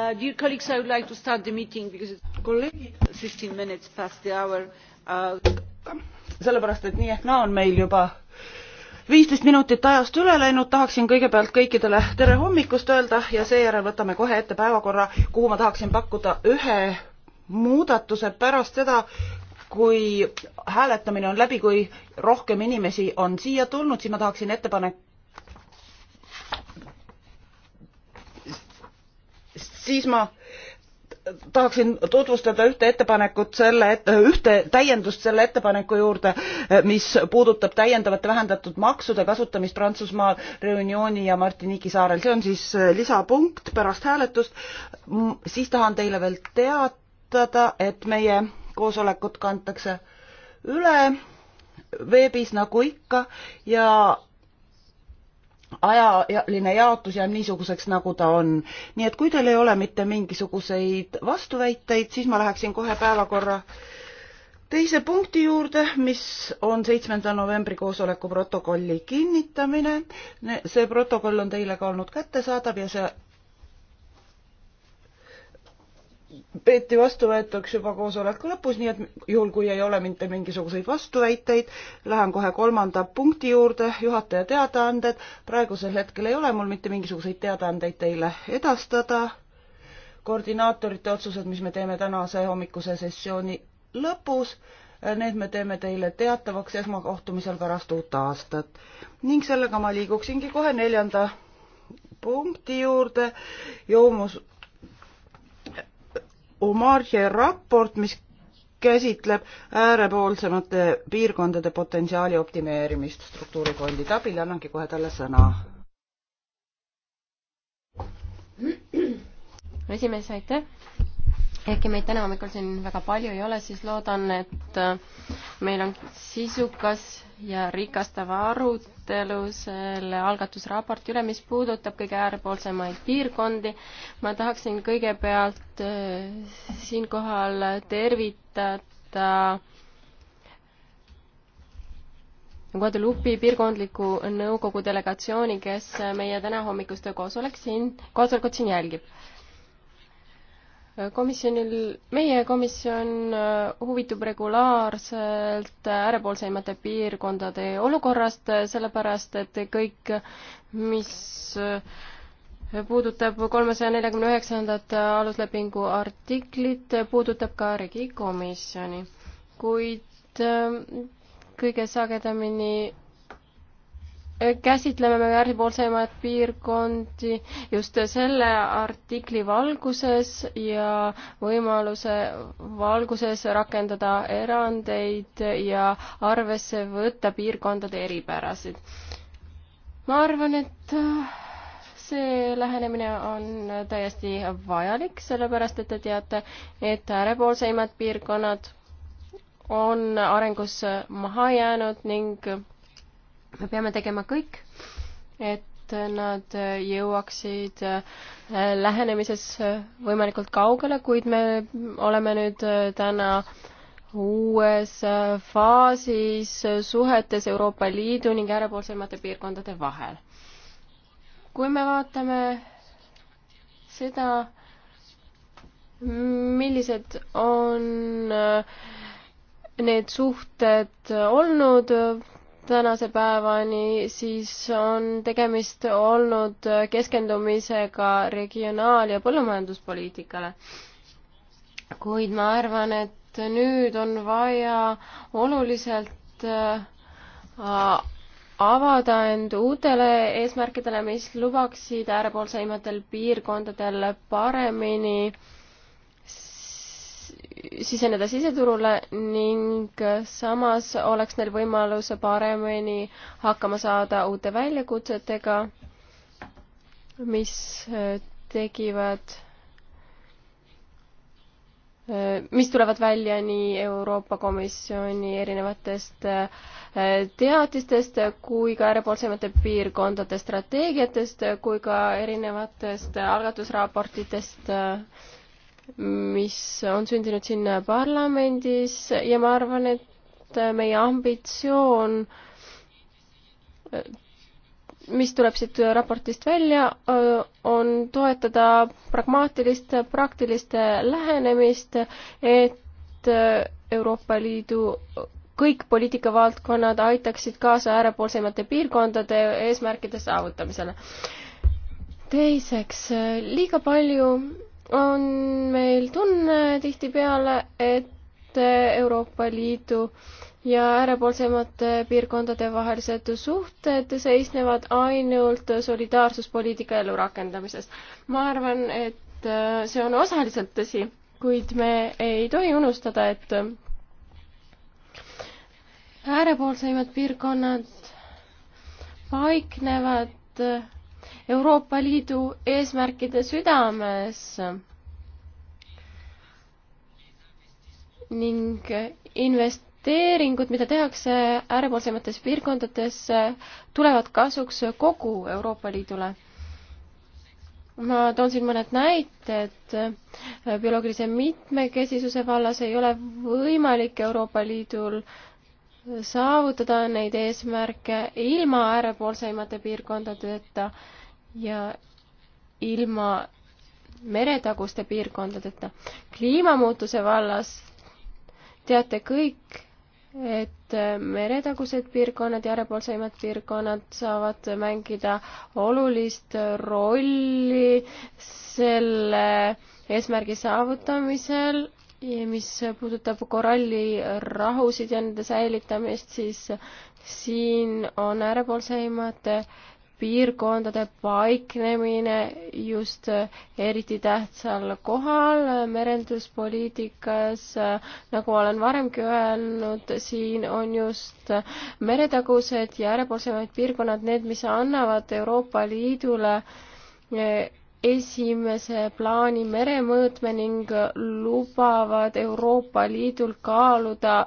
Uh, dear colleagues, I would like to start the meeting because it's Kollegid. 15 minutes past the hour. Uh... sellepärast, et nii ehk naa on meil juba viisteist minutit ajast üle läinud, tahaksin kõigepealt kõikidele tere hommikust öelda ja seejärel võtame kohe ette päevakorra, kuhu ma tahaksin pakkuda ühe muudatuse pärast seda, kui hääletamine on läbi, kui rohkem inimesi on siia tulnud, siis ma tahaksin ettepanek siis ma tahaksin tutvustada ühte ettepanekut selle ühte täiendust selle ettepaneku juurde mis puudutab täiendavate vähendatud maksude kasutamist prantsusmaal reunioni ja martinique'i saarel see on siis äh, lisapunkt pärast hääletust siis tahan teile veel teatada et meie koosolekut kantakse üle veebis nagu ikka ja ajaline jaotus jääb niisuguseks, nagu ta on. nii et kui teil ei ole mitte mingisuguseid vastuväiteid, siis ma läheksin kohe päevakorra teise punkti juurde, mis on seitsmenda novembri koosoleku protokolli kinnitamine. see protokoll on teile ka olnud kättesaadav ja see peeti vastuvõetuks juba koosoleku lõpus, nii et juhul, kui ei ole mitte mingisuguseid vastuväiteid, lähen kohe kolmanda punkti juurde, juhataja teadaanded. praegusel hetkel ei ole mul mitte mingisuguseid teadaandeid teile edastada. koordinaatorite otsused, mis me teeme tänase hommikuse sessiooni lõpus, need me teeme teile teatavaks esmakohtumisel pärast uut aastat. ning sellega ma liiguksingi kohe neljanda punkti juurde, joomus Omarje raport, mis käsitleb äärepoolsemate piirkondade potentsiaali optimeerimist struktuurifondide abil, annangi kohe talle sõna. esimees, aitäh! ehkki meid täna hommikul siin väga palju ei ole, siis loodan, et äh, meil on sisukas ja rikastav arutelu selle algatusraporti üle, mis puudutab kõige äärepoolsemaid piirkondi. ma tahaksin kõigepealt äh, siinkohal tervitada Guadeloupe'i piirkondliku nõukogu delegatsiooni, kes meie tänahommikust koosolek siin, koosolekut siin jälgib komisjonil, meie komisjon äh, huvitub regulaarselt äärepoolseimate piirkondade olukorrast, äh, sellepärast et kõik, mis äh, puudutab kolmesaja neljakümne üheksandat aluslepingu artiklit, puudutab ka regikomisjoni. kuid kõige sagedamini käsitleme me äärmipoolsemaid piirkondi just selle artikli valguses ja võimaluse valguses rakendada erandeid ja arvesse võtta piirkondade eripärasid. ma arvan, et äh, see lähenemine on täiesti vajalik, sellepärast et te teate, et äärepoolseimad piirkonnad on arengus maha jäänud ning me peame tegema kõik, et nad jõuaksid äh, lähenemises äh, võimalikult kaugele, kuid me oleme nüüd äh, täna uues faasis suhetes Euroopa Liidu ning äärepoolsemate piirkondade vahel. kui me vaatame seda, millised on need suhted olnud tänase päevani, siis on tegemist olnud keskendumisega regionaal- ja põllumajanduspoliitikale. kuid ma arvan, et nüüd on vaja oluliselt äh, avada end uutele eesmärkidele, mis lubaksid äärepoolseimatel piirkondadel paremini äh, siseneda siseturule ning samas oleks neil võimalus paremini hakkama saada uute väljakutsetega, mis äh, tegivad, äh, mis tulevad välja nii Euroopa Komisjoni erinevatest äh, teatistest kui ka äärepoolsemate piirkondade strateegiatest kui ka erinevatest algatusraportitest äh, mis on sündinud siin parlamendis ja ma arvan, et meie ambitsioon, mis tuleb siit raportist välja, on toetada pragmaatilist, praktilist lähenemist, et Euroopa Liidu kõik poliitikavaldkonnad aitaksid kaasa äärepoolsemate piirkondade eesmärkide saavutamisele. teiseks, liiga palju on meil tunne tihtipeale, et Euroopa Liidu ja äärepoolsemate piirkondade vahelised suhted seisnevad ainult solidaarsuspoliitika elurakendamises. ma arvan, et see on osaliselt tõsi, kuid me ei tohi unustada, et äärepoolseimad piirkonnad paiknevad Euroopa Liidu eesmärkide südames ning investeeringud, mida tehakse äärepoolsemates piirkondades, tulevad kasuks kogu Euroopa Liidule. ma toon siin mõned näited. bioloogilise mitmekesisuse vallas ei ole võimalik Euroopa Liidul saavutada neid eesmärke ilma äärepoolseimate piirkondadeta ja ilma meretaguste piirkondadeta. kliimamuutuse vallas teate kõik, et meretagused piirkonnad ja äärepoolseimad piirkonnad saavad mängida olulist rolli selle eesmärgi saavutamisel ja mis puudutab korallirahusid ja nende säilitamist, siis siin on äärepoolseimad piirkondade paiknemine just eh, eriti tähtsal kohal eh, merenduspoliitikas. Eh, nagu olen varemgi öelnud, siin on just meretagused ja äärepoolsemad piirkonnad need, mis annavad Euroopa Liidule esimese plaani meremõõtme ning lubavad Euroopa Liidul kaaluda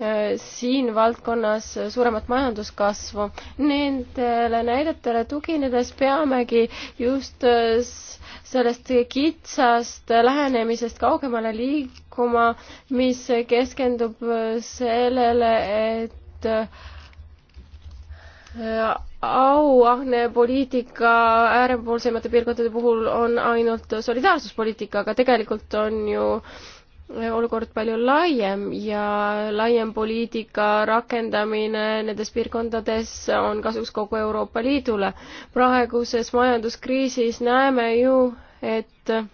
Äh, siin valdkonnas suuremat majanduskasvu. Nendele näidetele tuginedes peamegi just äh, sellest kitsast lähenemisest kaugemale liikuma, mis keskendub äh, sellele, et auahne poliitika äärepoolsemate piirkondade puhul on ainult solidaarsuspoliitika, aga tegelikult on ju äh, olukord palju laiem ja laiem poliitika rakendamine nendes piirkondades on kasuks kogu Euroopa Liidule. praeguses majanduskriisis näeme ju, et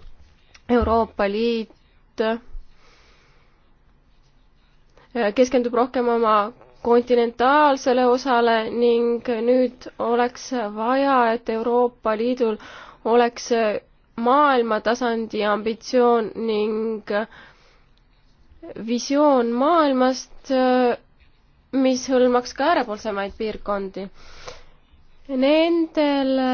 Euroopa Liit keskendub rohkem oma kontinentaalsele osale ning nüüd oleks vaja, et Euroopa Liidul oleks maailmatasandi ambitsioon ning äh, visioon maailmast, äh, mis hõlmaks ka äärepoolsemaid piirkondi. Nendele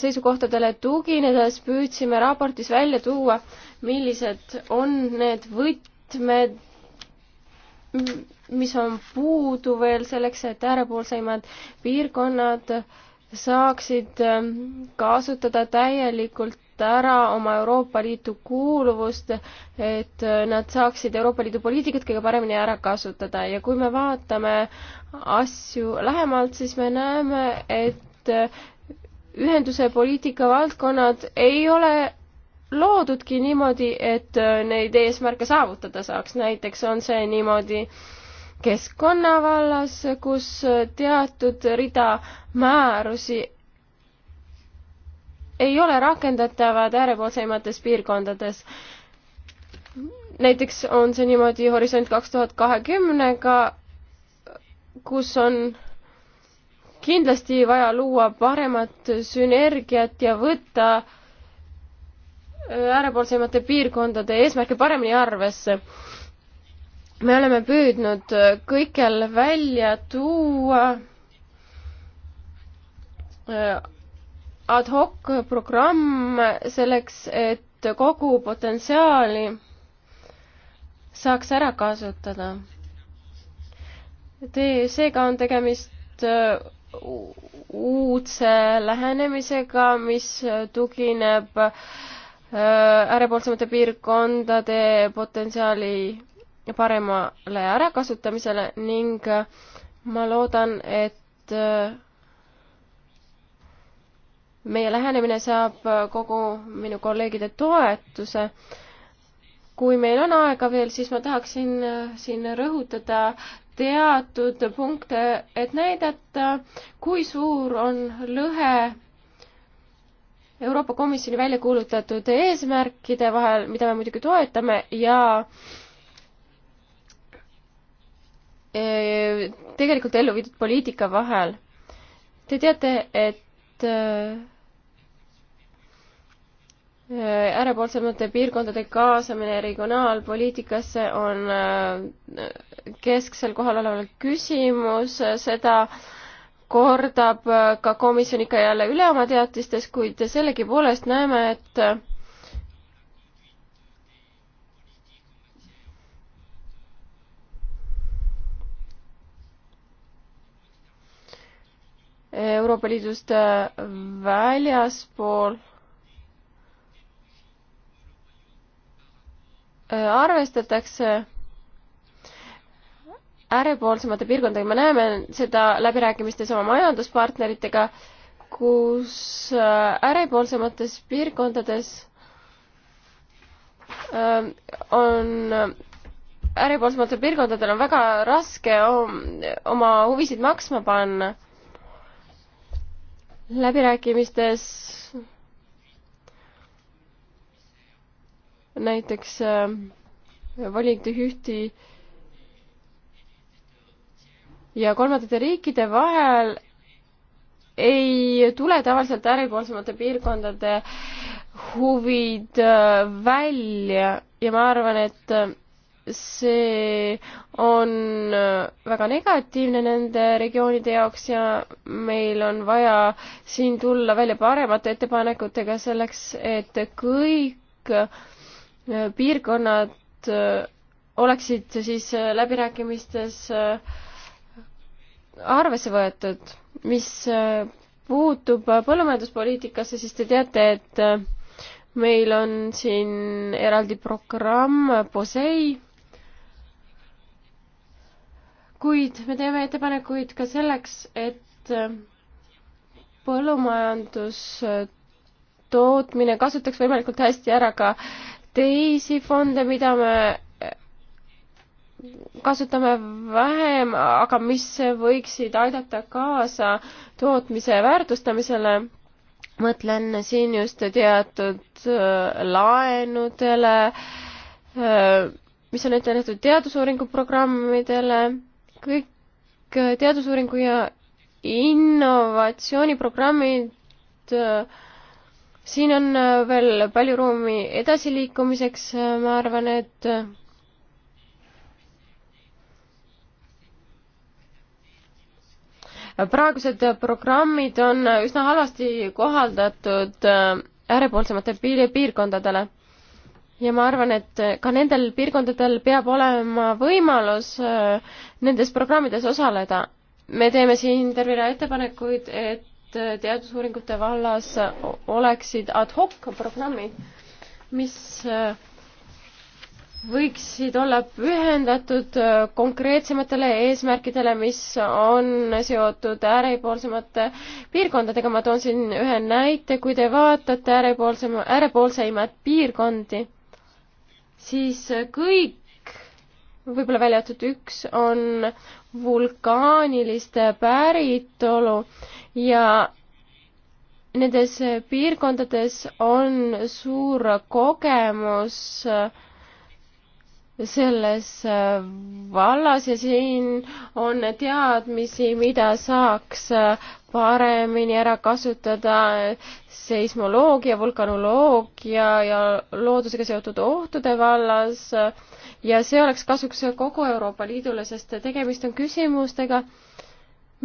seisukohtadele tuginedes püüdsime raportis välja tuua, millised on need võtmed, mis on puudu veel selleks, et äärepoolseimad piirkonnad saaksid äh, kasutada täielikult ära oma Euroopa Liitu kuuluvust, et nad saaksid Euroopa Liidu poliitikat kõige paremini ära kasutada ja kui me vaatame asju lähemalt, siis me näeme, et ühenduse poliitika valdkonnad ei ole loodudki niimoodi, et neid eesmärke saavutada saaks, näiteks on see niimoodi keskkonna vallas, kus teatud rida määrusi ei ole rakendatavad äärepoolseimates piirkondades. näiteks on see niimoodi Horisont kaks tuhat kahekümnega, kus on kindlasti vaja luua paremat sünergiat ja võtta äärepoolsemate piirkondade eesmärke paremini arvesse. me oleme püüdnud kõikjal välja tuua äh, ad hoc programm selleks, et kogu potentsiaali saaks ära kasutada. Te, seega on tegemist äh, uudse lähenemisega, mis tugineb äh, äärepoolsemate piirkondade potentsiaali paremale ärakasutamisele ning ma loodan, et äh, meie lähenemine saab äh, kogu minu kolleegide toetuse. kui meil on aega veel, siis ma tahaksin äh, siin rõhutada teatud punkte, et näidata, kui suur on lõhe Euroopa Komisjoni välja kuulutatud eesmärkide vahel, mida me muidugi toetame, ja äh, tegelikult ellu viidud poliitika vahel. Te teate, et äärepoolsemate äh, piirkondade kaasamine regionaalpoliitikasse on äh, kesksel kohal olev küsimus, seda kordab äh, ka komisjon ikka jälle üle oma teatistes, kuid sellegipoolest näeme, et Euroopa Liidust väljaspool Äh, arvestatakse äärepoolsemate piirkondadega, me näeme seda läbirääkimistes oma majanduspartneritega, kus äärepoolsemates äh, piirkondades ähm, on, äärepoolsematel äh, piirkondadel on väga raske oma huvisid maksma panna. läbirääkimistes näiteks äh, valimite ühti ja kolmandate riikide vahel ei tule tavaliselt äärepoolsemate piirkondade huvid äh, välja ja ma arvan, et äh, see on väga negatiivne nende regioonide jaoks ja meil on vaja siin tulla välja paremate ettepanekutega selleks, et kõik piirkonnad äh, oleksid siis äh, läbirääkimistes äh, arvesse võetud. mis puutub põllumajanduspoliitikasse, siis te teate, et meil on siin eraldi programm POSEI, kuid me teeme ettepanekuid ka selleks, et põllumajandustootmine kasutaks võimalikult hästi ära ka äh, teisi fonde, mida me kasutame vähem, aga mis võiksid aidata kaasa tootmise väärtustamisele. mõtlen siin just teatud äh, laenudele, äh, mis on ette nähtud teadusuuringu programmidele, kõik äh, teadusuuringu ja innovatsiooniprogrammid äh, siin on äh, veel palju ruumi edasiliikumiseks, äh, ma arvan, et äh, praegused programmid on üsna halvasti kohaldatud äärepoolsemate piirkondadele ja ma arvan, et ka nendel piirkondadel peab olema võimalus nendes programmides osaleda. me teeme siin terve rea ettepanekuid, et Äh, teadusuuringute vallas oleksid ad hoc programmid, mis äh, võiksid olla pühendatud äh, konkreetsematele eesmärkidele, mis on seotud äärepoolsemate piirkondadega. ma toon siin ühe näite, kui te vaatate äärepoolsema, äärepoolseimaid piirkondi, siis kõik, võib-olla välja arvatud üks, on vulkaanilist päritolu ja nendes piirkondades on suur kogemus äh, selles äh, vallas ja siin on teadmisi, mida saaks äh, paremini ära kasutada seismoloogia, vulkanoloogia ja loodusega seotud ohtude vallas ja see oleks kasuks kogu Euroopa Liidule, sest tegemist on küsimustega,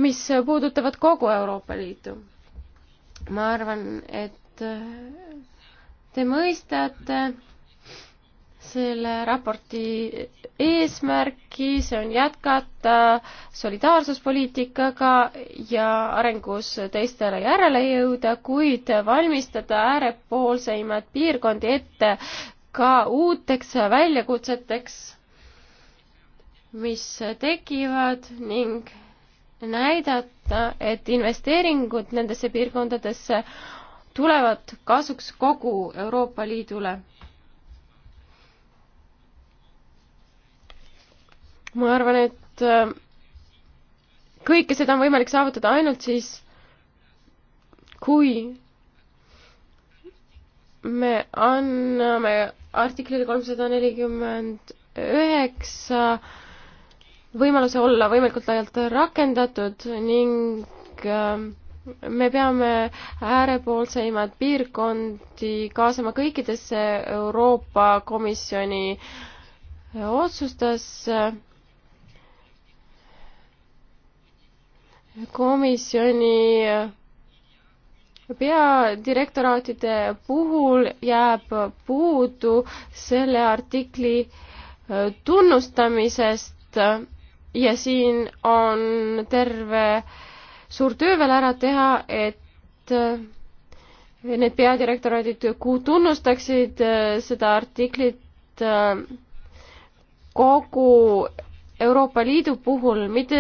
mis puudutavad kogu Euroopa Liitu. ma arvan, et te mõistate selle raporti eesmärki, see on jätkata solidaarsuspoliitikaga ja arengus teistele järele jõuda, kuid valmistada äärepoolseimaid piirkondi ette ka uuteks väljakutseteks, mis tekivad ning näidata, et investeeringud nendesse piirkondadesse tulevad kasuks kogu Euroopa Liidule. ma arvan, et äh, kõike seda on võimalik saavutada ainult siis, kui me anname artiklile kolmsada nelikümmend üheksa võimaluse olla võimalikult laialt rakendatud ning ähm, me peame äärepoolseimad piirkondi kaasama kõikidesse Euroopa Komisjoni äh, otsustesse. komisjoni äh, peadirektoraatide puhul jääb puudu selle artikli äh, tunnustamisest ja siin on terve suur töö veel ära teha, et äh, need peadirektoraadid tunnustaksid äh, seda artiklit äh, kogu Euroopa Liidu puhul, mitte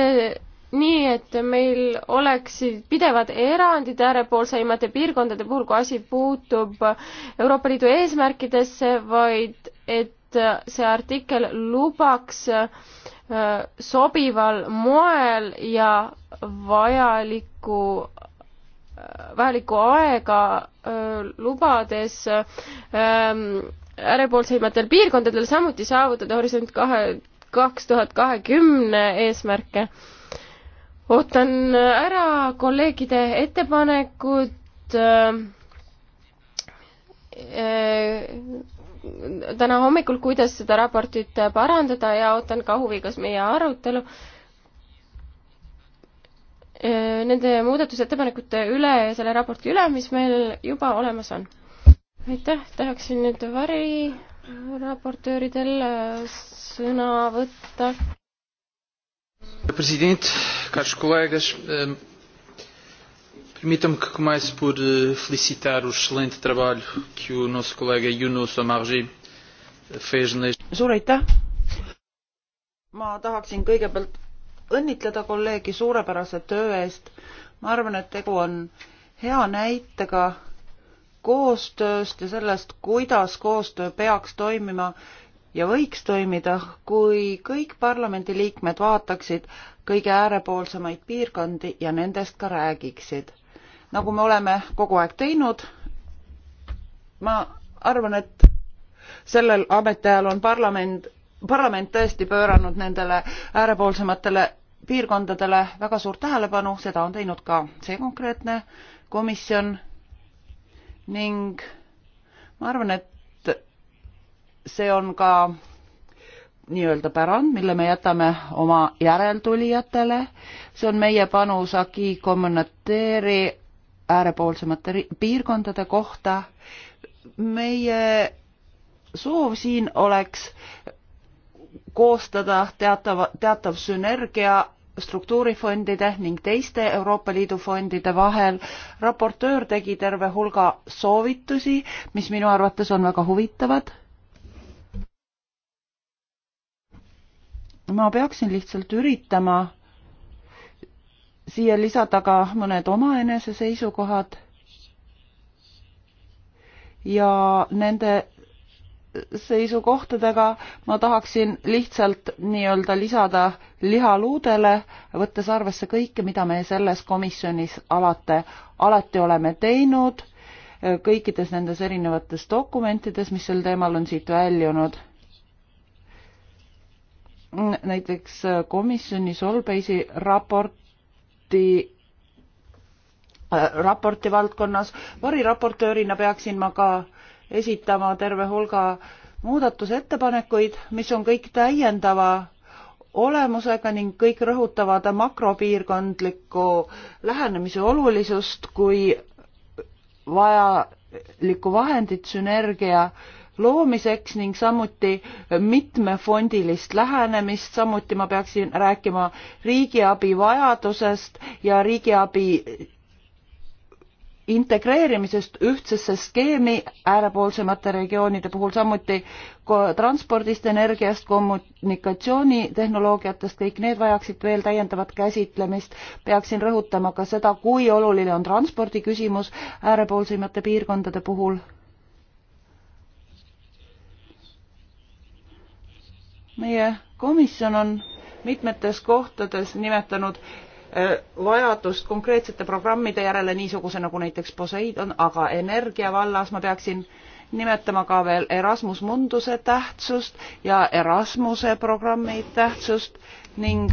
nii, et meil oleksid pidevad erandid äärepoolseimate piirkondade puhul, kui asi puutub Euroopa Liidu eesmärkidesse, vaid et et äh, see artikkel lubaks äh, sobival moel ja vajaliku äh, vajalikku aega lubades äärepoolseimatel ähm, piirkondadel samuti saavutada Horisont kahe, kaks tuhat kahekümne eesmärke. ootan ära kolleegide ettepanekud täna hommikul, kuidas seda raportit parandada ja ootan ka huviga meie arutelu. Nende muudatusettepanekute üle ja selle raporti üle, mis meil juba olemas on. aitäh, tahaksin nüüd variraportööridel äh, sõna võtta. president, kas kolleeg, ähm, Permitam-me que comece por eh, felicitar o excelente trabalho que o nosso colega Yunus Omarji eh, fez neste... Suur aitäh! Ma tahaksin kõigepealt õnnitleda kolleegi suurepärase töö eest. Ma arvan, et tegu on hea näitega koostööst ja sellest, kuidas koostöö peaks toimima ja võiks toimida, kui kõik parlamendiliikmed vaataksid kõige äärepoolsemaid piirkondi ja nendest ka räägiksid nagu me oleme kogu aeg teinud. ma arvan, et sellel ametiajal on parlament, parlament tõesti pööranud nendele äärepoolsematele piirkondadele väga suurt tähelepanu, seda on teinud ka see konkreetne komisjon ning ma arvan, et see on ka nii-öelda pärand, mille me jätame oma järeltulijatele. see on meie panus Aki Communitaire'i äärepoolsemate piirkondade kohta. meie soov siin oleks koostada teatav, teatav sünergia struktuurifondide ning teiste Euroopa Liidu fondide vahel. raportöör tegi terve hulga soovitusi, mis minu arvates on väga huvitavad. ma peaksin lihtsalt üritama siia lisada ka mõned omaenese seisukohad ja nende seisukohtadega ma tahaksin lihtsalt nii-öelda lisada lihaluudele, võttes arvesse kõike, mida me selles komisjonis alati, alati oleme teinud, äh, kõikides nendes erinevates dokumentides, mis sel teemal on siit väljunud. näiteks äh, komisjoni Solbeisi raport raporti äh, raporti valdkonnas. variraportöörina peaksin ma ka esitama terve hulga muudatusettepanekuid, mis on kõik täiendava olemusega ning kõik rõhutavad makropiirkondliku lähenemise olulisust kui vajalikku vahendit sünergia äh, loomiseks ning samuti mitmefondilist lähenemist, samuti ma peaksin rääkima riigiabi vajadusest ja riigiabi integreerimisest ühtsesse skeemi äärepoolsemate regioonide puhul, samuti transpordist, energiast, kommunikatsioonitehnoloogiatest, kõik need vajaksid veel täiendavat käsitlemist. peaksin rõhutama ka seda, kui oluline on transpordiküsimus äärepoolsemate piirkondade puhul meie komisjon on mitmetes kohtades nimetanud äh, vajadust konkreetsete programmide järele niisuguse nagu näiteks Poseidon, aga energia vallas ma peaksin nimetama ka veel Erasmus Munduse tähtsust ja Erasmuse programmi tähtsust ning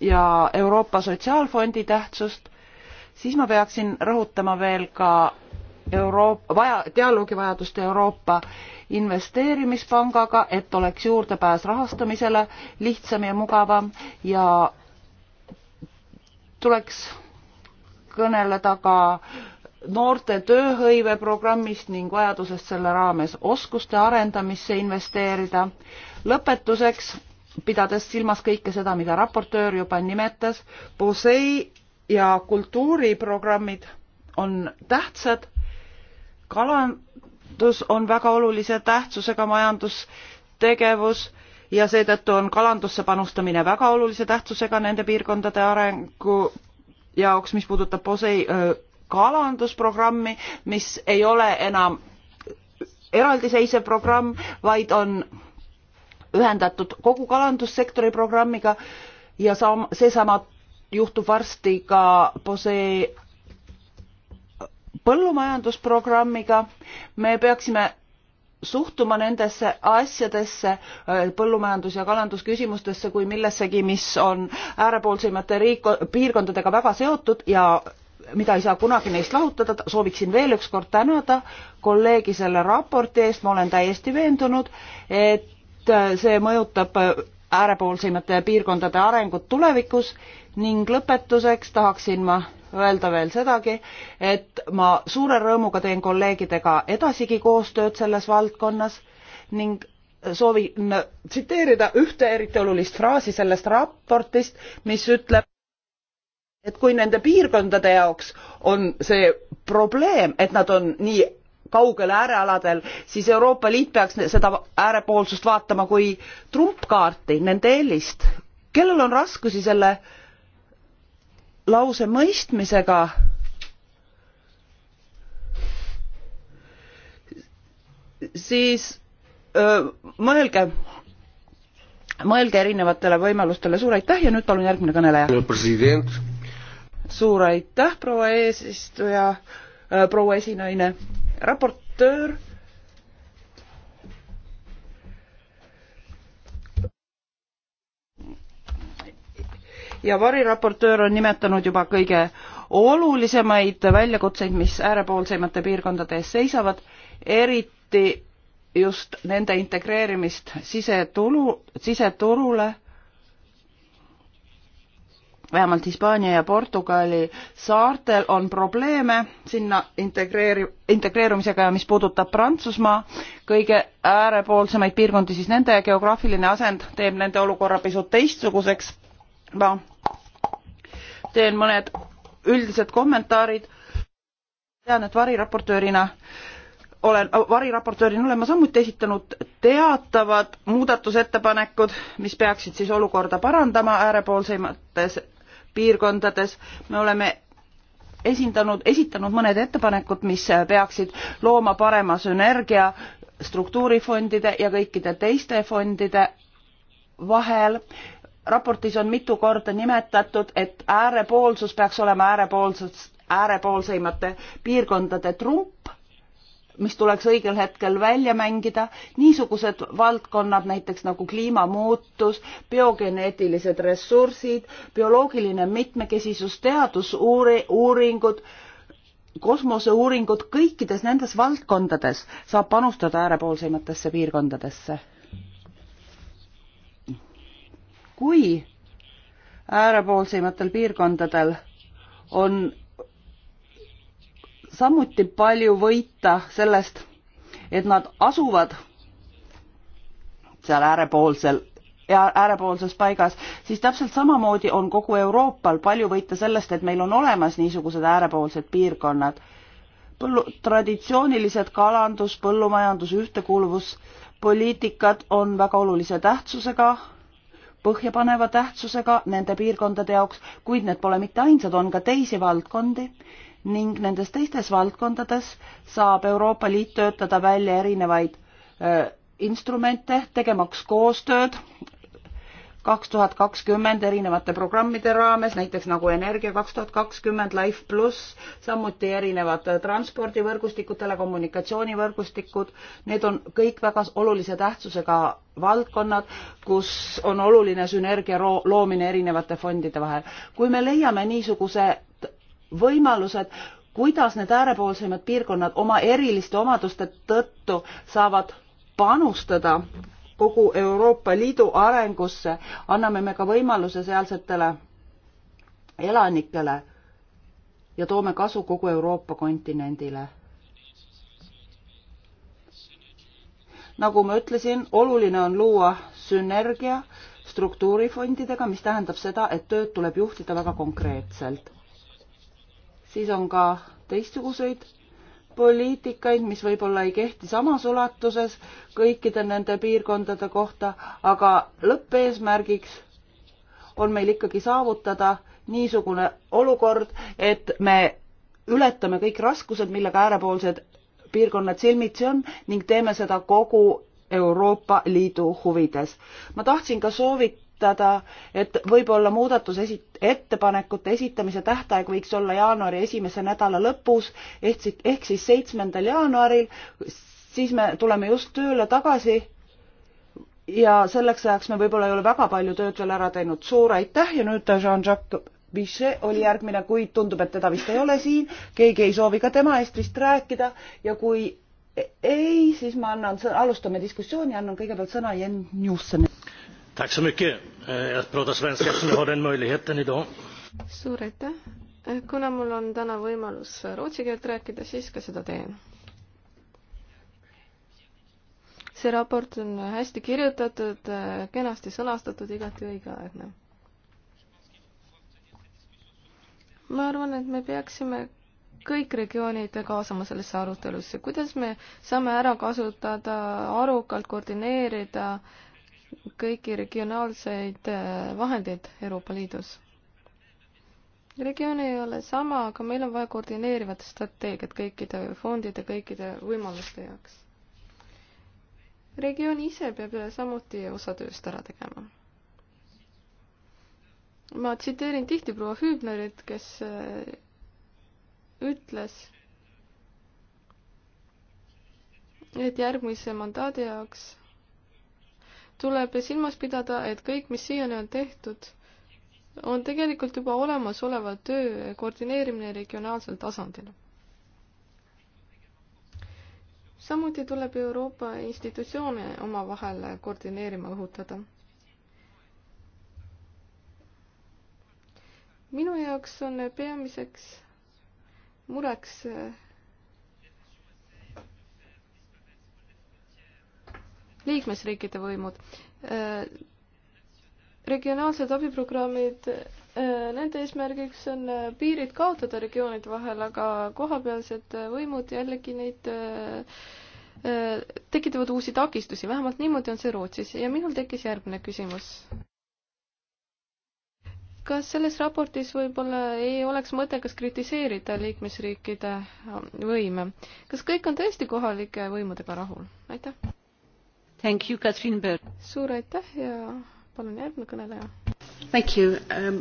ja Euroopa Sotsiaalfondi tähtsust, siis ma peaksin rõhutama veel ka Euroopa, vaja, dialoogivajadust Euroopa Investeerimispangaga, et oleks juurdepääs rahastamisele lihtsam ja mugavam ja tuleks kõneleda ka noorte tööhõive programmist ning vajadusest selle raames oskuste arendamisse investeerida. lõpetuseks, pidades silmas kõike seda, mida raportöör juba nimetas, POSEI ja kultuuriprogrammid on tähtsad kalandus on väga olulise tähtsusega majandustegevus ja seetõttu on kalandusse panustamine väga olulise tähtsusega nende piirkondade arengu jaoks, mis puudutab POSEI kalandusprogrammi, mis ei ole enam eraldiseisev programm, vaid on ühendatud kogu kalandussektori programmiga ja sam-, seesama juhtub varsti ka POSEI põllumajandusprogrammiga, me peaksime suhtuma nendesse asjadesse, äh, põllumajandus- ja kalandusküsimustesse kui millessegi, mis on äärepoolsemate riik-, piirkondadega väga seotud ja mida ei saa kunagi neist lahutada, sooviksin veel ükskord tänada kolleegi selle raporti eest, ma olen täiesti veendunud, et äh, see mõjutab äh, äärepoolsemate piirkondade arengut tulevikus ning lõpetuseks tahaksin ma öelda veel sedagi, et ma suure rõõmuga teen kolleegidega edasigi koostööd selles valdkonnas ning soovin tsiteerida ühte eriti olulist fraasi sellest raportist, mis ütleb, et kui nende piirkondade jaoks on see probleem, et nad on nii kaugel äärealadel, siis Euroopa Liit peaks seda äärepoolsust vaatama kui trumpkaarti, nende eelist. kellel on raskusi selle lause mõistmisega, siis öö, mõelge, mõelge erinevatele võimalustele, suur aitäh ja nüüd palun järgmine kõneleja. suur aitäh, proua eesistuja, proua esinaine raportöör ja variraportöör on nimetanud juba kõige olulisemaid väljakutseid, mis äärepoolseimate piirkondade ees seisavad, eriti just nende integreerimist sisetulu, siseturule vähemalt Hispaania ja Portugali saartel on probleeme sinna integreeri-, integreerumisega ja mis puudutab Prantsusmaa kõige äärepoolsemaid piirkondi, siis nende geograafiline asend teeb nende olukorra pisut teistsuguseks. ma teen mõned üldised kommentaarid. tean, et variraportöörina olen, variraportöörina olen ma samuti esitanud teatavad muudatusettepanekud, mis peaksid siis olukorda parandama äärepoolsemates piirkondades. me oleme esindanud, esitanud mõned ettepanekud, mis peaksid looma parema sünergia struktuurifondide ja kõikide teiste fondide vahel. raportis on mitu korda nimetatud, et äärepoolsus peaks olema äärepoolsus, äärepoolseimate piirkondade trump mis tuleks õigel hetkel välja mängida. niisugused valdkonnad näiteks nagu kliimamuutus, biogeneetilised ressursid, bioloogiline mitmekesisus, teadusuuringud, kosmoseuuringud, kõikides nendes valdkondades saab panustada äärepoolseimatesse piirkondadesse. kui äärepoolseimatel piirkondadel on samuti palju võita sellest, et nad asuvad seal äärepoolsel ja äärepoolses paigas, siis täpselt samamoodi on kogu Euroopal palju võita sellest, et meil on olemas niisugused äärepoolsed piirkonnad. põllu, traditsioonilised kalandus, põllumajandus, ühtekuuluvuspoliitikad on väga olulise tähtsusega, põhjapaneva tähtsusega nende piirkondade jaoks, kuid need pole mitte ainsad, on ka teisi valdkondi, ning nendes teistes valdkondades saab Euroopa Liit töötada välja erinevaid instrumente, tegemaks koostööd kaks tuhat kakskümmend erinevate programmide raames, näiteks nagu Energia kaks tuhat kakskümmend, Life pluss, samuti erinevad transpordivõrgustikud, telekommunikatsioonivõrgustikud, need on kõik väga olulise tähtsusega valdkonnad, kus on oluline sünergia loomine erinevate fondide vahel. kui me leiame niisuguse võimalused, kuidas need äärepoolsemad piirkonnad oma eriliste omaduste tõttu saavad panustada kogu Euroopa Liidu arengusse, anname me ka võimaluse sealsetele elanikele ja toome kasu kogu Euroopa kontinendile. nagu ma ütlesin, oluline on luua sünergia struktuurifondidega, mis tähendab seda, et tööd tuleb juhtida väga konkreetselt siis on ka teistsuguseid poliitikaid, mis võib-olla ei kehti samas ulatuses kõikide nende piirkondade kohta, aga lõppeesmärgiks on meil ikkagi saavutada niisugune olukord, et me ületame kõik raskused, millega äärepoolsed piirkonnad silmitsi on ning teeme seda kogu Euroopa Liidu huvides. ma tahtsin ka soovi-, esitada, et võib-olla muudatus esit-, ettepanekute esitamise tähtaeg võiks olla jaanuari esimese nädala lõpus, ehk siis, ehk siis seitsmendal jaanuaril, siis me tuleme just tööle tagasi ja selleks ajaks me võib-olla ei ole väga palju tööd veel ära teinud. suur aitäh ja nüüd Jean-Jacques Bichet oli järgmine, kuid tundub, et teda vist ei ole siin, keegi ei soovi ka tema eest vist rääkida ja kui e-, ei, siis ma annan, alustame diskussiooni, annan kõigepealt sõna Jen Newsonile. Tack så mycket. Eh, jag pratar svenska eftersom jag har den möjligheten idag. Suur aitäh. Eh, kuna mul on täna võimalus eh, rootsi keelt rääkida, siis ka seda teen. see raport on hästi kirjutatud, kenasti sõnastatud, igati õigeaegne. ma arvan, et me peaksime kõik regioonid kaasama sellesse arutelusse, kuidas me saame ära kasutada, arukalt koordineerida äh, kõiki regionaalseid äh, vahendeid Euroopa Liidus. regioon ei ole sama, aga meil on vaja koordineerivat strateegiat kõikide fondide, kõikide võimaluste jaoks. regioon ise peab samuti osa tööst ära tegema. ma tsiteerin tihti proua Hüübnerit, kes äh, ütles, et järgmise mandaadi jaoks tuleb silmas pidada, et kõik, mis siiani on tehtud, on tegelikult juba olemasoleva töö koordineerimine regionaalsel tasandil. samuti tuleb Euroopa institutsioone omavahel koordineerima õhutada. minu jaoks on peamiseks mureks liikmesriikide võimud. Äh, regionaalsed abiprogrammid, äh, nende eesmärgiks on äh, piirid kaotada regioonide vahel, aga kohapealsed võimud jällegi neid tekitavad uusi takistusi, vähemalt niimoodi on see Rootsis ja minul tekkis järgmine küsimus. kas selles raportis võib-olla ei oleks mõttekas kritiseerida liikmesriikide võime? kas kõik on tõesti kohalike võimudega rahul? aitäh! Thank you, Katrin Berg. suur aitäh ja palun järgmine kõneleja. Thank you um,.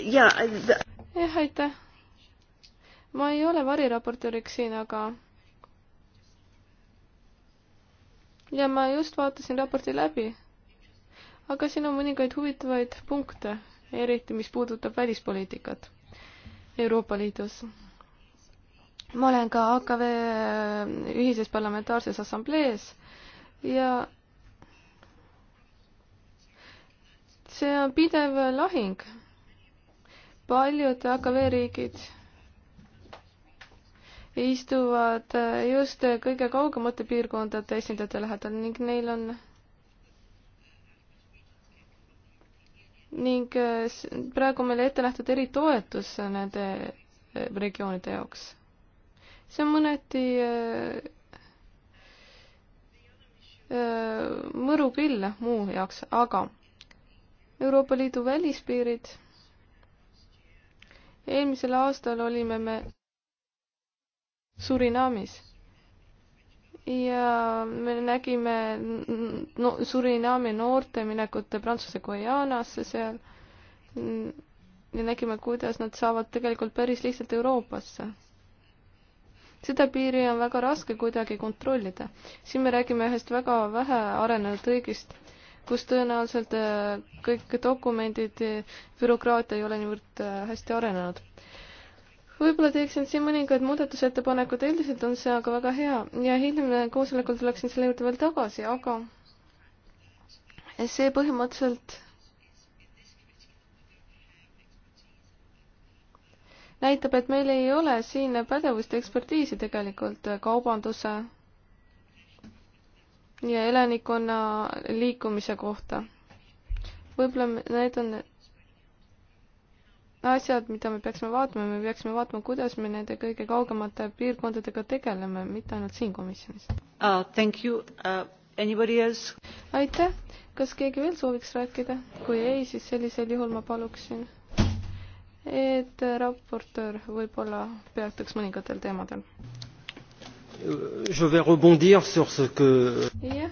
Yeah, the... jah, aitäh. ma ei ole variraportööriks siin, aga ja ma just vaatasin raporti läbi. aga siin on mõningaid huvitavaid punkte, eriti mis puudutab välispoliitikat Euroopa Liidus. ma olen ka AKV ühises parlamentaarses assamblees ja see on pidev lahing. paljud AKV riigid istuvad just kõige kaugemate piirkondade esindajate lähedal ning neil on ning praegu meile ette nähtud eritoetus nende regioonide jaoks. see on mõneti mõrupill muu jaoks, aga Euroopa Liidu välispiirid. eelmisel aastal olime me Surinamis ja me nägime no, Surinami noorte minekut Prantsuse Guajanasse seal ja nägime, kuidas nad saavad tegelikult päris lihtsalt Euroopasse seda piiri on väga raske kuidagi kontrollida. siin me räägime ühest väga vähe arenenud riigist, kus tõenäoliselt äh, kõik dokumendid, bürokraatia ei ole niivõrd äh, hästi arenenud. võib-olla teeksin siin mõningaid muudatusettepanekuid, üldiselt on see aga väga hea ja hiljem äh, koosolekul tuleksin selle juurde veel tagasi, aga see põhimõtteliselt näitab, et meil ei ole siin pädevust ekspertiisi tegelikult kaubanduse ja elanikkonna liikumise kohta. võib-olla need on asjad, mida me peaksime vaatama, me peaksime vaatama, kuidas me nende kõige kaugemate piirkondadega tegeleme, mitte ainult siin komisjonis uh,. Thank you uh,. Anybody else? aitäh. kas keegi veel sooviks rääkida? kui ei, siis sellisel juhul ma paluksin et raportöör võib-olla peatuks mõningatel teemadel. jah.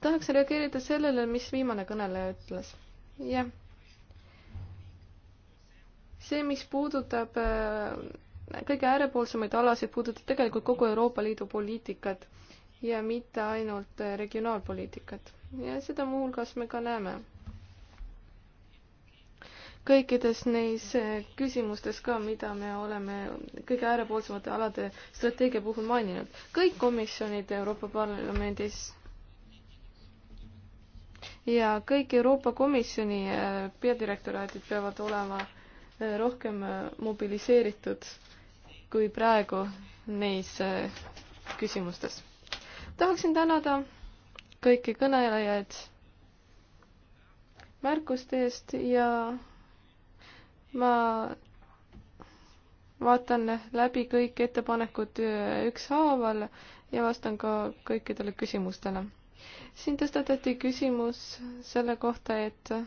tahaks reageerida sellele, mis viimane kõneleja ütles. jah. see, mis puudutab äh, kõige äärepoolsemaid alasid, puudutab tegelikult kogu Euroopa Liidu poliitikat ja mitte ainult äh, regionaalpoliitikat ja seda muuhulgas me ka näeme kõikides neis eh, küsimustes ka, mida me oleme kõige äärepoolsemate alade strateegia puhul maininud. kõik komisjonid Euroopa Parlamendis ja kõik Euroopa Komisjoni eh, peadirektoraadid peavad olema eh, rohkem mobiliseeritud kui praegu neis küsimustes. tahaksin tänada kõiki kõnelejaid märkuste eest ja ma vaatan läbi kõik ettepanekud äh, ükshaaval ja vastan ka kõikidele küsimustele. siin tõstatati küsimus selle kohta, et äh,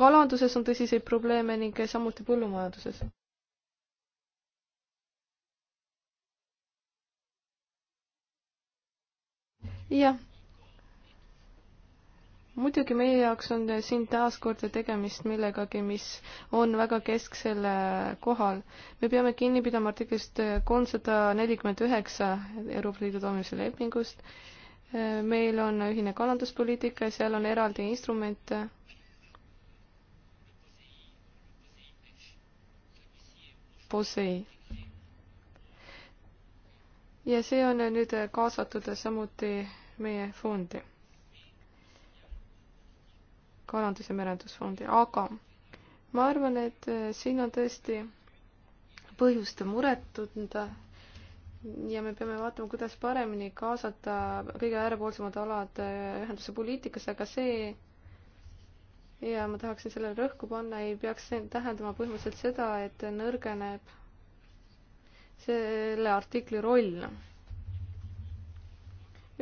kalanduses on tõsiseid probleeme ning samuti põllumajanduses. jah, muidugi meie jaoks on siin taaskord tegemist millegagi, mis on väga kesksel äh, kohal. me peame kinni pidama artiklist äh, kolmsada nelikümmend üheksa Euroopa Liidu toimimise lepingust. Äh, meil on ühine kalanduspoliitika ja seal on eraldi instrumente posei. ja see on nüüd kaasatud samuti meie fondi, kalandus- ja merendusfondi, aga ma arvan, et äh, siin on tõesti põhjust muret tunda ja me peame vaatama, kuidas paremini kaasata kõige äärepoolsemad alad äh, ühenduse poliitikasse, aga see ja ma tahaksin sellele rõhku panna, ei peaks tähendama põhimõtteliselt seda, et nõrgeneb selle artikli roll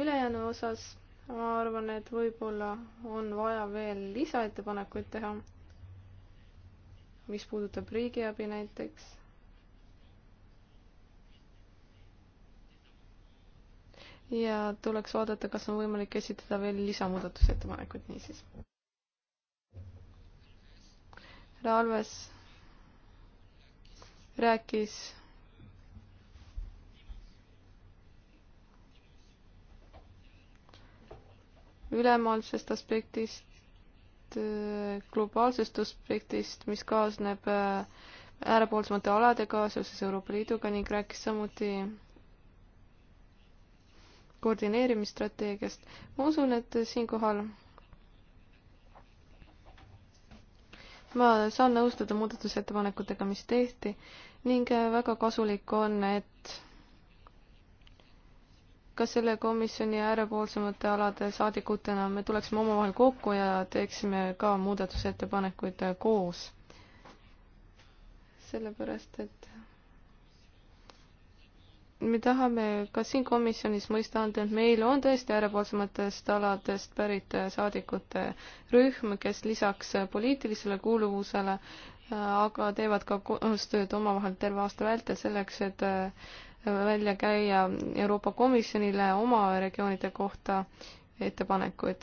ülejäänu osas ma arvan, et võib-olla on vaja veel lisaettepanekuid teha, mis puudutab riigiabi näiteks. ja tuleks vaadata, kas on võimalik esitada veel lisamuudatusettepanekuid niisiis. härra Alves rääkis ülemaailmsest aspektist, globaalsest aspektist, mis kaasneb äh, äärepoolsemate aladega seoses Euroopa Liiduga ning rääkis samuti koordineerimisstrateegiast. ma usun, et siinkohal ma saan nõustuda muudatusettepanekutega, mis tehti ning äh, väga kasulik on, et ka selle komisjoni äärepoolsemate alade saadikutena me tuleksime omavahel kokku ja teeksime ka muudatusettepanekuid koos. sellepärast, et me tahame ka siin komisjonis mõista anda, et meil on tõesti äärepoolsematest aladest pärit saadikute rühm, kes lisaks poliitilisele kuuluvusele äh, aga teevad ka koostööd omavahel terve aasta vältel selleks, et äh, välja käia Euroopa Komisjonile oma regioonide kohta ettepanekuid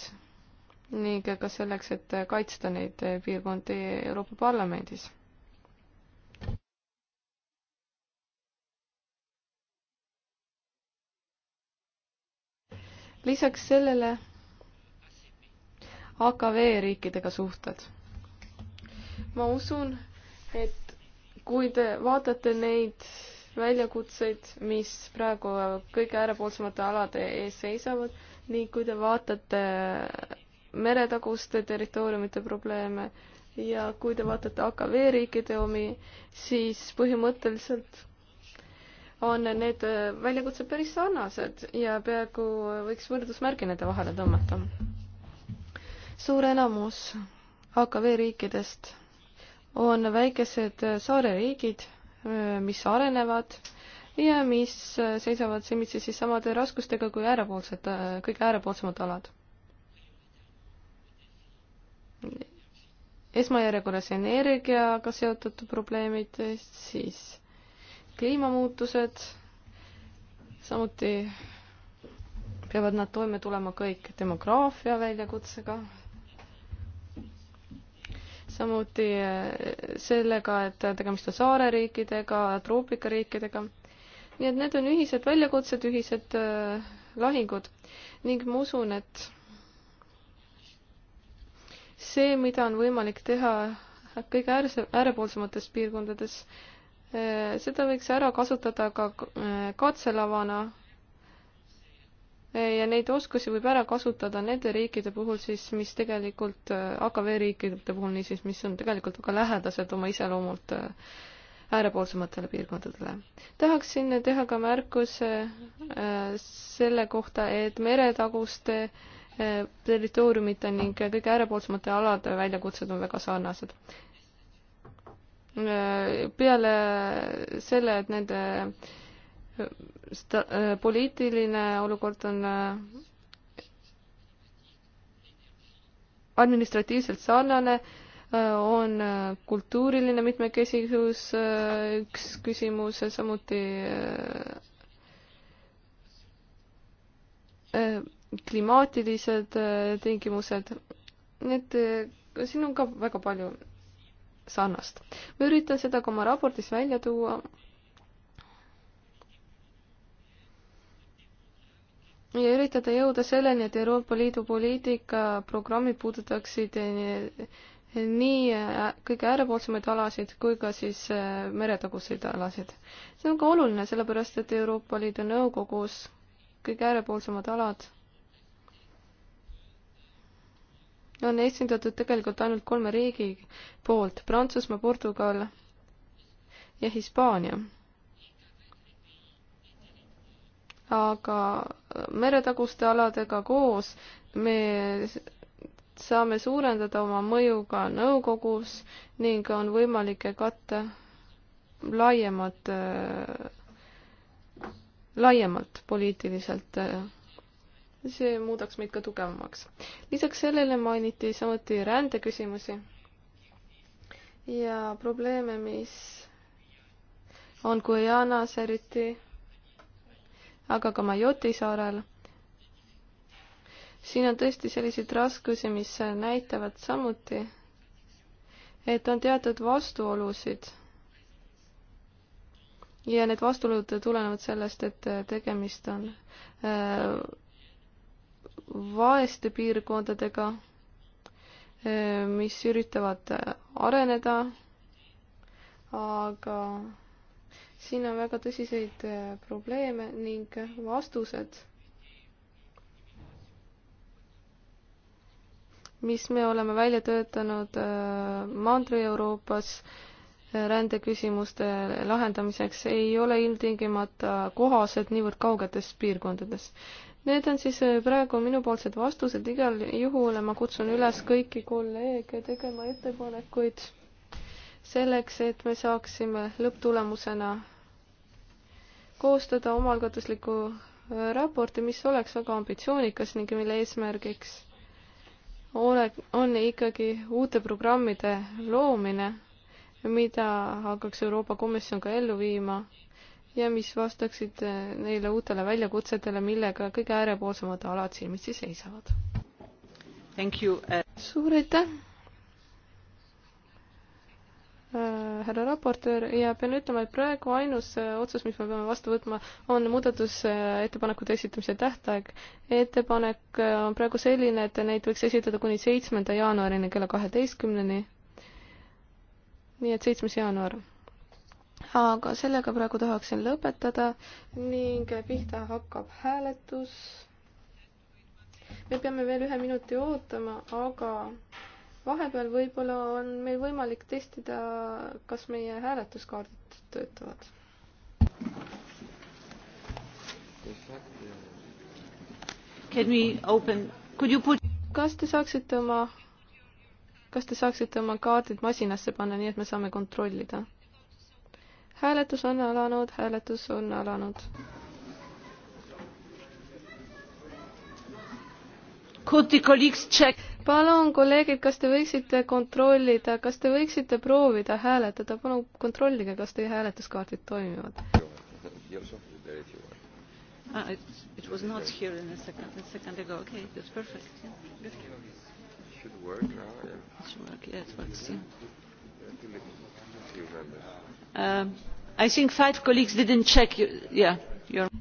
ning ka selleks, et kaitsta neid piirkondi Euroopa Parlamendis. lisaks sellele AKV riikidega suhted. ma usun, et kui te vaatate neid väljakutseid, mis praegu kõige äärepoolsemate alade ees seisavad ning kui te vaatate meretaguste territooriumite probleeme ja kui te vaatate AKV riikide omi, siis põhimõtteliselt on need väljakutsed päris sarnased ja peaaegu võiks võrdusmärgi nende vahele tõmmata. suur enamus AKV riikidest on väikesed saareriigid mis arenevad ja mis seisavad silmitsi siis samade raskustega kui äärepoolsed, kõige äärepoolsemad alad. esmajärjekorras energiaga seotud probleemid, siis kliimamuutused, samuti peavad nad toime tulema kõik demograafia väljakutsega, samuti eh, sellega, et tegemist on saareriikidega, troopikariikidega. nii et need on ühised väljakutsed, ühised eh, lahingud ning ma usun, et see, mida on võimalik teha kõige äärse, äärepoolsemates piirkondades, eh, seda võiks ära kasutada ka katselavana ja neid oskusi võib ära kasutada nende riikide puhul siis, mis tegelikult, äh, AKV riikide puhul niisiis, mis on tegelikult väga lähedased oma iseloomult äh, äärepoolsematele piirkondadele. tahaksin teha ka märkuse äh, selle kohta, et meretaguste territooriumite ning kõige äärepoolsemate alade väljakutsed on väga sarnased. peale selle, et nende sta-, äh, poliitiline olukord on äh, administratiivselt sarnane, äh, on kultuuriline mitmekesisus üks küsimus, samuti klimaatilised tingimused. nii et siin on ka väga palju sarnast. ma üritan seda ka oma raportis välja tuua ja üritada jõuda selleni, et Euroopa Liidu poliitika programmid puudutaksid nii kõige äärepoolsemaid alasid kui ka siis äh, meretaguseid alasid. see on ka oluline, sellepärast et Euroopa Liidu Nõukogus kõige äärepoolsemad alad on esindatud tegelikult ainult kolme riigi poolt, Prantsusmaa, Portugal ja Hispaania aga meretaguste aladega koos me saame suurendada oma mõju ka nõukogus ning on võimalik katta laiemat, laiemalt poliitiliselt. see muudaks meid ka tugevamaks. lisaks sellele mainiti samuti rändeküsimusi ja probleeme, mis on Guianas eriti aga ka Majoti saarel. siin on tõesti selliseid raskusi, mis näitavad samuti, et on teatud vastuolusid. ja need vastuolud tulenevad sellest, et tegemist on äh, vaeste piirkondadega, äh, mis üritavad areneda, aga siin on väga tõsiseid äh, probleeme ning äh, vastused, mis me oleme välja töötanud äh, Mandri-Euroopas rändeküsimuste lahendamiseks, ei ole ilmtingimata kohased niivõrd kaugetes piirkondades. Need on siis praegu minupoolsed vastused, igal juhul ma kutsun üles kõiki kolleege tegema ettepanekuid selleks, et me saaksime lõpptulemusena koostada omaalgatusliku äh, raporti, mis oleks väga ambitsioonikas ning mille eesmärgiks ole, on ikkagi uute programmide loomine, mida hakkaks Euroopa Komisjon ka ellu viima ja mis vastaksid äh, neile uutele väljakutsetele, millega kõige äärepoolsemad alad silmitsi seisavad. Äh. suur aitäh! Äh, härra raportöör ja pean ütlema, et praegu ainus äh, otsus, mis me peame vastu võtma, on muudatusettepanekute esitamise tähtaeg. ettepanek äh, on praegu selline, et neid võiks esitada kuni seitsmenda jaanuarini kella kaheteistkümneni. nii et seitsmes jaanuar. aga sellega praegu tahaksin lõpetada ning pihta hakkab hääletus. me peame veel ühe minuti ootama, aga vahepeal võib-olla on meil võimalik testida, kas meie hääletuskaardid töötavad. Put... kas te saaksite oma, kas te saaksite oma kaardid masinasse panna, nii et me saame kontrollida? hääletus on alanud, hääletus on alanud. Could the colleagues check? palun, kolleegid, kas te võiksite kontrollida, kas te võiksite proovida hääletada, palun kontrollige, kas teie hääletuskaardid toimivad. Ah, it, it was not here in a second, a second ago. Okay, that's perfect. Yeah. Good. It should work now. Yeah. It should work. Yeah, it works. Yeah. Um, I think five colleagues didn't check. You. Yeah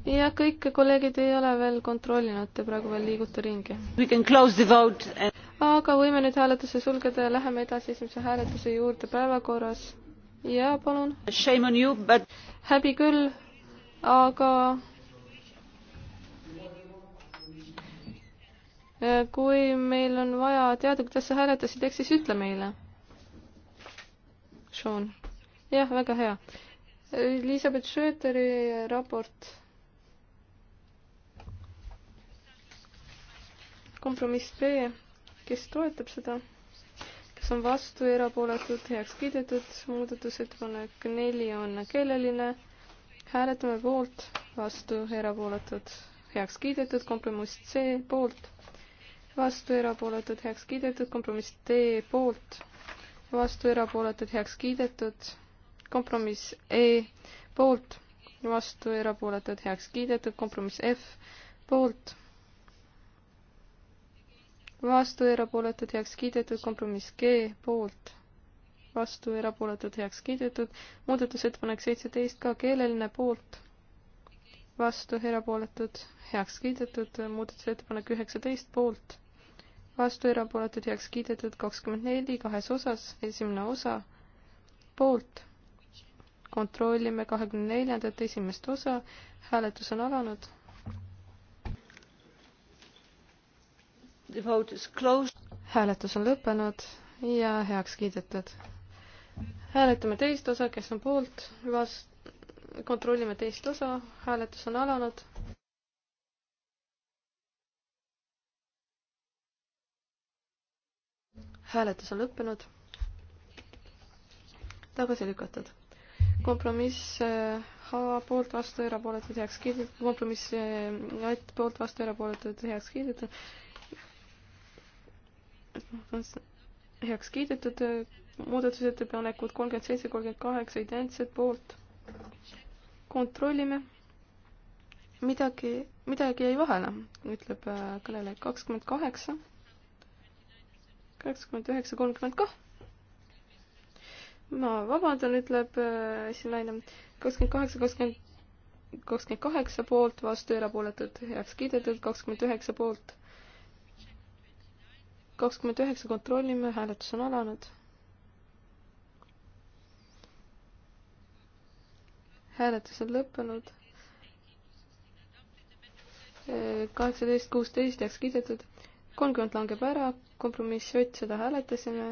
ja kõik kolleegid ei ole veel kontrollinud, te praegu veel liigute ringi. aga võime nüüd hääletuse sulgeda ja läheme edasi esimese hääletuse juurde päevakorras. ja palun. But... häbi küll, aga kui meil on vaja teada, kuidas sa hääletasid, eks siis ütle meile. Sean. jah, väga hea Elizabeth Schröteri raport. kompromiss B, kes toetab seda, kes on vastu, erapooletud, heaks kiidetud, muudatusettepanek neli on keeleline, hääletame poolt, vastu, erapooletud, heaks kiidetud, kompromiss C poolt, vastu, erapooletud, heaks kiidetud, kompromiss D poolt, vastu, erapooletud, heaks kiidetud kompromiss E poolt, vastu, erapooletud, heaks kiidetud, kompromiss F poolt, vastu, erapooletud, heaks kiidetud, kompromiss G poolt, vastu, erapooletud, heaks kiidetud, muudatusettepanek seitseteist ka keeleline poolt, vastu, erapooletud, heaks kiidetud, muudatusettepanek üheksateist poolt, vastu, erapooletud, heaks kiidetud, kakskümmend neli kahes osas, esimene osa, poolt kontrollime kahekümne neljandat esimest osa, hääletus on alanud. hääletus on lõppenud ja heaks kiidetud. hääletame teist osa, kes on poolt, vastu, kontrollime teist osa, hääletus on alanud. hääletus on lõppenud. tagasi lükatud kompromiss eh, H poolt vastu, erapooletud heaks kiidetud, kompromiss eh, J poolt vastu, erapooletud heaks kiidetud. heaks kiidetud eh, muudatusettepanekud kolmkümmend seitse, kolmkümmend kaheksa identsed poolt. kontrollime. midagi, midagi jäi vahele, ütleb kõneleja kakskümmend kaheksa, kakskümmend üheksa, kolmkümmend kah ma vabandan, ütleb äh, esinaine. kakskümmend kaheksa, kakskümmend, kakskümmend kaheksa poolt, vastu erapooletud, heaks kiidetud, kakskümmend üheksa poolt. kakskümmend üheksa kontrollime, hääletus on alanud. hääletus on lõppenud. Äh, kaheksateist, kuusteist heaks kiidetud, kolmkümmend langeb ära, kompromiss Ott, seda hääletasime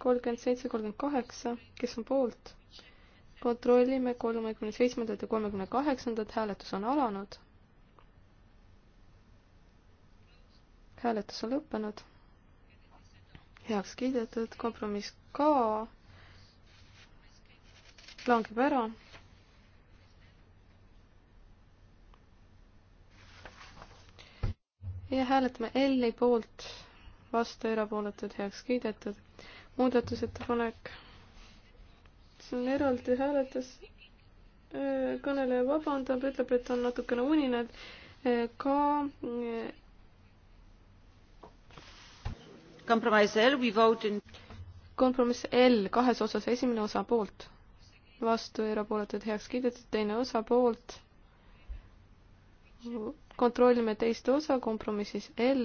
kolmkümmend seitse, kolmkümmend kaheksa, kes on poolt? kontrollime kolmekümne seitsmendat ja kolmekümne kaheksandat, hääletus on alanud. hääletus on lõppenud. heaks kiidetud, kompromiss ka langeb ära. ja hääletame L-i poolt, vastu erapooletud, heaks kiidetud muudatusettepanek. see on eraldi hääletus. Äh, kõneleja vabandab, ütleb, et on natukene unine. Äh, ka. Äh, kompromiss L, we vote in. kompromiss L kahes osas, esimene osa poolt, vastu, erapooletud, heaks kiidetud, teine osa poolt kontrollime teist osa kompromissis L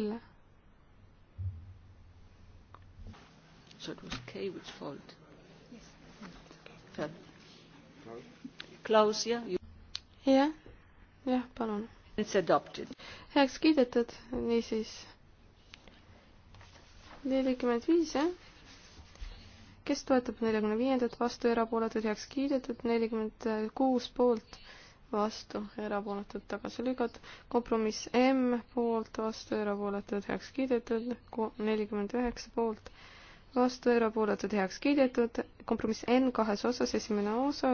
so it was K which fault. Yes. Klaus, jah? jah, jah, palun. It's adopted. heaks kiidetud, niisiis nelikümmend viis, jah? kes toetab neljakümne viiendat, vastu, erapooletud, heaks kiidetud, nelikümmend kuus poolt, vastu, erapooletud, tagasi lükatud, kompromiss M poolt, vastu, erapooletud, heaks kiidetud, nelikümmend üheksa poolt vastu, erapooletud heaks kiidetud, kompromiss N kahes osas, esimene osa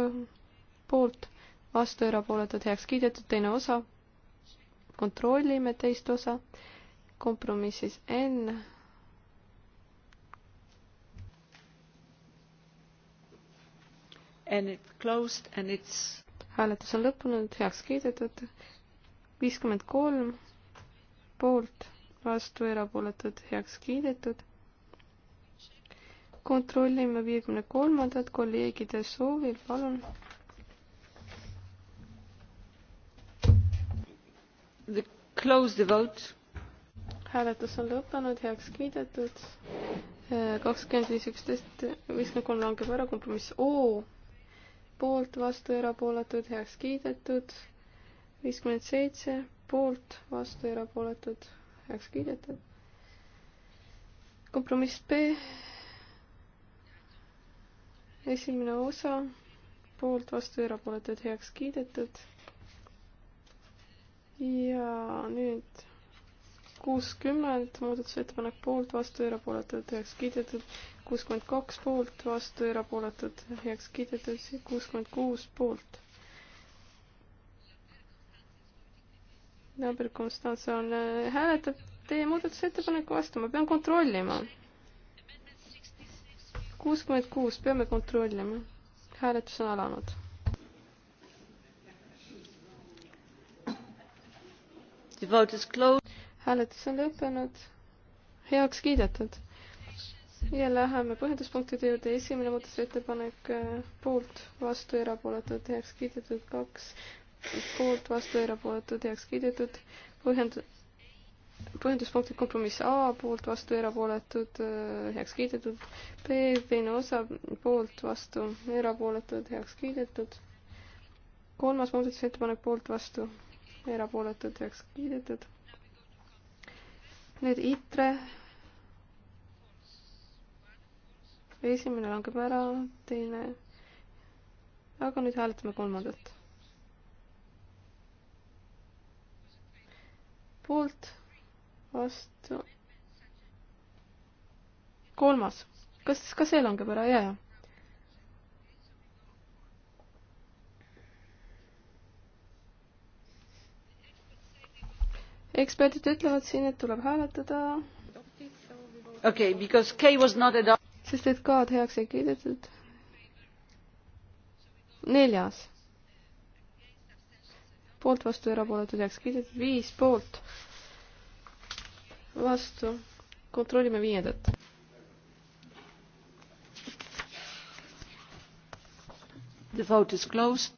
poolt, vastu, erapooletud heaks kiidetud, teine osa, kontrollime teist osa, kompromissis N. And it closed and it's hääletus on lõppenud, heaks kiidetud, viiskümmend kolm poolt, vastu, erapooletud, heaks kiidetud kontrollime viiekümne kolmandat kolleegide soovil, palun. Close the vote. hääletus on lõppenud, heaks kiidetud. kakskümmend viis, üksteist, viiskümmend kolm langeb ära, kompromiss O. poolt, vastu, erapooletud, heaks kiidetud. viiskümmend seitse, poolt, vastu, erapooletud, heaks kiidetud. kompromiss B esimene osa poolt, vastu, erapooletud, heaks kiidetud. ja nüüd kuuskümmend muudatusettepanek poolt, vastu, erapooletud, heaks kiidetud. kuuskümmend kaks poolt, vastu, erapooletud, heaks kiidetud. kuuskümmend kuus poolt. naaber Konstantse on, äh, hääletab teie muudatusettepaneku vastu, ma pean kontrollima kuuskümmend kuus, peame kontrollima. hääletus on alanud. hääletus on lõppenud, heaks kiidetud. ja läheme põhjenduspunktide juurde, esimene muudatusettepanek äh, poolt, vastu, erapooletud, heaks kiidetud, kaks poolt, vastu, erapooletud, heaks kiidetud, põhjend-, põhjenduspunktid kompromiss A poolt vastu, erapooletud, äh, heaks kiidetud, B teine osa poolt vastu, erapooletud, heaks kiidetud, kolmas muudatusettepanek poolt vastu, erapooletud, heaks kiidetud. nüüd ITRE. esimene langeb ära, teine. aga nüüd hääletame kolmandat. poolt vastu. kolmas, kas, ka see langeb ära, jaa, jaa. eksperdid ütlevad siin, et tuleb hääletada. okei okay,, because K was not adopted. sest et K-d heaks ei kiidetud. neljas. poolt, vastu, erapooletud, heaks kiidetud, viis poolt, vastu, kontrollime viiendat. The vote is closed.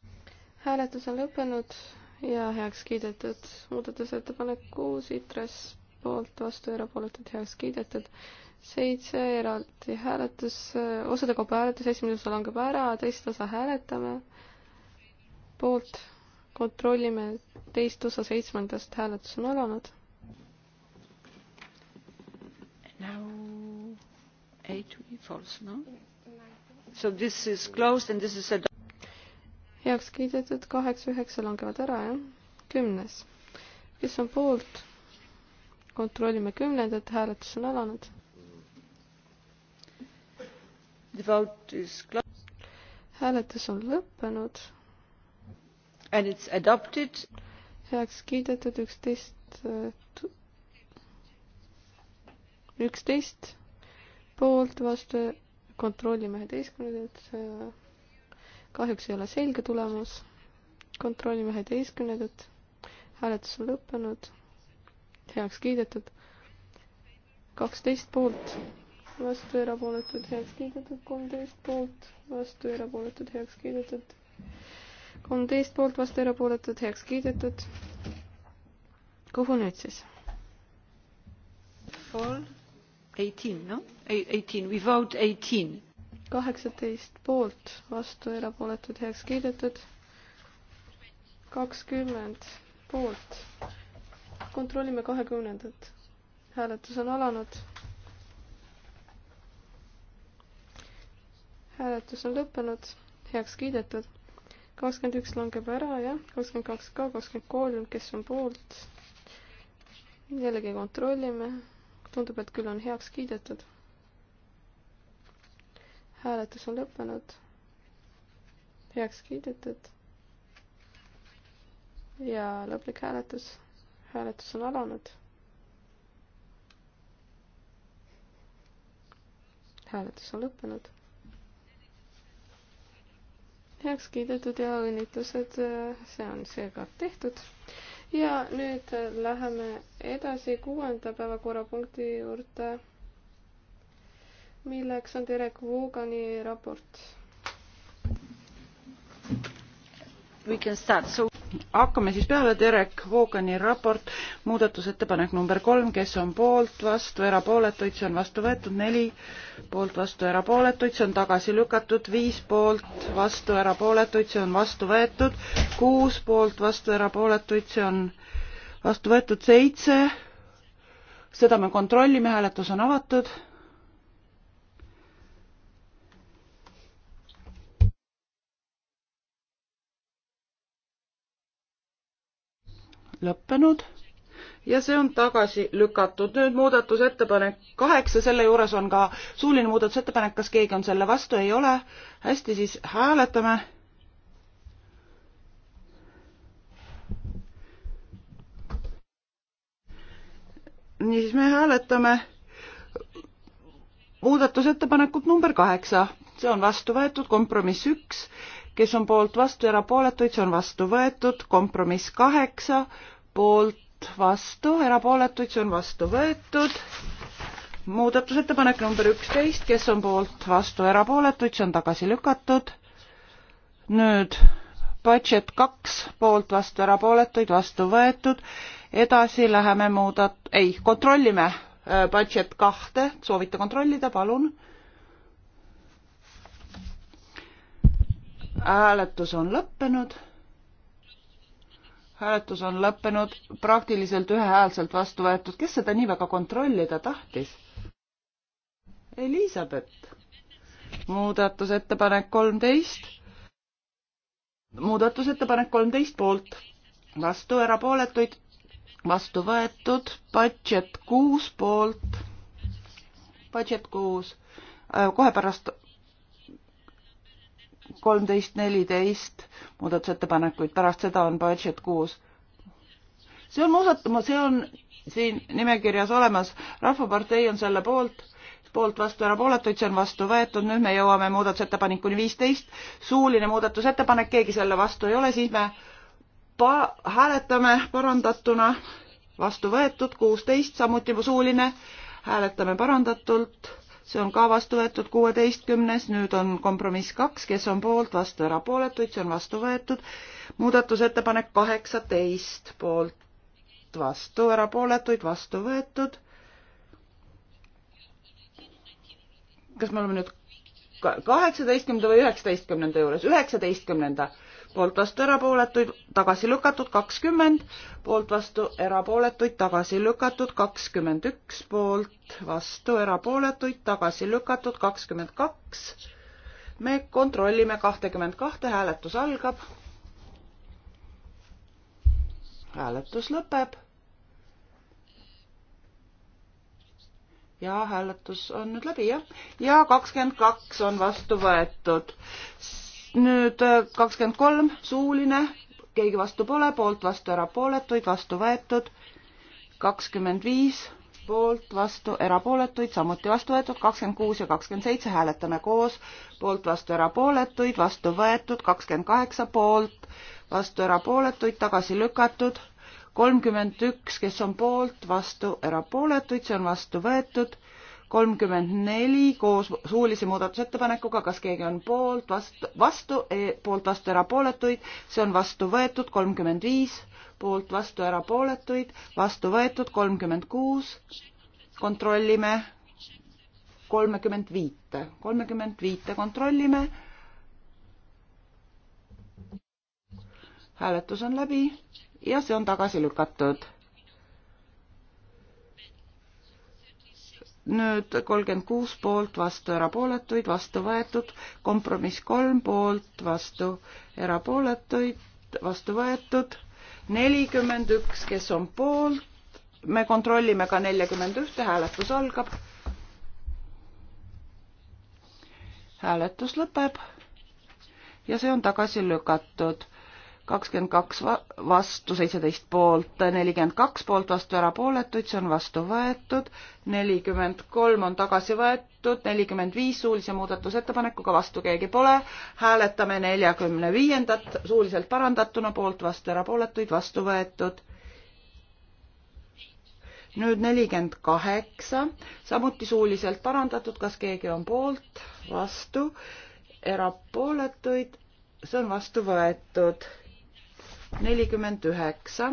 hääletus on lõppenud ja heaks kiidetud muudatusettepanek kuus, ITRES poolt, vastu, erapooletud, heaks kiidetud. seitse eraldi hääletus, osade kaupa hääletus, esimene osa langeb ära, teist osa hääletame. poolt kontrollime teist osa seitsmendast, hääletus on alanud Now, eight false, no? So this is closed and this is a... heaks kiidetud, kaheksa, üheksa langevad ära, jah. kümnes. kes on poolt? kontrollime kümnendat, hääletus on alanud. The vote is closed. hääletus on lõppenud. And it's adopted. heaks kiidetud üksteist üksteist poolt vastu, kontrollime üheteistkümnendat. kahjuks ei ole selge tulemus. kontrollime üheteistkümnendat. hääletus on lõppenud, heaks kiidetud. kaksteist poolt vastu, erapooletud, heaks kiidetud, kolmteist poolt vastu, erapooletud, heaks kiidetud. kolmteist poolt vastu, erapooletud, heaks kiidetud. kuhu nüüd siis? Fall Eighteen, noh? Eighteen, we vote eighteen. kaheksateist poolt, vastu, erapooletud, heaks kiidetud. kakskümmend poolt. kontrollime kahekümnendat. hääletus on alanud. hääletus on lõppenud, heaks kiidetud. kakskümmend üks langeb ära, jah, kakskümmend kaks ka, kakskümmend kolm, kes on poolt. jällegi kontrollime tundub, et küll on heaks kiidetud. hääletus on lõppenud. heaks kiidetud. ja lõplik hääletus. hääletus on alanud. hääletus on lõppenud. heaks kiidetud ja õnnitlused, see on seega tehtud ja nüüd läheme edasi kuuenda päevakorrapunkti juurde, milleks on Derek Vogani raport. We can start. So hakkame siis peale, Derek Vaugani raport, muudatusettepanek number kolm, kes on poolt, vastu, erapooletuid, see on vastu võetud, neli poolt, vastu, erapooletuid, see on tagasi lükatud, viis poolt, vastu, erapooletuid, see on vastu võetud, kuus poolt, vastu, erapooletuid, see on vastu võetud, seitse, seda me kontrollime, hääletus on avatud lõppenud ja see on tagasi lükatud. nüüd muudatusettepanek kaheksa, selle juures on ka suuline muudatusettepanek, kas keegi on selle vastu, ei ole. hästi, siis hääletame. niisiis, me hääletame muudatusettepanekut number kaheksa, see on vastu võetud, kompromiss üks, kes on poolt vastu, erapooletuid, see on vastu võetud, kompromiss kaheksa poolt vastu, erapooletuid, see on vastu võetud. muudatusettepanek number üksteist, kes on poolt vastu, erapooletuid, see on tagasi lükatud. nüüd budget kaks, poolt vastu, erapooletuid, vastu võetud. edasi läheme muudat-, ei, kontrollime äh, budget kahte, soovite kontrollida, palun. hääletus on lõppenud hääletus on lõppenud praktiliselt ühehäälselt vastu võetud. kes seda nii väga kontrollida tahtis? Elizabeth. muudatusettepanek kolmteist. muudatusettepanek kolmteist poolt, vastu erapooletuid, vastu võetud, budget kuus poolt, budget kuus, äh, kohe pärast kolmteist, neliteist muudatusettepanekuid, pärast seda on budget kuus. see on osatama, see on siin nimekirjas olemas, Rahvapartei on selle poolt, poolt vastu erapooletuid, see on vastu võetud, nüüd me jõuame muudatusettepanekuni viisteist, suuline muudatusettepanek, keegi selle vastu ei ole, siis me pa-, hääletame parandatuna, vastu võetud, kuusteist, samuti suuline, hääletame parandatult see on ka vastu võetud kuueteistkümnes, nüüd on kompromiss kaks, kes on poolt, vastu, erapooletuid, see on vastu võetud. muudatusettepanek kaheksateist, poolt, vastu, erapooletuid, vastu võetud. kas me oleme nüüd kaheksateistkümnenda või üheksateistkümnenda juures, üheksateistkümnenda poolt vastu erapooletuid, tagasi lükatud kakskümmend, poolt vastu erapooletuid, tagasi lükatud kakskümmend üks, poolt vastu erapooletuid, tagasi lükatud kakskümmend kaks. me kontrollime kahtekümmend kahte, hääletus algab. hääletus lõpeb. ja hääletus on nüüd läbi jah, ja kakskümmend kaks on vastu võetud nüüd äh, kakskümmend kolm, suuline, keegi vastu pole, poolt, vastu, erapooletuid, vastu võetud. kakskümmend viis, poolt, vastu, erapooletuid, samuti vastu võetud. kakskümmend kuus ja kakskümmend seitse hääletame koos, poolt, vastu, erapooletuid, vastu võetud. kakskümmend kaheksa, poolt, vastu, erapooletuid, tagasi lükatud. kolmkümmend üks, kes on poolt, vastu, erapooletuid, see on vastu võetud kolmkümmend neli koos suulise muudatusettepanekuga, kas keegi on poolt, vastu, vastu e,, poolt, vastu, erapooletuid, see on vastu võetud, kolmkümmend viis, poolt, vastu, erapooletuid, vastu võetud, kolmkümmend kuus, kontrollime kolmekümmend viite, kolmekümmend viite kontrollime hääletus on läbi ja see on tagasi lükatud. nüüd kolmkümmend kuus poolt, vastu erapooletuid, vastu võetud, kompromiss kolm poolt, vastu erapooletuid, vastu võetud, nelikümmend üks, kes on poolt, me kontrollime ka neljakümmend ühte, hääletus algab. hääletus lõpeb ja see on tagasi lükatud kakskümmend kaks vastu, seitseteist poolt, nelikümmend kaks poolt vastu, erapooletuid, see on vastu võetud, nelikümmend kolm on tagasi võetud, nelikümmend viis suulise muudatusettepanekuga vastu keegi pole, hääletame neljakümne viiendat suuliselt parandatuna, poolt vastu, erapooletuid, vastu võetud. nüüd nelikümmend kaheksa, samuti suuliselt parandatud, kas keegi on poolt, vastu, erapooletuid, see on vastu võetud nelikümmend üheksa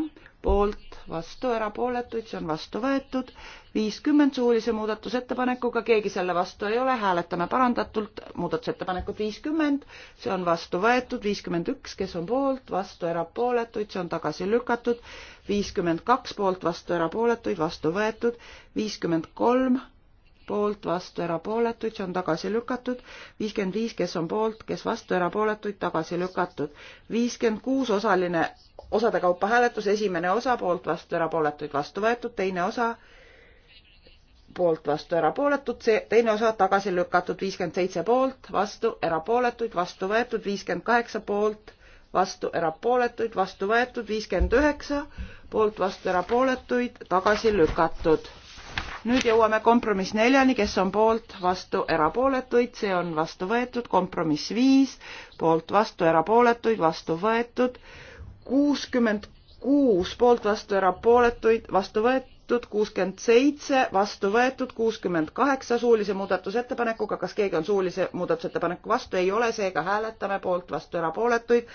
poolt, vastu, erapooletuid, see on vastu võetud. viiskümmend suulise muudatusettepanekuga, keegi selle vastu ei ole, hääletame parandatult muudatusettepanekut viiskümmend, see on vastu võetud, viiskümmend üks, kes on poolt, vastu, erapooletuid, see on tagasi lükatud. viiskümmend kaks poolt, vastu, erapooletuid, vastu võetud. viiskümmend kolm poolt, vastu, erapooletuid, see on tagasi lükatud. viiskümmend viis, kes on poolt, kes vastu, erapooletuid, tagasi lükatud. viiskümmend kuus osaline osade kaupa hääletus, esimene osa poolt, vastu, erapooletuid, vastu võetud, teine osa poolt, vastu, erapooletud, see teine osa tagasi lükatud, viiskümmend seitse poolt, vastu, erapooletuid, vastu võetud, viiskümmend kaheksa poolt, vastu, erapooletuid, vastu võetud, viiskümmend üheksa poolt, vastu, erapooletuid, tagasi lükatud nüüd jõuame kompromiss neljani, kes on poolt, vastu, erapooletuid, see on vastu võetud, kompromiss viis, poolt, vastu, erapooletuid, vastu võetud, kuuskümmend kuus poolt, vastu, erapooletuid, vastu võetud, kuuskümmend seitse, vastu võetud, kuuskümmend kaheksa suulise muudatusettepanekuga, kas keegi on suulise muudatusettepaneku vastu, ei ole, seega hääletame poolt, vastu, erapooletuid,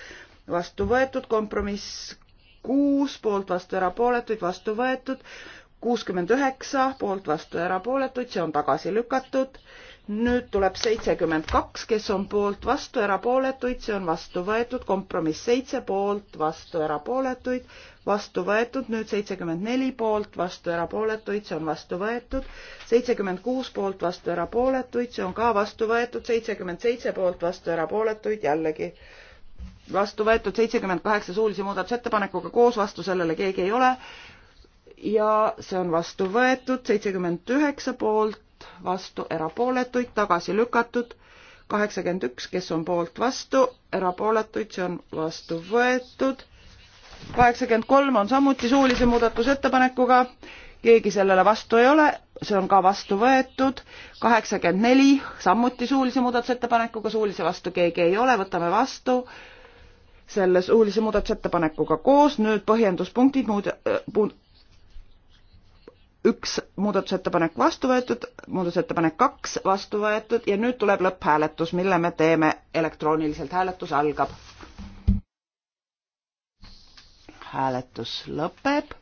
vastu võetud, kompromiss kuus poolt vastu erapooletuid vastu võetud kuuskümmend üheksa poolt vastu ja erapooletuid, see on tagasi lükatud. nüüd tuleb seitsekümmend kaks, kes on poolt vastu, erapooletuid, see on vastu võetud, kompromiss seitse poolt, vastu, erapooletuid, vastu võetud, nüüd seitsekümmend neli poolt, vastu, erapooletuid, see on vastu võetud, seitsekümmend kuus poolt, vastu, erapooletuid, see on ka vastu võetud, seitsekümmend seitse poolt, vastu, erapooletuid, jällegi vastu võetud seitsekümmend kaheksa suulise muudatusettepanekuga koos, vastu sellele keegi ei ole, ja see on vastu võetud, seitsekümmend üheksa poolt, vastu erapooletuid, tagasi lükatud, kaheksakümmend üks, kes on poolt vastu, erapooletuid, see on vastu võetud, kaheksakümmend kolm on samuti suulise muudatusettepanekuga, keegi sellele vastu ei ole, see on ka vastu võetud, kaheksakümmend neli samuti suulise muudatusettepanekuga, suulise vastu keegi ei ole, võtame vastu, selle suulise muudatusettepanekuga koos, nüüd põhjenduspunktid muud, äh, üks muudatusettepanek vastu võetud, muudatusettepanek kaks vastu võetud ja nüüd tuleb lõpphääletus, mille me teeme elektrooniliselt. hääletus algab. hääletus lõpeb.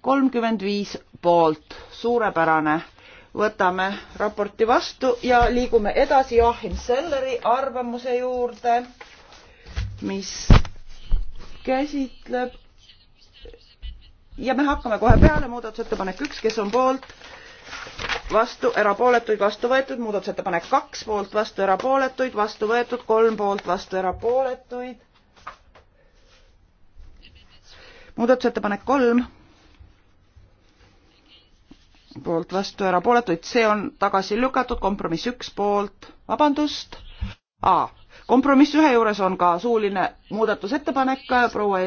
kolmkümmend viis poolt, suurepärane. võtame raporti vastu ja liigume edasi Joachim Selleri arvamuse juurde, mis käsitleb ja me hakkame kohe peale, muudatusettepanek üks, kes on poolt, vastu, erapooletuid, vastu võetud, muudatusettepanek kaks, poolt, vastu, erapooletuid, vastu võetud, kolm poolt, vastu, erapooletuid. muudatusettepanek kolm, poolt, vastu, erapooletuid, see on tagasi lükatud, kompromiss üks poolt, vabandust, kompromiss ühe juures on ka suuline muudatusettepanek, proua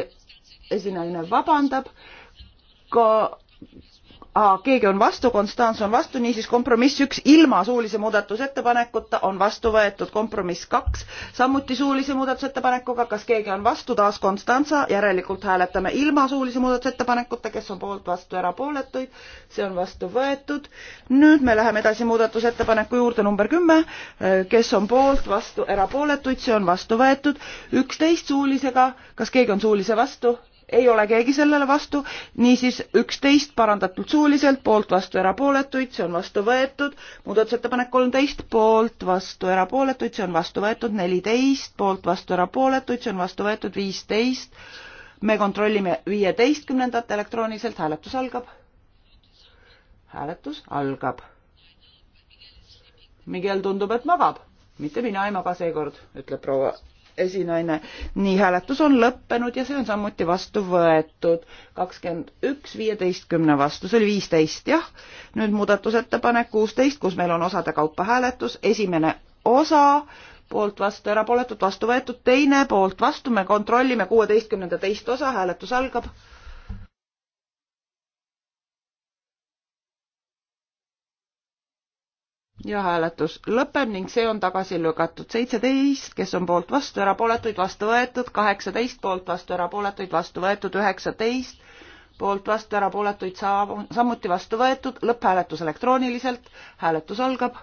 esinaine vabandab ka Aa, keegi on vastu, Konstants on vastu, niisiis kompromiss üks ilma suulise muudatusettepanekuta on vastu võetud, kompromiss kaks samuti suulise muudatusettepanekuga, kas keegi on vastu, taas Konstantsa, järelikult hääletame ilma suulise muudatusettepanekuta, kes on poolt, vastu, erapooletuid, see on vastu võetud. nüüd me läheme edasi muudatusettepaneku juurde number kümme, kes on poolt, vastu, erapooletuid, see on vastu võetud, üksteist suulisega, kas keegi on suulise vastu? ei ole keegi sellele vastu, niisiis üksteist parandatult suuliselt, poolt, vastu, erapooletuid, see on vastu võetud, muudatusettepanek kolmteist, poolt, vastu, erapooletuid, see on vastu võetud, neliteist, poolt, vastu, erapooletuid, see on vastu võetud, viisteist, me kontrollime viieteistkümnendat elektrooniliselt, hääletus algab. hääletus algab. Miguel tundub, et magab, mitte mina ei maga seekord, ütleb proua esinaine. nii, hääletus on lõppenud ja see on samuti vastu võetud. kakskümmend üks viieteistkümne vastu, see oli viisteist, jah. nüüd muudatusettepanek kuusteist, kus meil on osade kaupa hääletus, esimene osa poolt vastu, erapooletult vastu võetud, teine poolt vastu, me kontrollime kuueteistkümnenda teist osa, hääletus algab ja hääletus lõpeb ning see on tagasi lükatud. seitseteist, kes on poolt vastu, erapooletuid vastu võetud, kaheksateist poolt vastu, erapooletuid vastu võetud, üheksateist poolt vastu, erapooletuid saa-, samuti vastu võetud, lõpphääletus elektrooniliselt, hääletus algab.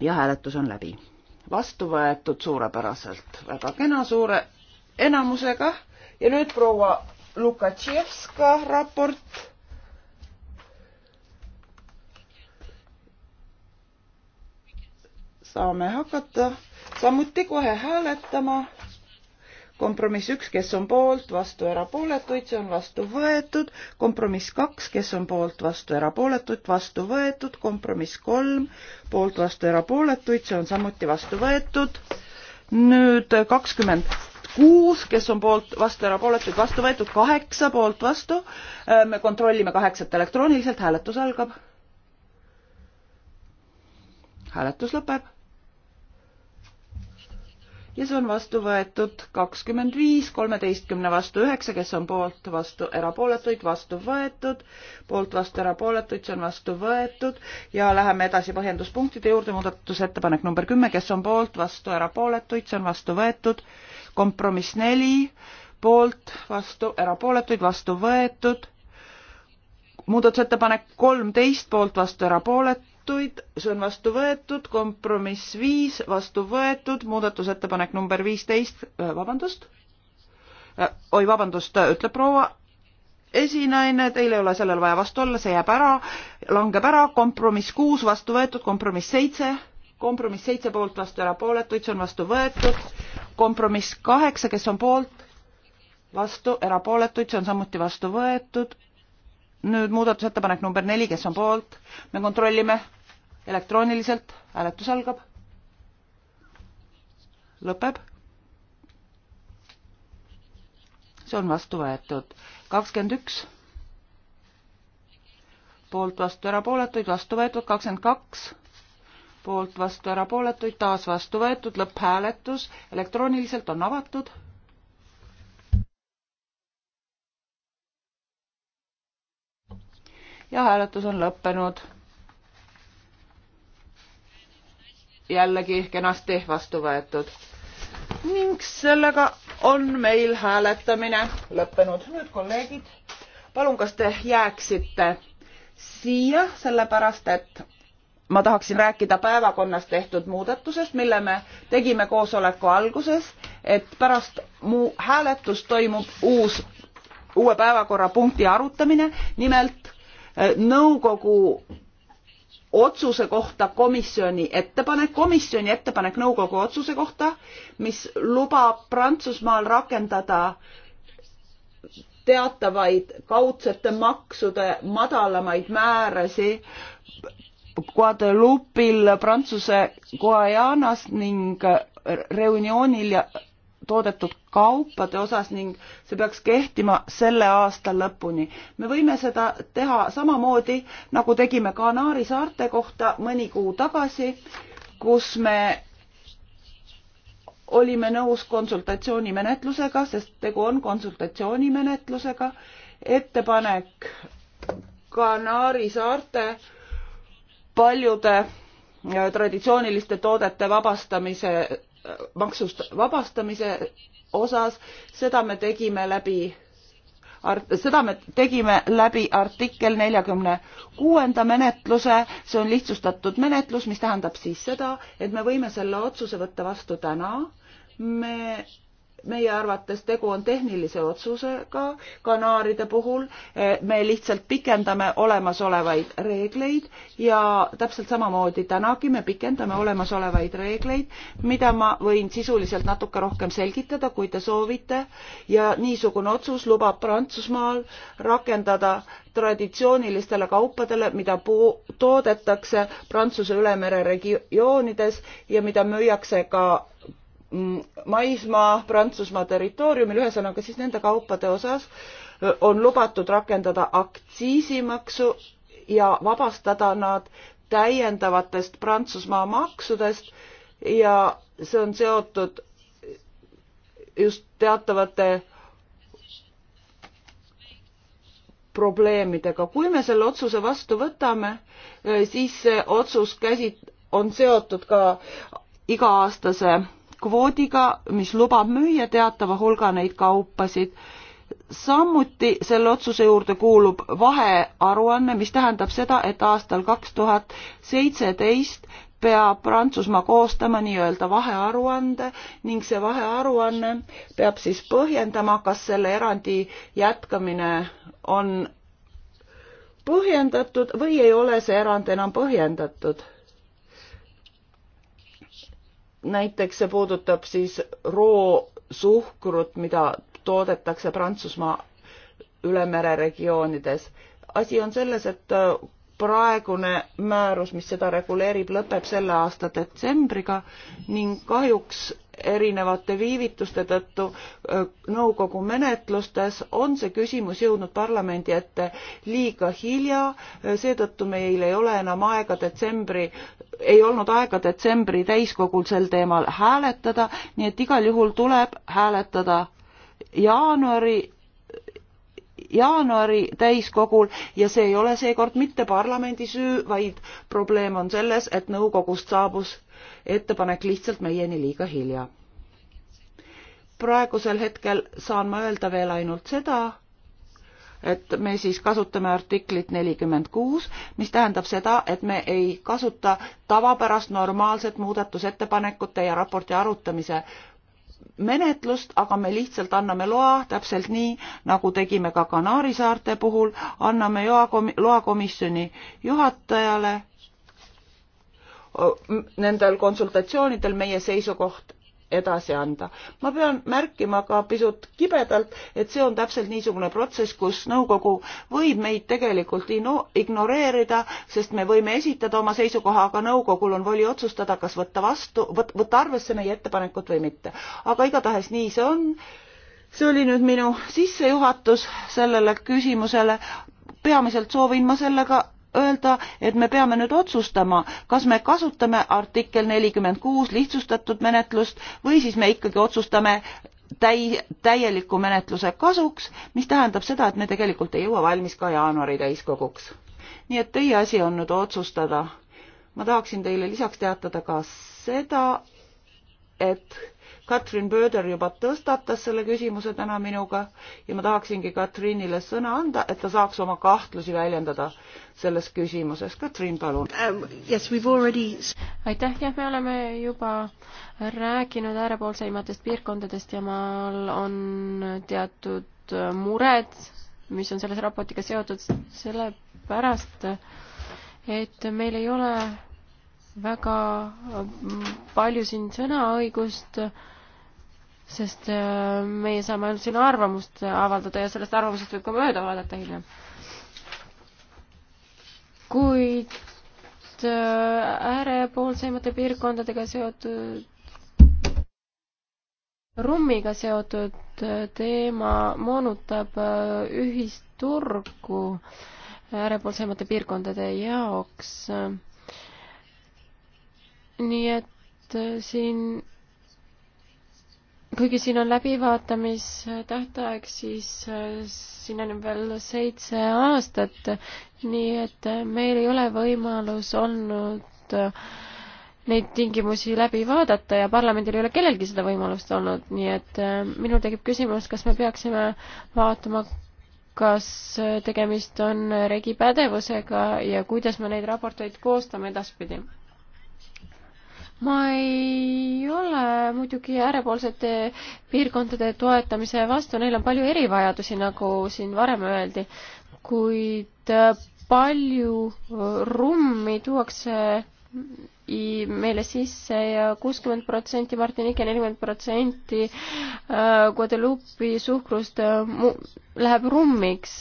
ja hääletus on läbi. vastu võetud suurepäraselt, väga kena, suure enamusega ja nüüd proua Lukatševska raport. saame hakata samuti kohe hääletama. kompromiss üks, kes on poolt, vastu, erapooletuid, see on vastu võetud. kompromiss kaks, kes on poolt, vastu, erapooletuid, vastu võetud. kompromiss kolm, poolt, vastu, erapooletuid, see on samuti vastu võetud. nüüd kakskümmend kuus, kes on poolt, vastu, erapooletuid, vastu võetud, kaheksa poolt, vastu. Äh, me kontrollime kaheksat elektrooniliselt, hääletus algab. hääletus lõpeb. ja see on vastu võetud kakskümmend viis, kolmeteistkümne vastu üheksa, kes on poolt, vastu, erapooletuid, vastu võetud, poolt, vastu, erapooletuid, see on vastu võetud ja läheme edasi põhjenduspunktide juurde, muudatusettepanek number kümme, kes on poolt, vastu, erapooletuid, see on vastu võetud kompromiss neli, poolt, vastu, erapooletuid, vastu võetud. muudatusettepanek kolmteist, poolt, vastu, erapooletuid, see on vastu võetud, kompromiss viis, vastu võetud, muudatusettepanek number viisteist, äh, vabandust. Äh, oi, vabandust, ütleb proua esinaine, teil ei ole sellel vaja vastu olla, see jääb ära, langeb ära, kompromiss kuus, vastu võetud, kompromiss seitse kompromiss seitse poolt vastu erapooletuid, see on vastu võetud. kompromiss kaheksa, kes on poolt, vastu erapooletuid, see on samuti vastu võetud. nüüd muudatusettepanek number neli, kes on poolt, me kontrollime elektrooniliselt, hääletus algab. lõpeb. see on vastu võetud. kakskümmend üks poolt vastu erapooletuid, vastu võetud kakskümmend kaks poolt vastu erapooletuid, taas vastu võetud, lõpphääletus elektrooniliselt on avatud. ja hääletus on lõppenud. jällegi kenasti vastu võetud. ning sellega on meil hääletamine lõppenud. nüüd kolleegid, palun, kas te jääksite siia, sellepärast et ma tahaksin rääkida päevakonnas tehtud muudatusest, mille me tegime koosoleku alguses, et pärast mu hääletust toimub uus, uue päevakorrapunkti arutamine, nimelt äh, nõukogu otsuse kohta komisjoni ettepanek, komisjoni ettepanek nõukogu otsuse kohta, mis lubab Prantsusmaal rakendada teatavaid kaudsete maksude madalamaid määrasi Guadeloupil, Prantsuse Guajanas ning Reunionil ja toodetud kaupade osas ning see peaks kehtima selle aasta lõpuni. me võime seda teha samamoodi, nagu tegime Kanaari saarte kohta mõni kuu tagasi, kus me olime nõus konsultatsioonimenetlusega, sest tegu on konsultatsioonimenetlusega, ettepanek Kanaari saarte paljude äh, traditsiooniliste toodete vabastamise, äh, maksust vabastamise osas, seda me tegime läbi art-, seda me tegime läbi artikkel neljakümne kuuenda menetluse, see on lihtsustatud menetlus, mis tähendab siis seda, et me võime selle otsuse võtta vastu täna, me meie arvates tegu on tehnilise otsusega Kanaaride puhul. me lihtsalt pikendame olemasolevaid reegleid ja täpselt samamoodi tänagi me pikendame olemasolevaid reegleid, mida ma võin sisuliselt natuke rohkem selgitada, kui te soovite. ja niisugune otsus lubab Prantsusmaal rakendada traditsioonilistele kaupadele, mida toodetakse Prantsuse ülemere regioonides ja mida müüakse ka maismaa Prantsusmaa territooriumil, ühesõnaga siis nende kaupade osas on lubatud rakendada aktsiisimaksu ja vabastada nad täiendavatest Prantsusmaa maksudest ja see on seotud just teatavate probleemidega. kui me selle otsuse vastu võtame, siis see otsus käsit-, on seotud ka iga-aastase kvoodiga, mis lubab müüa teatava hulga neid kaupasid. samuti selle otsuse juurde kuulub vahearuanne, mis tähendab seda, et aastal kaks tuhat seitseteist peab Prantsusmaa koostama nii-öelda vahearuande ning see vahearuanne peab siis põhjendama, kas selle erandi jätkamine on põhjendatud või ei ole see erand enam põhjendatud näiteks see puudutab siis roosuhkrut, mida toodetakse Prantsusmaa ülemereregioonides. asi on selles, et äh, praegune määrus, mis seda reguleerib, lõpeb selle aasta detsembriga ning kahjuks erinevate viivituste tõttu nõukogu menetlustes on see küsimus jõudnud parlamendi ette liiga hilja, seetõttu meil ei ole enam aega detsembri, ei olnud aega detsembri täiskogul sel teemal hääletada, nii et igal juhul tuleb hääletada jaanuari jaanuari täiskogul ja see ei ole seekord mitte parlamendi süü, vaid probleem on selles, et nõukogust saabus ettepanek lihtsalt meieni liiga hilja. praegusel hetkel saan ma öelda veel ainult seda, et me siis kasutame artiklit nelikümmend kuus, mis tähendab seda, et me ei kasuta tavapärast normaalset muudatusettepanekute ja raporti arutamise menetlust, aga me lihtsalt anname loa täpselt nii, nagu tegime ka Kanaari saarte puhul, anname loa komisjoni juhatajale nendel konsultatsioonidel meie seisukoht edasi anda. ma pean märkima ka pisut kibedalt, et see on täpselt niisugune protsess, kus nõukogu võib meid tegelikult ignoreerida, sest me võime esitada oma seisukoha, aga nõukogul on voli otsustada, kas võtta vastu, võtta arvesse meie ettepanekut või mitte. aga igatahes nii see on. see oli nüüd minu sissejuhatus sellele küsimusele. peamiselt soovin ma sellega öelda, et me peame nüüd otsustama, kas me kasutame artikkel nelikümmend kuus lihtsustatud menetlust või siis me ikkagi otsustame täi-, täieliku menetluse kasuks, mis tähendab seda, et me tegelikult ei jõua valmis ka jaanuari täiskoguks. nii et teie asi on nüüd otsustada. ma tahaksin teile lisaks teatada ka seda, et Katrin Böder juba tõstatas selle küsimuse täna minuga ja ma tahaksingi Katrinile sõna anda, et ta saaks oma kahtlusi väljendada selles küsimuses. Katrin, palun um,. Yes, already... aitäh, jah, me oleme juba rääkinud äärepoolseimatest piirkondadest ja maal on teatud mured, mis on selles raportiga seotud sellepärast, et meil ei ole väga palju siin sõnaõigust sest äh, meie saame ainult sinu arvamust avaldada ja sellest arvamusest võib ka mööda vaadata hiljem. kuid äh, äärepoolsemate piirkondadega seotud rummiga seotud äh, teema moonutab ühisturgu äärepoolsemate piirkondade jaoks. nii et siin kuigi siin on läbivaatamistähtaeg, siis äh, sinnani on veel seitse aastat, nii et äh, meil ei ole võimalus olnud äh, neid tingimusi läbi vaadata ja parlamendil ei ole kellelgi seda võimalust olnud, nii et minul tekib küsimus, kas me peaksime vaatama, kas tegemist on regi pädevusega ja kuidas me neid raporteid koostame edaspidi ma ei ole muidugi äärepoolsete piirkondade toetamise vastu, neil on palju erivajadusi, nagu siin varem öeldi, kuid äh, palju äh, rummi tuuakse meile sisse ja kuuskümmend protsenti Martinique ja nelikümmend protsenti äh, Guadeloupe'i suhkrust läheb rummiks.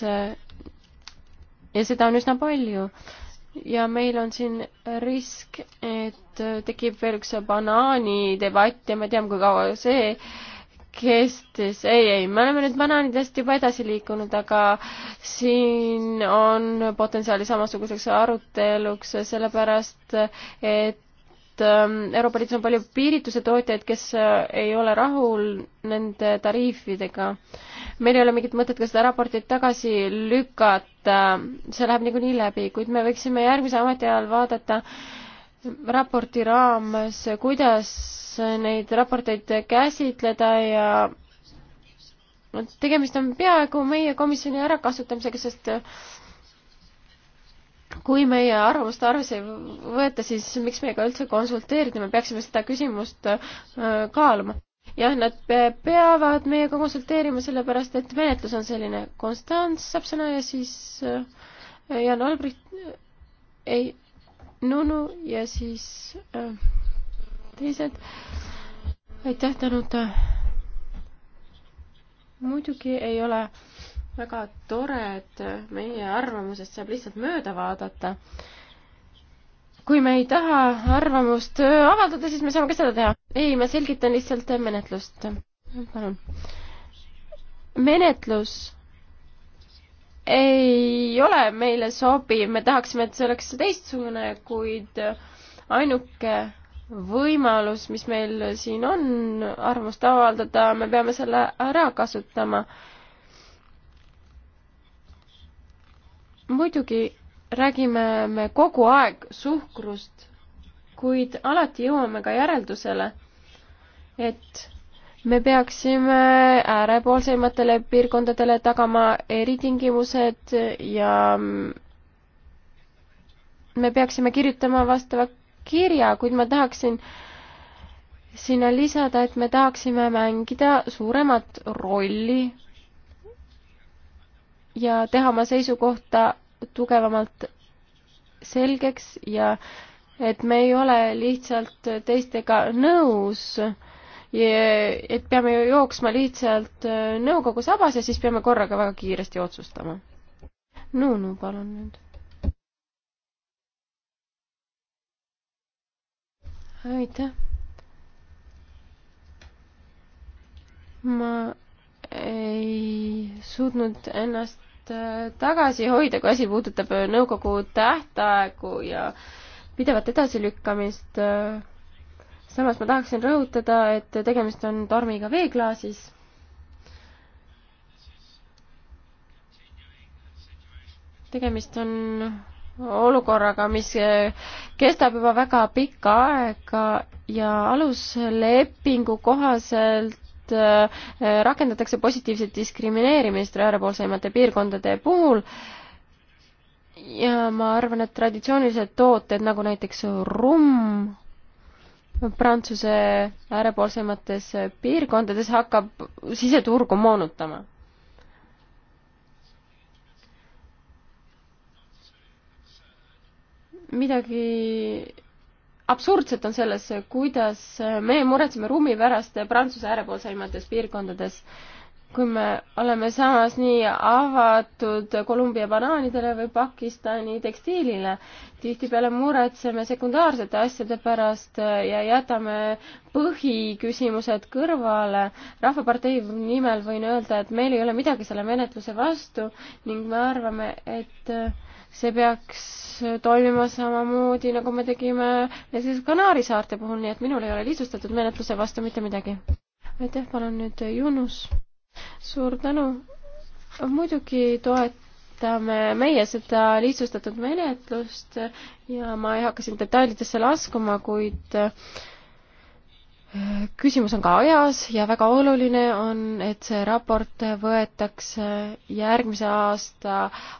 ja seda on üsna palju ja meil on siin risk, et tekib veel üks banaanidebatt ja ma tean, kui kaua see kestis, ei, ei, me oleme nüüd banaanidest juba edasi liikunud, aga siin on potentsiaali samasuguseks aruteluks, sellepärast et et ähm, Euroopa Liidus on palju piirituse tootjaid, kes äh, ei ole rahul nende tariifidega. meil ei ole mingit mõtet ka seda raportit tagasi lükata, see läheb niikuinii läbi, kuid me võiksime järgmise ametiajal vaadata raporti raames, kuidas neid raporteid käsitleda ja tegemist on peaaegu meie komisjoni ärakasutamisega, sest kui meie arvamust arvesse ei võeta, siis miks meiega üldse konsulteerida, me peaksime seda küsimust äh, kaaluma. jah, nad peavad meiega konsulteerima, sellepärast et menetlus on selline. Konstants saab sõna ja siis äh, Jan Albrecht, äh, ei, Nunu ja siis teised. aitäh, Tõnuta. muidugi ei ole väga tore, et meie arvamusest saab lihtsalt mööda vaadata. kui me ei taha arvamust äh, avaldada, siis me saame ka seda teha. ei, ma selgitan lihtsalt äh, menetlust. palun. menetlus ei ole meile sobiv, me tahaksime, et see oleks teistsugune, kuid äh, ainuke võimalus, mis meil siin on arvamust avaldada, me peame selle ära kasutama muidugi räägime me kogu aeg suhkrust, kuid alati jõuame ka järeldusele, et me peaksime äärepoolsematele piirkondadele tagama eritingimused ja me peaksime kirjutama vastava kirja, kuid ma tahaksin sinna lisada, et me tahaksime mängida suuremat rolli ja teha oma seisukohta tugevamalt selgeks ja et me ei ole lihtsalt teistega nõus, et peame jooksma lihtsalt nõukogu sabas ja siis peame korraga väga kiiresti otsustama. Nuunu, palun nüüd. aitäh. ma ei suutnud ennast ennast äh, tagasi hoida, kui asi puudutab äh, nõukogu tähtaegu ja pidevat edasilükkamist. Äh, samas ma tahaksin rõhutada, et tegemist on tormiga veeklaasis. tegemist on olukorraga, mis kestab juba väga pikka aega ja aluslepingu kohaselt et äh, rakendatakse positiivset diskrimineerimist äärepoolsemate piirkondade puhul ja ma arvan, et traditsioonilised tooted nagu näiteks rumm Prantsuse äärepoolsemates piirkondades hakkab siseturgu moonutama. midagi absurdset on selles, kuidas me muretseme ruumi pärast Prantsuse äärepoolseimates piirkondades. kui me oleme samas nii avatud Kolumbia banaanidele või Pakistani tekstiilile, tihtipeale muretseme sekundaarsete asjade pärast ja jätame põhiküsimused kõrvale. rahvapartei nimel võin öelda, et meil ei ole midagi selle menetluse vastu ning me arvame, et see peaks toimima samamoodi, nagu me tegime näiteks Kanaari saarte puhul, nii et minul ei ole lihtsustatud menetluse vastu mitte midagi. aitäh, palun nüüd Junus. suur tänu. muidugi toetame meie seda lihtsustatud menetlust ja ma ei hakka siin detailidesse laskuma, kuid äh, küsimus on ka ajas ja väga oluline on, et see raport võetakse järgmise aasta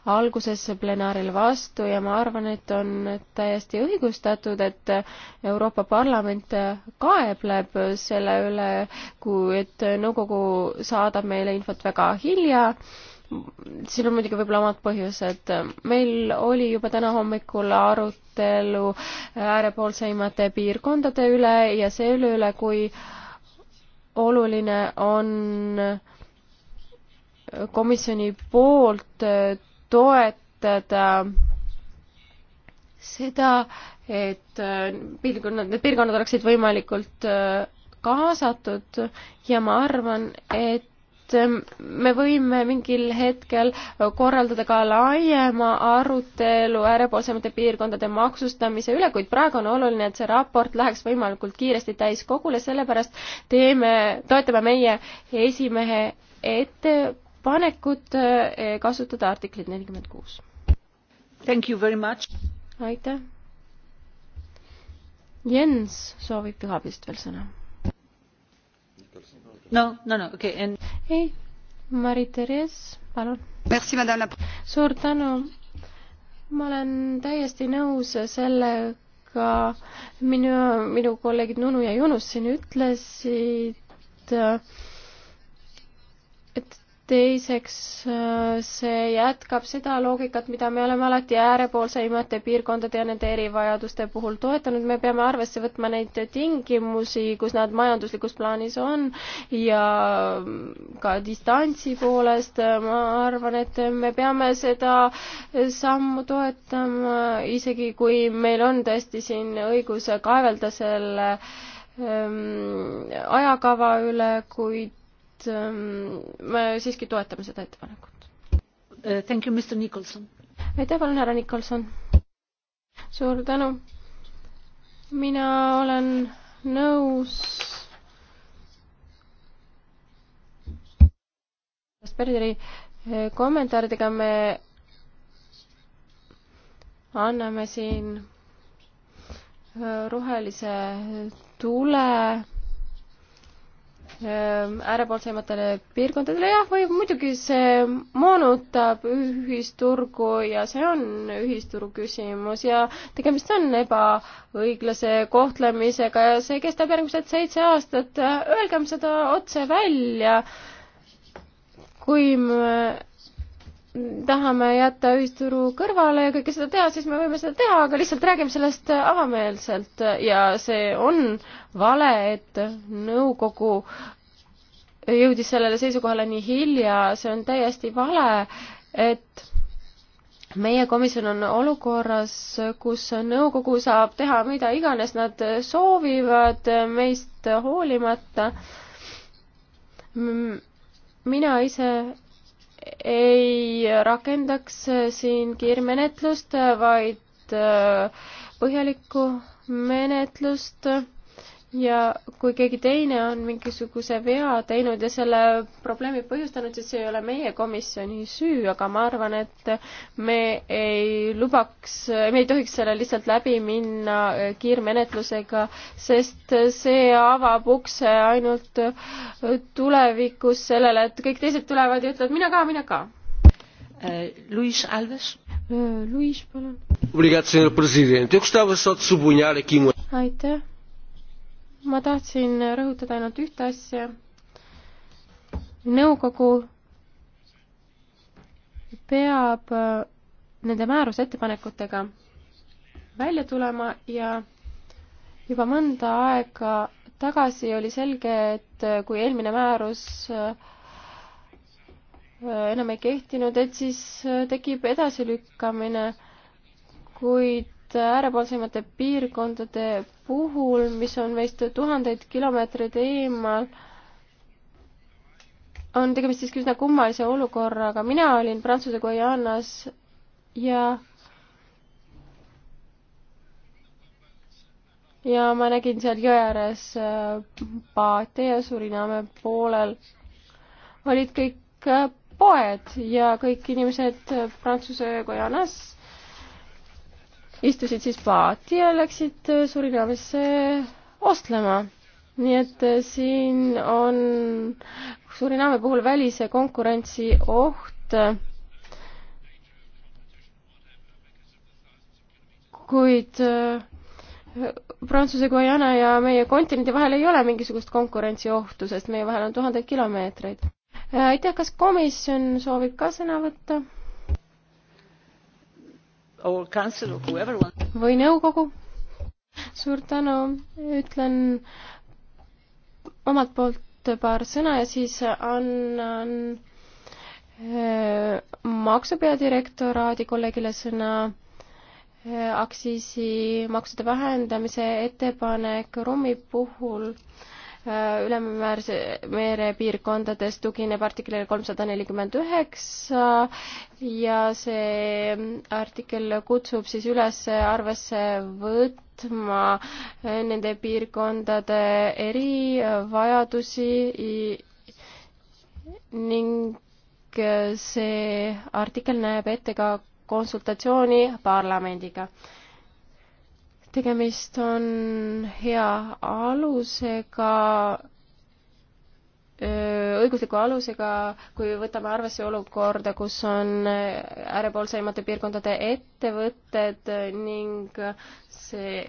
alguses plenaaril vastu ja ma arvan, et on täiesti õigustatud, et Euroopa Parlament kaebleb selle üle, kui, et nõukogu saadab meile infot väga hilja äh, siin on muidugi võib-olla omad põhjused. meil oli juba täna hommikul arutelu äh, äärepoolseimate piirkondade üle ja selle üle, kui oluline on äh, komisjoni poolt äh, toetada seda, et piirkonnad, need piirkonnad oleksid võimalikult kaasatud ja ma arvan, et et ehm, me võime mingil hetkel korraldada ka laiema arutelu äärepoolsemate piirkondade maksustamise üle, kuid praegu on oluline, et see raport läheks võimalikult kiiresti täiskogule, sellepärast teeme, toetame meie esimehe ettepanekut eh, kasutada artiklit nelikümmend kuus. Thank you very much. aitäh. Jens soovib Pühapist veel sõna no, no, no, okei okay, and.... ei, Mari-Therese, palun. suur tänu. ma olen täiesti nõus sellega, minu, minu kolleegid Nunu ja Junus siin ütlesid, et teiseks, äh, see jätkab seda loogikat, mida me oleme alati äärepoolseimate piirkondade ja nende erivajaduste puhul toetanud, me peame arvesse võtma neid tingimusi, kus nad majanduslikus plaanis on ja ka distantsi poolest ma arvan, et me peame seda sammu toetama, isegi kui meil on tõesti siin õigus kaevelda selle ähm, ajakava üle, kuid et ähm, me siiski toetame seda ettepanekut. Uh, thank you, Mr Nicholson. aitäh, palun, härra Nicholson. suur tänu. mina olen nõus Aspergeri eh, kommentaaridega me anname siin eh, rohelise tule Ehm, äärepoolsematele piirkondadele, jah, või muidugi see moonutab ühisturgu ja see on ühisturu küsimus ja tegemist on ebaõiglase kohtlemisega ja see kestab järgmised seitse aastat, öelgem seda otse välja, kui me tahame jätta ühisturu kõrvale ja kõike seda teha, siis me võime seda teha, aga lihtsalt räägime sellest avameelselt ja see on vale, et nõukogu jõudis sellele seisukohale nii hilja, see on täiesti vale, et meie komisjon on olukorras, kus nõukogu saab teha mida iganes nad soovivad meist hoolimata. mina ise ei rakendaks äh, siin kiirmenetlust, vaid äh, põhjalikku menetlust ja kui keegi teine on mingisuguse vea teinud ja selle probleemi põhjustanud, siis see ei ole meie komisjoni süü, aga ma arvan, et me ei lubaks, me ei tohiks selle lihtsalt läbi minna kiirmenetlusega, sest see avab ukse ainult tulevikus sellele, et kõik teised tulevad ja ütlevad mina ka, mina ka. Äh, Luis Alves. Äh, Luis, palun. aitäh ma tahtsin rõhutada ainult ühte asja. nõukogu peab äh, nende määruse ettepanekutega välja tulema ja juba mõnda aega tagasi oli selge, et äh, kui eelmine määrus äh, enam ei kehtinud, et siis tekib edasilükkamine, kuid et äärepoolsemate piirkondade puhul, mis on meist tuhandeid kilomeetreid eemal, on tegemist siiski üsna kummalise olukorraga. mina olin Prantsuse Guajanas ja ja ma nägin seal jõe ääres äh, paate ja Suriname poolel olid kõik äh, poed ja kõik inimesed Prantsuse Guajanas istusid siis paati ja läksid äh, Surinamesse ostlema. nii et äh, siin on Suriname puhul välise konkurentsi oht. Äh, kuid Prantsuse Guyana ja meie kontinendi vahel ei ole mingisugust konkurentsiohtu, sest meie vahel on tuhandeid kilomeetreid. aitäh, kas komisjon soovib ka sõna võtta? või nõukogu. suur tänu, ütlen omalt poolt paar sõna ja siis annan eh, maksupeadirektoraadi kolleegile sõna eh, aktsiisi maksude vähendamise ettepanek Romi puhul äh, Äh, ülemäärse merepiirkondades tugineb artiklile kolmsada nelikümmend üheksa ja see artikkel kutsub siis üles arvesse võtma nende piirkondade erivajadusi ning see artikkel näeb ette ka konsultatsiooni parlamendiga tegemist on hea alusega, õigusliku alusega, kui võtame arvesse olukorda, kus on äärepoolseimate piirkondade ettevõtted ning see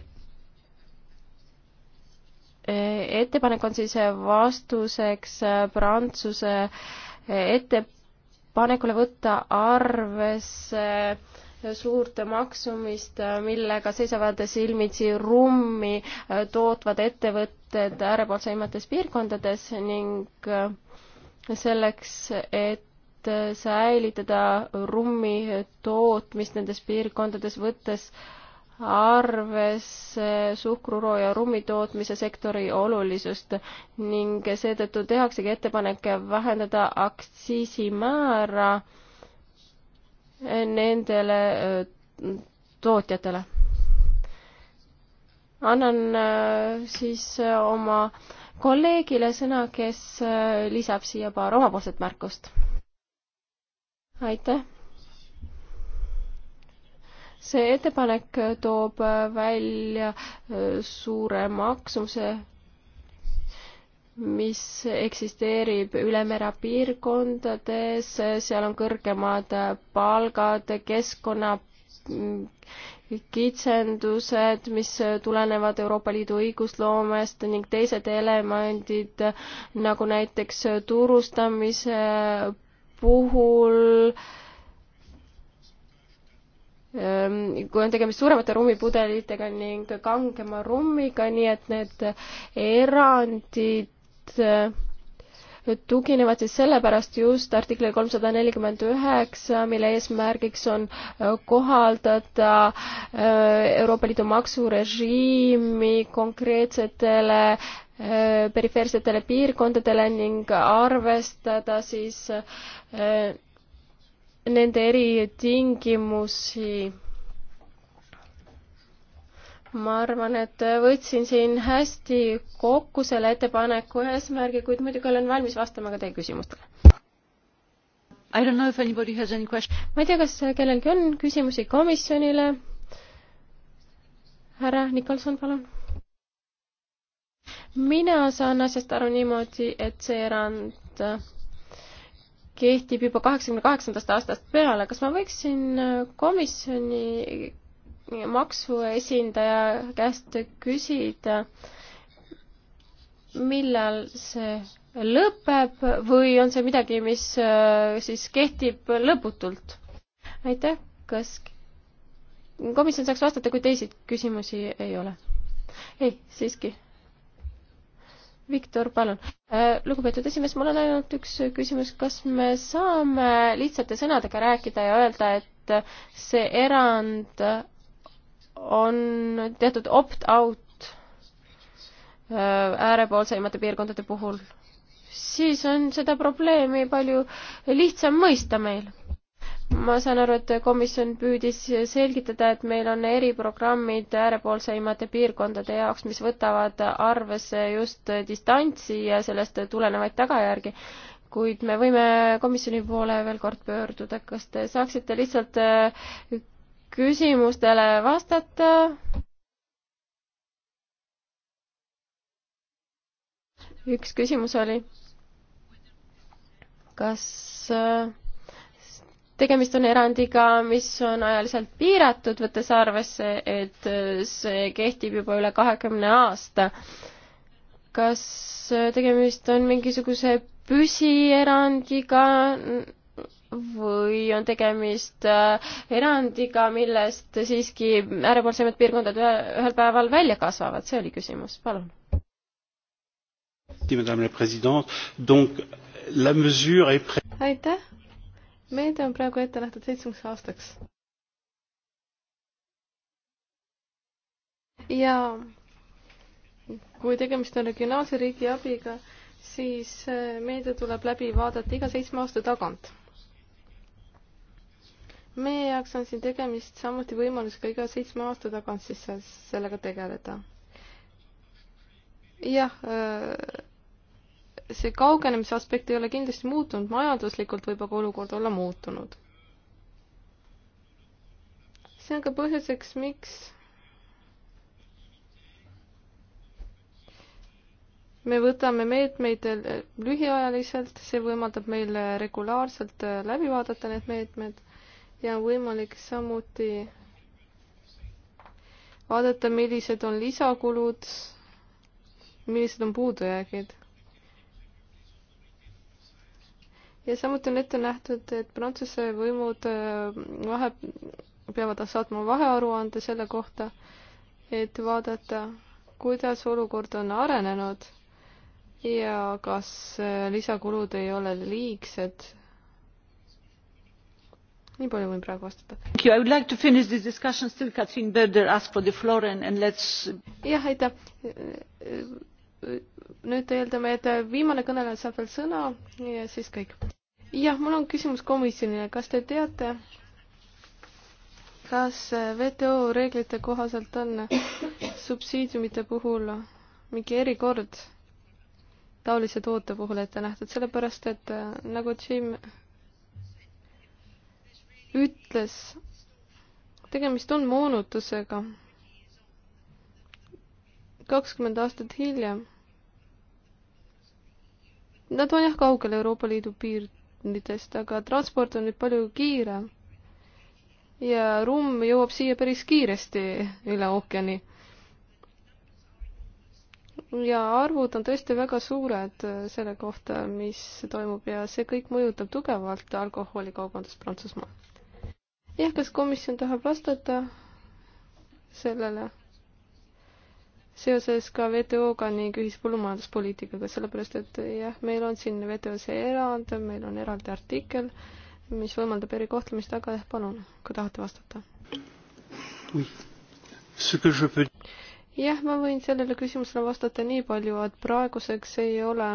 ettepanek on siis vastuseks Prantsuse ettepanekule võtta arvesse suurt maksumist, millega seisavad silmitsi rummi tootvad ettevõtted äärepoolse aimates piirkondades ning selleks, et säilitada rummi tootmist nendes piirkondades, võttes arvesse suhkruroo ja rummi tootmise sektori olulisust ning seetõttu tehaksegi ettepanek vähendada aktsiisimäära nendele tootjatele. annan siis oma kolleegile sõna, kes lisab siia paar omapoolset märkust. aitäh. see ettepanek toob välja suure maksumuse mis eksisteerib üle mere piirkondades, seal on kõrgemad palgad, keskkonna mm, kitsendused, mis tulenevad Euroopa Liidu õigusloomest ning teised elemendid nagu näiteks turustamise puhul, ehm, kui on tegemist suuremate rummipudelitega ning kangema rummiga, nii et need erandid Äh, tuginevad siis sellepärast just artiklile kolmsada nelikümmend üheksa, mille eesmärgiks on äh, kohaldada äh, Euroopa Liidu maksurežiimi konkreetsetele perifeersetele piirkondadele ning arvestada siis nende eritingimusi ma arvan, et võtsin siin hästi kokku selle ettepaneku eesmärgi, kuid muidugi olen valmis vastama ka teie küsimustele. I don't know if anybody has any question. ma ei tea, kas kellelgi on küsimusi komisjonile. härra Nikolson, palun. mina saan asjast aru niimoodi, et see erand kehtib juba kaheksakümne kaheksandast aastast peale. kas ma võiksin komisjoni maksu esindaja käest küsida, millal see lõpeb või on see midagi, mis äh, siis kehtib lõputult? aitäh, kas komisjon saaks vastata, kui teisi küsimusi ei ole? ei, siiski. Viktor, palun. Äh, lugupeetud esimees, mul on ainult üks küsimus, kas me saame lihtsate sõnadega rääkida ja öelda, et see erand on tehtud opt-out äh, äärepoolseimate piirkondade puhul, siis on seda probleemi palju lihtsam mõista meil. ma saan aru, et komisjon püüdis selgitada, et meil on eriprogrammid äärepoolseimate piirkondade jaoks, mis võtavad arvesse just distantsi ja sellest tulenevaid tagajärgi kuid me võime komisjoni poole veel kord pöörduda, kas te saaksite lihtsalt äh, küsimustele vastata. üks küsimus oli, kas äh, tegemist on erandiga, mis on ajaliselt piiratud, võttes arvesse, et äh, see kehtib juba üle kahekümne aasta. kas äh, tegemist on mingisuguse püsierandiga, või on tegemist äh, erandiga, millest siiski äärepoolsemad piirkondad ühel päeval välja kasvavad, see oli küsimus, palun. aitäh, meede on praegu ette nähtud seitsmeks aastaks. ja kui tegemist on regionaalse riigi abiga, siis äh, meede tuleb läbi vaadata iga seitsme aasta tagant meie jaoks on siin tegemist samuti võimalusega iga seitsme aasta tagant siis sellega tegeleda. jah, äh, see kaugenemise aspekt ei ole kindlasti muutunud, majanduslikult võib aga olukord olla muutunud. see on ka põhjuseks, miks me võtame meetmeid lühiajaliselt, see võimaldab meil regulaarselt läbi vaadata need meetmed ja on võimalik samuti vaadata, millised on lisakulud, millised on puudujäägid. ja samuti on ette nähtud, et Prantsuse võimud äh, vahe, peavad saatma vahearuande selle kohta, et vaadata, kuidas olukord on arenenud ja kas äh, lisakulud ei ole liigsed nii palju võin praegu vastata. jah, aitäh. nüüd eeldame, et viimane kõneleja saab veel sõna ja siis kõik. jah, mul on küsimus komisjonile, kas te teate, kas WTO reeglite kohaselt on subsiidiumite puhul mingi erikord taolise toote puhul ette nähtud, sellepärast et nagu Jim ütles, tegemist on moonutusega. kakskümmend aastat hiljem. Nad on jah kaugel Euroopa Liidu piiridest, aga transport on nüüd palju kiirem. ja rumm jõuab siia päris kiiresti üle ookeani. ja arvud on tõesti väga suured selle kohta, mis toimub ja see kõik mõjutab tugevalt alkoholikaubandust Prantsusmaal jah, kas komisjon tahab vastata sellele? seoses ka WTO-ga ning ühispõllumajanduspoliitikaga, sellepärast et jah, meil on siin WTO-s erand, meil on eraldi artikkel, mis võimaldab erikohtlemist, aga jah, palun, kui tahate vastata. jah, ma võin sellele küsimusele vastata nii palju, et praeguseks ei ole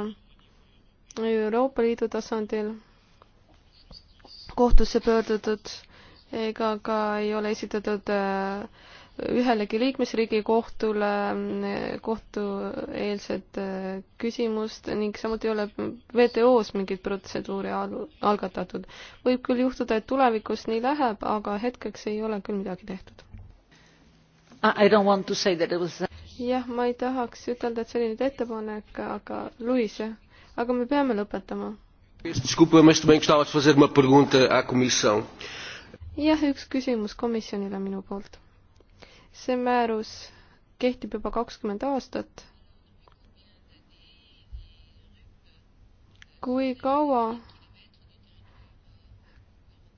Euroopa Liidu tasandil kohtusse pöördutud ega ka ei ole esitatud äh, ühelegi liikmesriigi kohtule äh, kohtueelset äh, küsimust ning samuti ei ole WTO-s mingit protseduuri algatatud. võib küll juhtuda, et tulevikus nii läheb, aga hetkeks ei ole küll midagi tehtud. Was... jah, ma ei tahaks ütelda, et see oli nüüd ettepanek, aga Luis, aga me peame lõpetama. Desculpa, mas também gostava de fazer uma pergunta à Comissão. Uh, jah, üks küsimus komisjonile minu poolt. see määrus kehtib juba kakskümmend aastat. kui kaua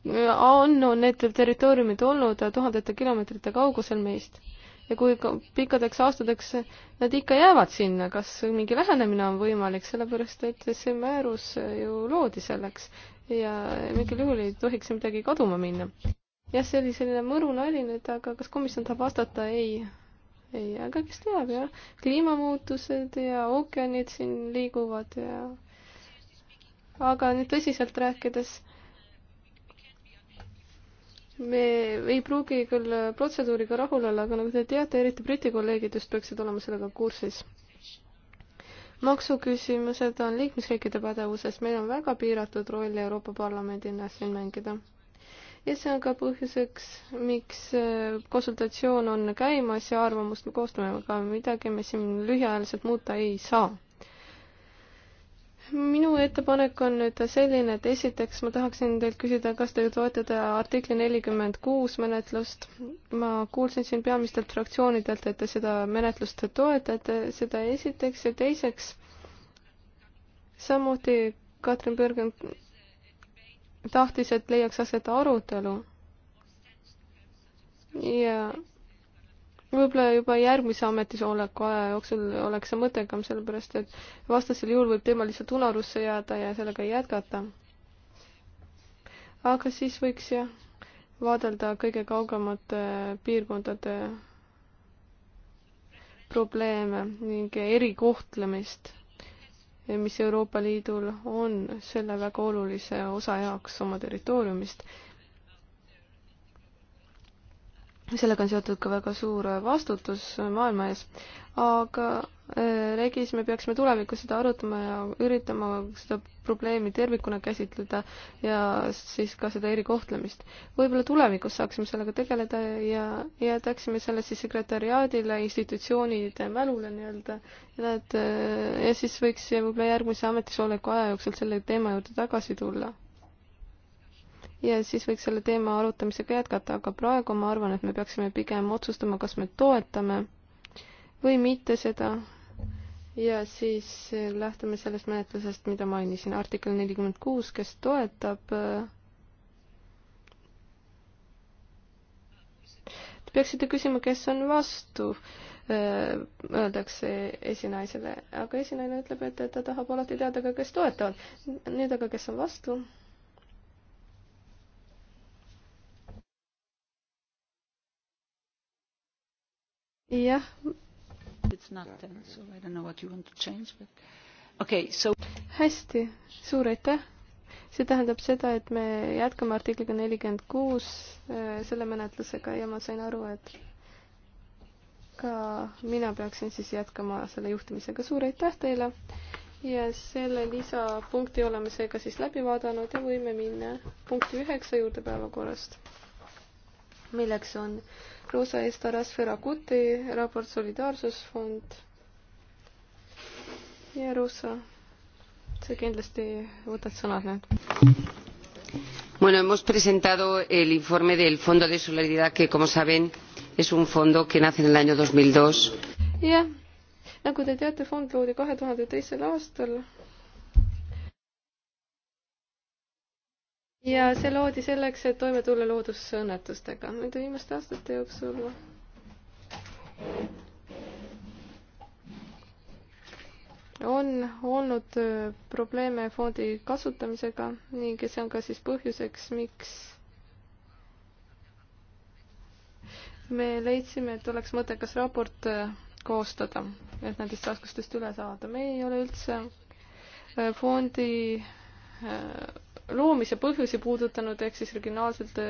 on no, need territooriumid olnud tuhandete kilomeetrite kaugusel meist ja kui pikkadeks aastateks nad ikka jäävad sinna, kas mingi vähenemine on võimalik, sellepärast et see määrus ju loodi selleks, ja mingil juhul ei tohiks midagi kaduma minna. jah, see oli selline mõru nali nüüd, aga kas komisjon tahab vastata? ei, ei, aga kes teab, jah. kliimamuutused ja ookeanid siin liiguvad ja aga nüüd tõsiselt rääkides, me ei pruugi küll protseduuriga rahul olla, aga nagu te teate, eriti Briti kolleegid just peaksid olema sellega kursis maksuküsimused on liikmesriikide pädevuses, meil on väga piiratud roll Euroopa Parlamendina siin mängida. ja see on ka põhjuseks, miks äh, konsultatsioon on käimas ja arvamust me koostame, aga midagi me siin lühiajaliselt muuta ei saa minu ettepanek on nüüd selline, et esiteks ma tahaksin teilt küsida, kas te toetate artikli nelikümmend kuus menetlust. ma kuulsin siin peamistelt fraktsioonidelt, et te seda menetlust toetate, seda esiteks ja teiseks samuti Katrin Pürgen tahtis, et leiaks aset arutelu ja võib-olla juba järgmise ametisoleku aja jooksul oleks see mõttekam, sellepärast et vastasel juhul võib teema lihtsalt unarusse jääda ja sellega ei jätkata. aga siis võiks jah, vaadelda kõige kaugemate piirkondade probleeme ning erikohtlemist, mis Euroopa Liidul on selle väga olulise osa jaoks oma territooriumist sellega on seotud ka väga suur vastutus maailma ees, aga äh, Regis me peaksime tulevikus seda arutama ja üritama seda probleemi tervikuna käsitleda ja siis ka seda erikohtlemist. võib-olla tulevikus saaksime sellega tegeleda ja jätaksime selle siis sekretäriaadile, institutsioonide mälule nii-öelda, et äh, ja siis võiks võib-olla järgmise ametisoleku aja jooksul selle teema juurde tagasi tulla ja siis võiks selle teema arutamisega jätkata, aga praegu ma arvan, et me peaksime pigem otsustama, kas me toetame või mitte seda ja siis lähtume sellest menetlusest, mida mainisin, artikkel nelikümmend kuus, kes toetab Te peaksite küsima, kes on vastu, äh, öeldakse esinaisele, aga esinaine ütleb, et ta tahab alati teada ka, kes toetavad. nüüd aga, kes on vastu? jah. hästi, suur aitäh. see tähendab seda, et me jätkame artikliga nelikümmend kuus äh, selle menetlusega ja ma sain aru, et ka mina peaksin siis jätkama selle juhtimisega. suur aitäh teile ja selle lisapunkti oleme seega siis läbi vaadanud ja võime minna punkti üheksa juurde päevakorrast, milleks on Cruza este o astfel acute, raport solidaarsusfond ja e Rusa. see kindlasti võtad sõnad need. Bueno, hemos presentado el informe del Fondo de Solidaridad, que, como saben, es un fondo que nace en el año 2002. jah, e, nagu te teate, fond loodi kahe tuhande teisel aastal ja see loodi selleks, et toime tulla loodusõnnetustega nende viimaste aastate jooksul. on olnud äh, probleeme fondi kasutamisega ning see on ka siis põhjuseks, miks me leidsime, et oleks mõttekas raport äh, koostada, et nendest raskustest üle saada. me ei ole üldse äh, fondi loomise põhjusi puudutanud, ehk siis regionaalsed äh,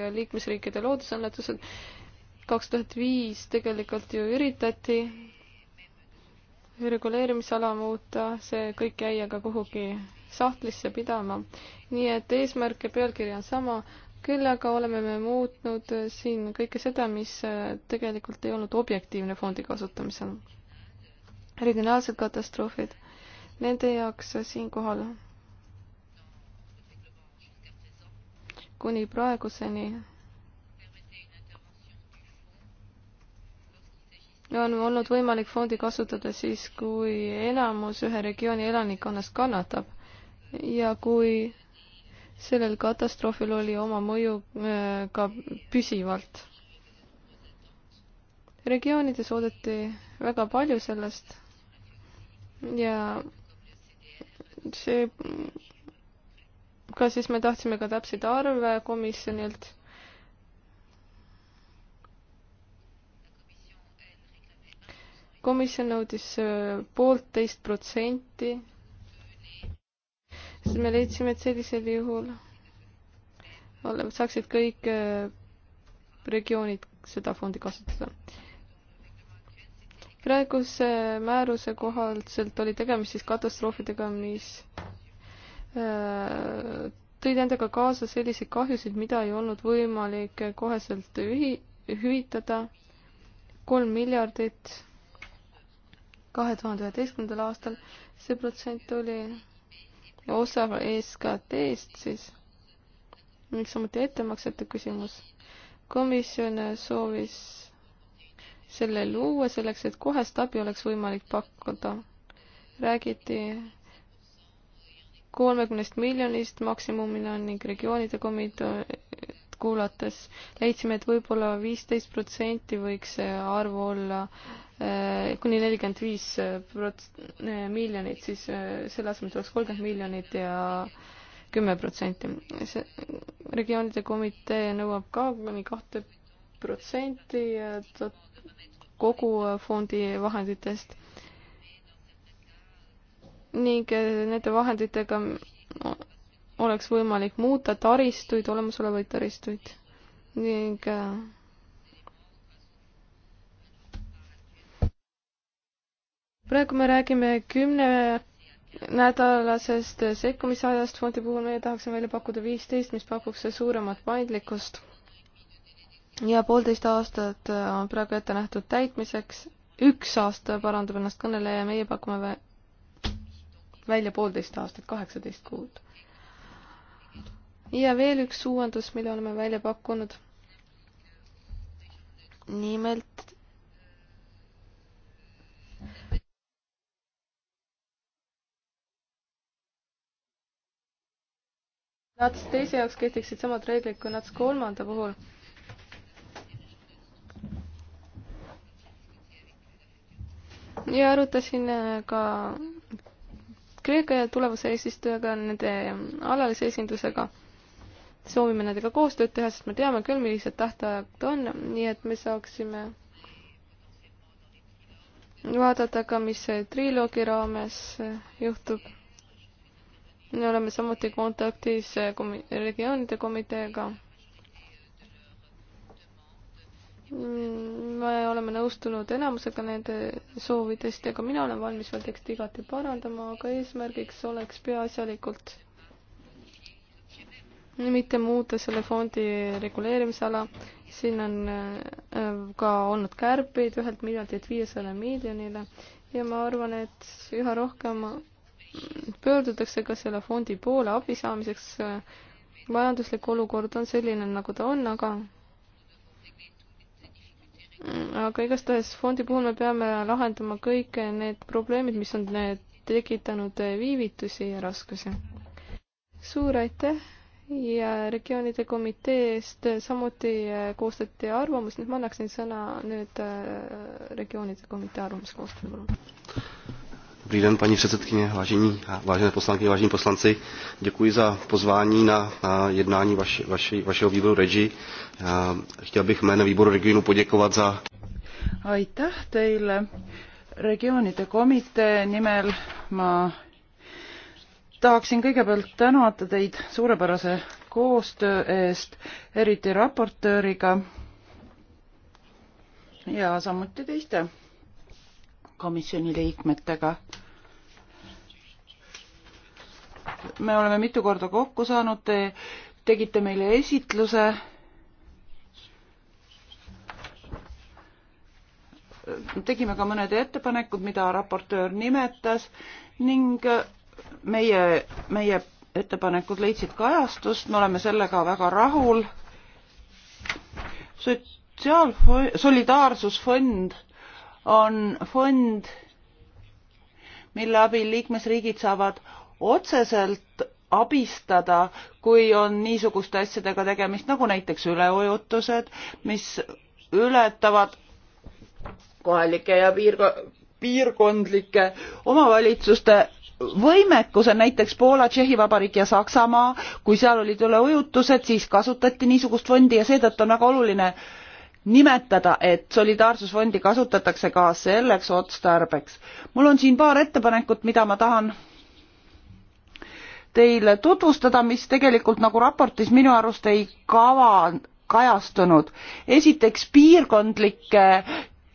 ja liikmesriikide loodusõnnetused. kaks tuhat viis tegelikult ju üritati reguleerimisala muuta, see kõik jäi aga kuhugi sahtlisse pidama. nii et eesmärk ja pealkiri on sama, küll aga oleme me muutnud äh, siin kõike seda, mis äh, tegelikult ei olnud objektiivne fondi kasutamisel. regionaalsed katastroofid, nende jaoks siinkohal kuni praeguseni on olnud võimalik fondi kasutada siis, kui enamus ühe regiooni elanikkonnast kannatab ja kui sellel katastroofil oli oma mõju äh, ka püsivalt. regioonides oodati väga palju sellest ja see ka siis me tahtsime ka täpseid arve komisjonilt. komisjon nõudis äh, poolteist protsenti. siis me leidsime, et sellisel juhul ole, saaksid kõik äh, regioonid seda fondi kasutada. praeguse äh, määruse kohaselt oli tegemist siis katastroofidega, mis Äh, tõid endaga kaasa selliseid kahjusid, mida ei olnud võimalik koheselt ühi-, hüvitada. kolm miljardit kahe tuhande üheteistkümnendal aastal, see protsent oli osa SKT-st siis, miks samuti ettemaksete küsimus. komisjon soovis selle luua selleks, et kohest abi oleks võimalik pakkuda. räägiti kolmekümnest miljonist maksimumina ning regioonide komiteed kuulates leidsime, et võib-olla viisteist protsenti võiks see arv olla eh, kuni nelikümmend viis prots-, eh, miljonit, siis eh, selle asemel tuleks kolmkümmend miljonit ja kümme protsenti. see regioonide komitee nõuab ka kuni kahte protsenti kogu fondi vahenditest ning äh, nende vahenditega oleks võimalik muuta taristuid, olemasolevaid taristuid ning äh, praegu me räägime kümne nädalasest sekkumisajast fondi puhul meie tahaksime välja pakkuda viisteist, mis pakuks suuremat paindlikkust. ja poolteist aastat äh, on praegu ette nähtud täitmiseks, üks aasta parandab ennast kõneleja, meie pakume välja poolteist aastat, kaheksateist kuud. ja veel üks uuendus, mille oleme välja pakkunud. nimelt Nats teise jaoks kehtiksid samad reeglid kui Nats kolmanda puhul. ja arutasin äh, ka Kreeka ja tulevase eesistujaga, nende alalise esindusega soovime nendega koostööd teha, sest me teame küll, millised tähtajad on, nii et me saaksime vaadata ka, mis triloogi raames juhtub. me oleme samuti kontaktis komi-, regioonide komiteega Mm, me oleme nõustunud enamusega nende soovidest ja ka mina olen valmis veel teksti igati parandama, aga eesmärgiks oleks peaasjalikult mitte muuta selle fondi reguleerimisala, siin on äh, ka olnud kärpeid ühelt miljardilt viiesajale miljonile ja ma arvan, et üha rohkem pöördutakse ka selle fondi poole abi saamiseks. Äh, majanduslik olukord on selline, nagu ta on, aga aga igastahes fondi puhul me peame lahendama kõik need probleemid, mis on tekitanud viivitusi ja raskusi. suur aitäh ja regioonide komitee eest samuti koostati arvamus, nüüd ma annaksin sõna nüüd äh, regioonide komitee arvamuse koostajale, palun. Dobrý den, paní předsedkyně, vážení, vážené poslankyně, vážení poslanci. Děkuji za pozvání na, na jednání vaš, vaš, vašeho výboru REGI. Chtěl bych jménem výboru regionu poděkovat za... Aitäh teile. Regioonide komitee nimel ma tahaksin kõigepealt tänada teid suurepärase koostöö eest, eriti raportööriga ja samuti teiste komisjoni liikmetega me oleme mitu korda kokku saanud, te tegite meile esitluse. tegime ka mõned ettepanekud, mida raportöör nimetas ning meie, meie ettepanekud leidsid kajastust, me oleme sellega väga rahul. sotsiaalfond, solidaarsusfond on fond, mille abil liikmesriigid saavad otseselt abistada, kui on niisuguste asjadega tegemist, nagu näiteks üleujutused, mis ületavad kohalike ja piirko-, piirkondlike omavalitsuste võimekuse, näiteks Poola, Tšehhi Vabariik ja Saksamaa, kui seal olid üleujutused, siis kasutati niisugust fondi ja seetõttu on väga oluline nimetada, et solidaarsusfondi kasutatakse ka selleks otstarbeks. mul on siin paar ettepanekut, mida ma tahan teile tutvustada, mis tegelikult nagu raportis minu arust ei kava, kajastunud. esiteks piirkondlike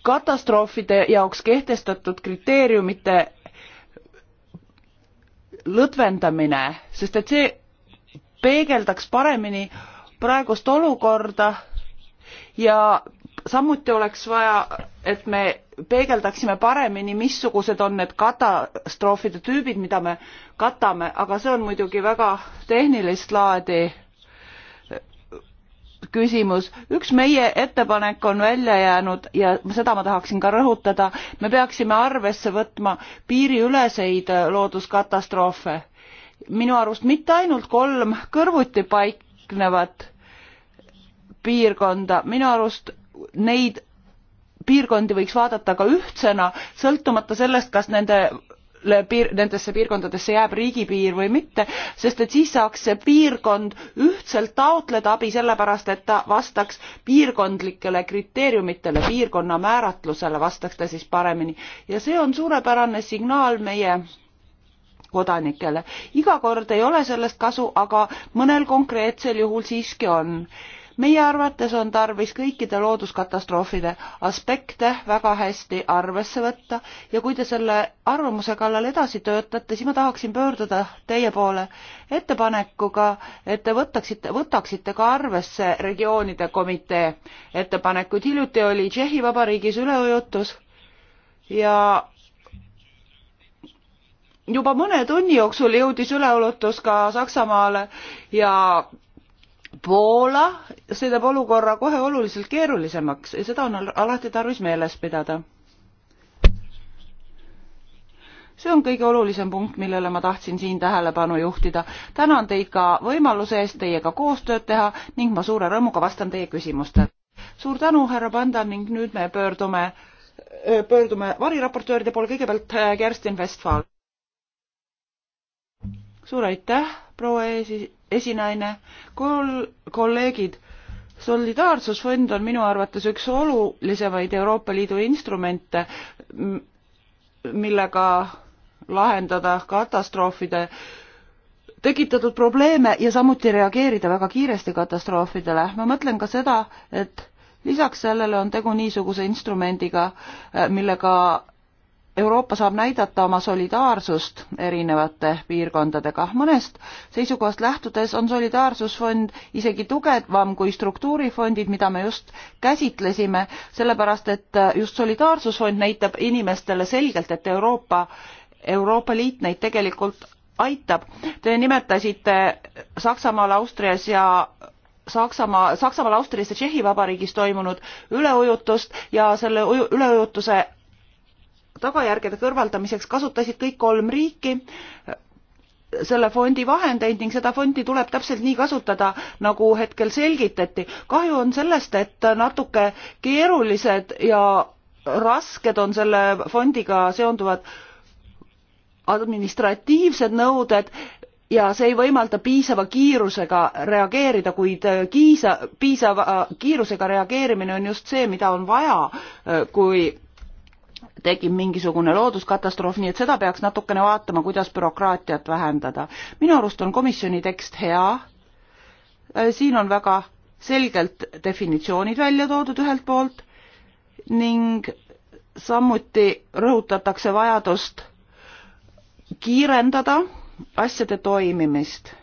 katastroofide jaoks kehtestatud kriteeriumite lõdvendamine, sest et see peegeldaks paremini praegust olukorda ja samuti oleks vaja, et me peegeldaksime paremini missugused on need katastroofide tüübid mida me katame aga see on muidugi väga tehnilist laadi küsimus üks meie ettepanek on välja jäänud ja seda ma tahaksin ka rõhutada me peaksime arvesse võtma piiriüleseid looduskatastroofe minu arust mitte ainult kolm kõrvuti paiknevat piirkonda minu arust neid piirkondi võiks vaadata ka ühtsena, sõltumata sellest, kas nende piir, nendesse piirkondadesse jääb riigipiir või mitte, sest et siis saaks see piirkond ühtselt taotleda abi sellepärast, et ta vastaks piirkondlikele kriteeriumitele, piirkonna määratlusele vastaks ta siis paremini ja see on suurepärane signaal meie kodanikele. iga kord ei ole sellest kasu, aga mõnel konkreetsel juhul siiski on meie arvates on tarvis kõikide looduskatastroofide aspekte väga hästi arvesse võtta ja kui te selle arvamuse kallal edasi töötate, siis ma tahaksin pöörduda teie poole ettepanekuga, et te võtaksite, võtaksite ka arvesse regioonide komitee ettepanekuid. hiljuti oli Tšehhi Vabariigis üleujutus ja juba mõne tunni jooksul jõudis üleujutus ka Saksamaale ja Poola, see teeb olukorra kohe oluliselt keerulisemaks ja seda on alati tarvis meeles pidada. see on kõige olulisem punkt, millele ma tahtsin siin tähelepanu juhtida. tänan teid ka võimaluse eest teiega koostööd teha ning ma suure rõõmuga vastan teie küsimustele. suur tänu, härra Panda ning nüüd me pöördume, pöördume variraportööride poole, kõigepealt äh, Kerstin Westfal. suur aitäh, proua eesi-, esinaine, kol-, kolleegid, solidaarsusfond on minu arvates üks olulisemaid Euroopa Liidu instrumente, millega lahendada katastroofide tekitatud probleeme ja samuti reageerida väga kiiresti katastroofidele. ma mõtlen ka seda, et lisaks sellele on tegu niisuguse instrumendiga, millega Euroopa saab näidata oma solidaarsust erinevate piirkondadega. mõnest seisukohast lähtudes on solidaarsusfond isegi tugevam kui struktuurifondid, mida me just käsitlesime, sellepärast et just solidaarsusfond näitab inimestele selgelt, et Euroopa, Euroopa Liit neid tegelikult aitab. Te nimetasite Saksamaal, Austrias ja Saksamaa, Saksamaal, Austrias ja Tšehhi Vabariigis toimunud üleujutust ja selle üleujutuse tagajärgede kõrvaldamiseks kasutasid kõik kolm riiki selle fondi vahendeid ning seda fondi tuleb täpselt nii kasutada, nagu hetkel selgitati. kahju on sellest, et natuke keerulised ja rasked on selle fondiga seonduvad administratiivsed nõuded ja see ei võimalda piisava kiirusega reageerida, kuid kiisa, piisava kiirusega reageerimine on just see, mida on vaja, kui tekib mingisugune looduskatastroof, nii et seda peaks natukene vaatama, kuidas bürokraatiat vähendada. minu arust on komisjoni tekst hea, äh, siin on väga selgelt definitsioonid välja toodud ühelt poolt ning samuti rõhutatakse vajadust kiirendada asjade toimimist.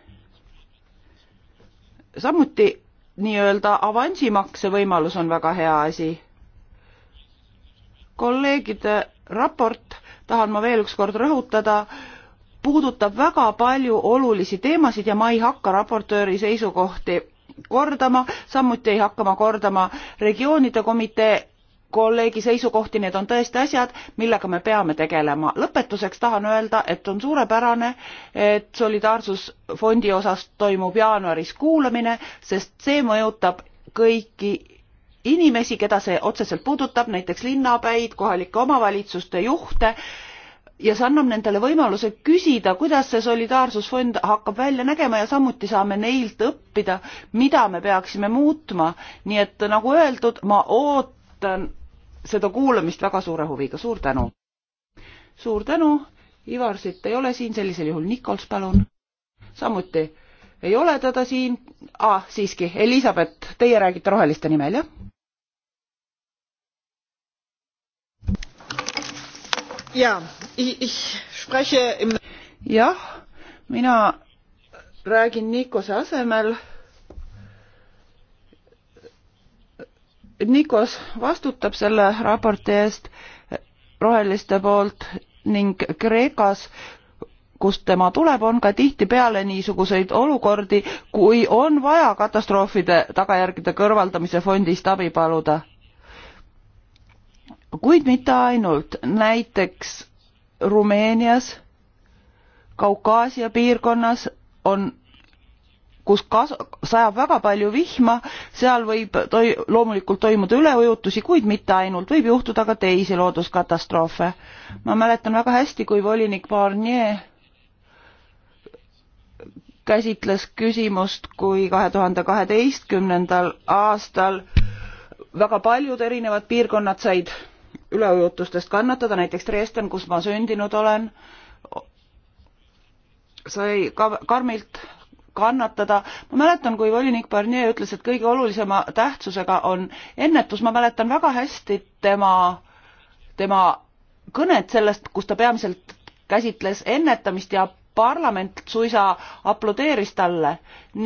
samuti nii-öelda avansimakse võimalus on väga hea asi kolleegide raport, tahan ma veel ükskord rõhutada, puudutab väga palju olulisi teemasid ja ma ei hakka raportööri seisukohti kordama, samuti ei hakka ma kordama regioonide komitee kolleegi seisukohti, need on tõesti asjad, millega me peame tegelema. lõpetuseks tahan öelda, et on suurepärane, et Solidaarsusfondi osas toimub jaanuaris kuulamine, sest see mõjutab kõiki inimesi, keda see otseselt puudutab, näiteks linnapäid, kohalike omavalitsuste juhte ja see annab nendele võimaluse küsida, kuidas see solidaarsusfond hakkab välja nägema ja samuti saame neilt õppida, mida me peaksime muutma. nii et nagu öeldud, ma ootan seda kuulamist väga suure huviga, suur tänu. suur tänu, Ivarsit ei ole siin, sellisel juhul Nikols, palun. samuti ei ole teda siin ah,, siiski, Elizabeth, teie räägite roheliste nimel, jah? jah, mina räägin Nikose asemel. Nikos vastutab selle raporti eest roheliste poolt ning Kreekas kust tema tuleb, on ka tihtipeale niisuguseid olukordi, kui on vaja katastroofide tagajärgede kõrvaldamise fondist abi paluda kuid mitte ainult, näiteks Rumeenias, Kaukaasia piirkonnas on, kus kas-, sajab väga palju vihma, seal võib toi-, loomulikult toimuda üleujutusi, kuid mitte ainult, võib juhtuda ka teisi looduskatastroofe. ma mäletan väga hästi, kui volinik Barnier käsitles küsimust, kui kahe tuhande kaheteistkümnendal aastal väga paljud erinevad piirkonnad said üleujutustest kannatada, näiteks Dresden, kus ma sündinud olen, sai ka karmilt kannatada. ma mäletan, kui volinik Barnier ütles, et kõige olulisema tähtsusega on ennetus, ma mäletan väga hästi tema, tema kõnet sellest, kus ta peamiselt käsitles ennetamist ja parlament suisa aplodeeris talle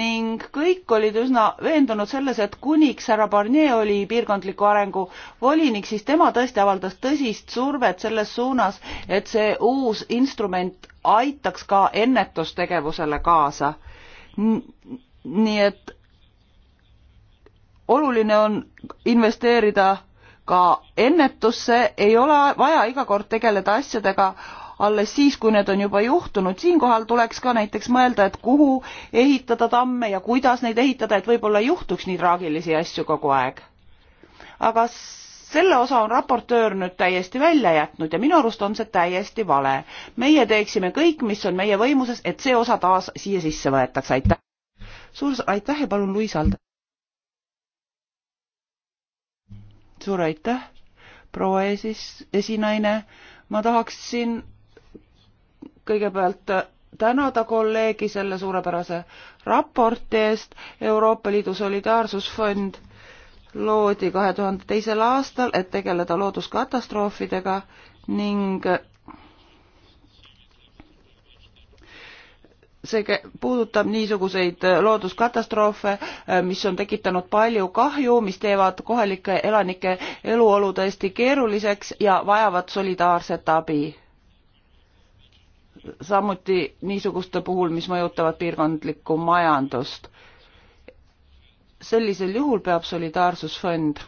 ning kõik olid üsna veendunud selles, et kuniks härra Barnier oli piirkondliku arengu volinik, siis tema tõesti avaldas tõsist survet selles suunas, et see uus instrument aitaks ka ennetustegevusele kaasa. nii et oluline on investeerida ka ennetusse, ei ole vaja iga kord tegeleda asjadega alles siis, kui need on juba juhtunud. siinkohal tuleks ka näiteks mõelda, et kuhu ehitada tamme ja kuidas neid ehitada, et võib-olla ei juhtuks nii traagilisi asju kogu aeg. aga selle osa on raportöör nüüd täiesti välja jätnud ja minu arust on see täiesti vale. meie teeksime kõik, mis on meie võimuses, et see osa taas siia sisse võetakse, aitäh. suur aitäh ja palun Luis Alde. suur aitäh, proua esis-, esinaine. ma tahaksin kõigepealt tänada kolleegi selle suurepärase raporti eest. Euroopa Liidu Solidaarsusfond loodi kahe tuhande teisel aastal, et tegeleda looduskatastroofidega ning see puudutab niisuguseid looduskatastroofe, mis on tekitanud palju kahju, mis teevad kohalike elanike eluolu tõesti keeruliseks ja vajavad solidaarset abi samuti niisuguste puhul, mis mõjutavad piirkondlikku majandust. sellisel juhul peab Solidaarsusfond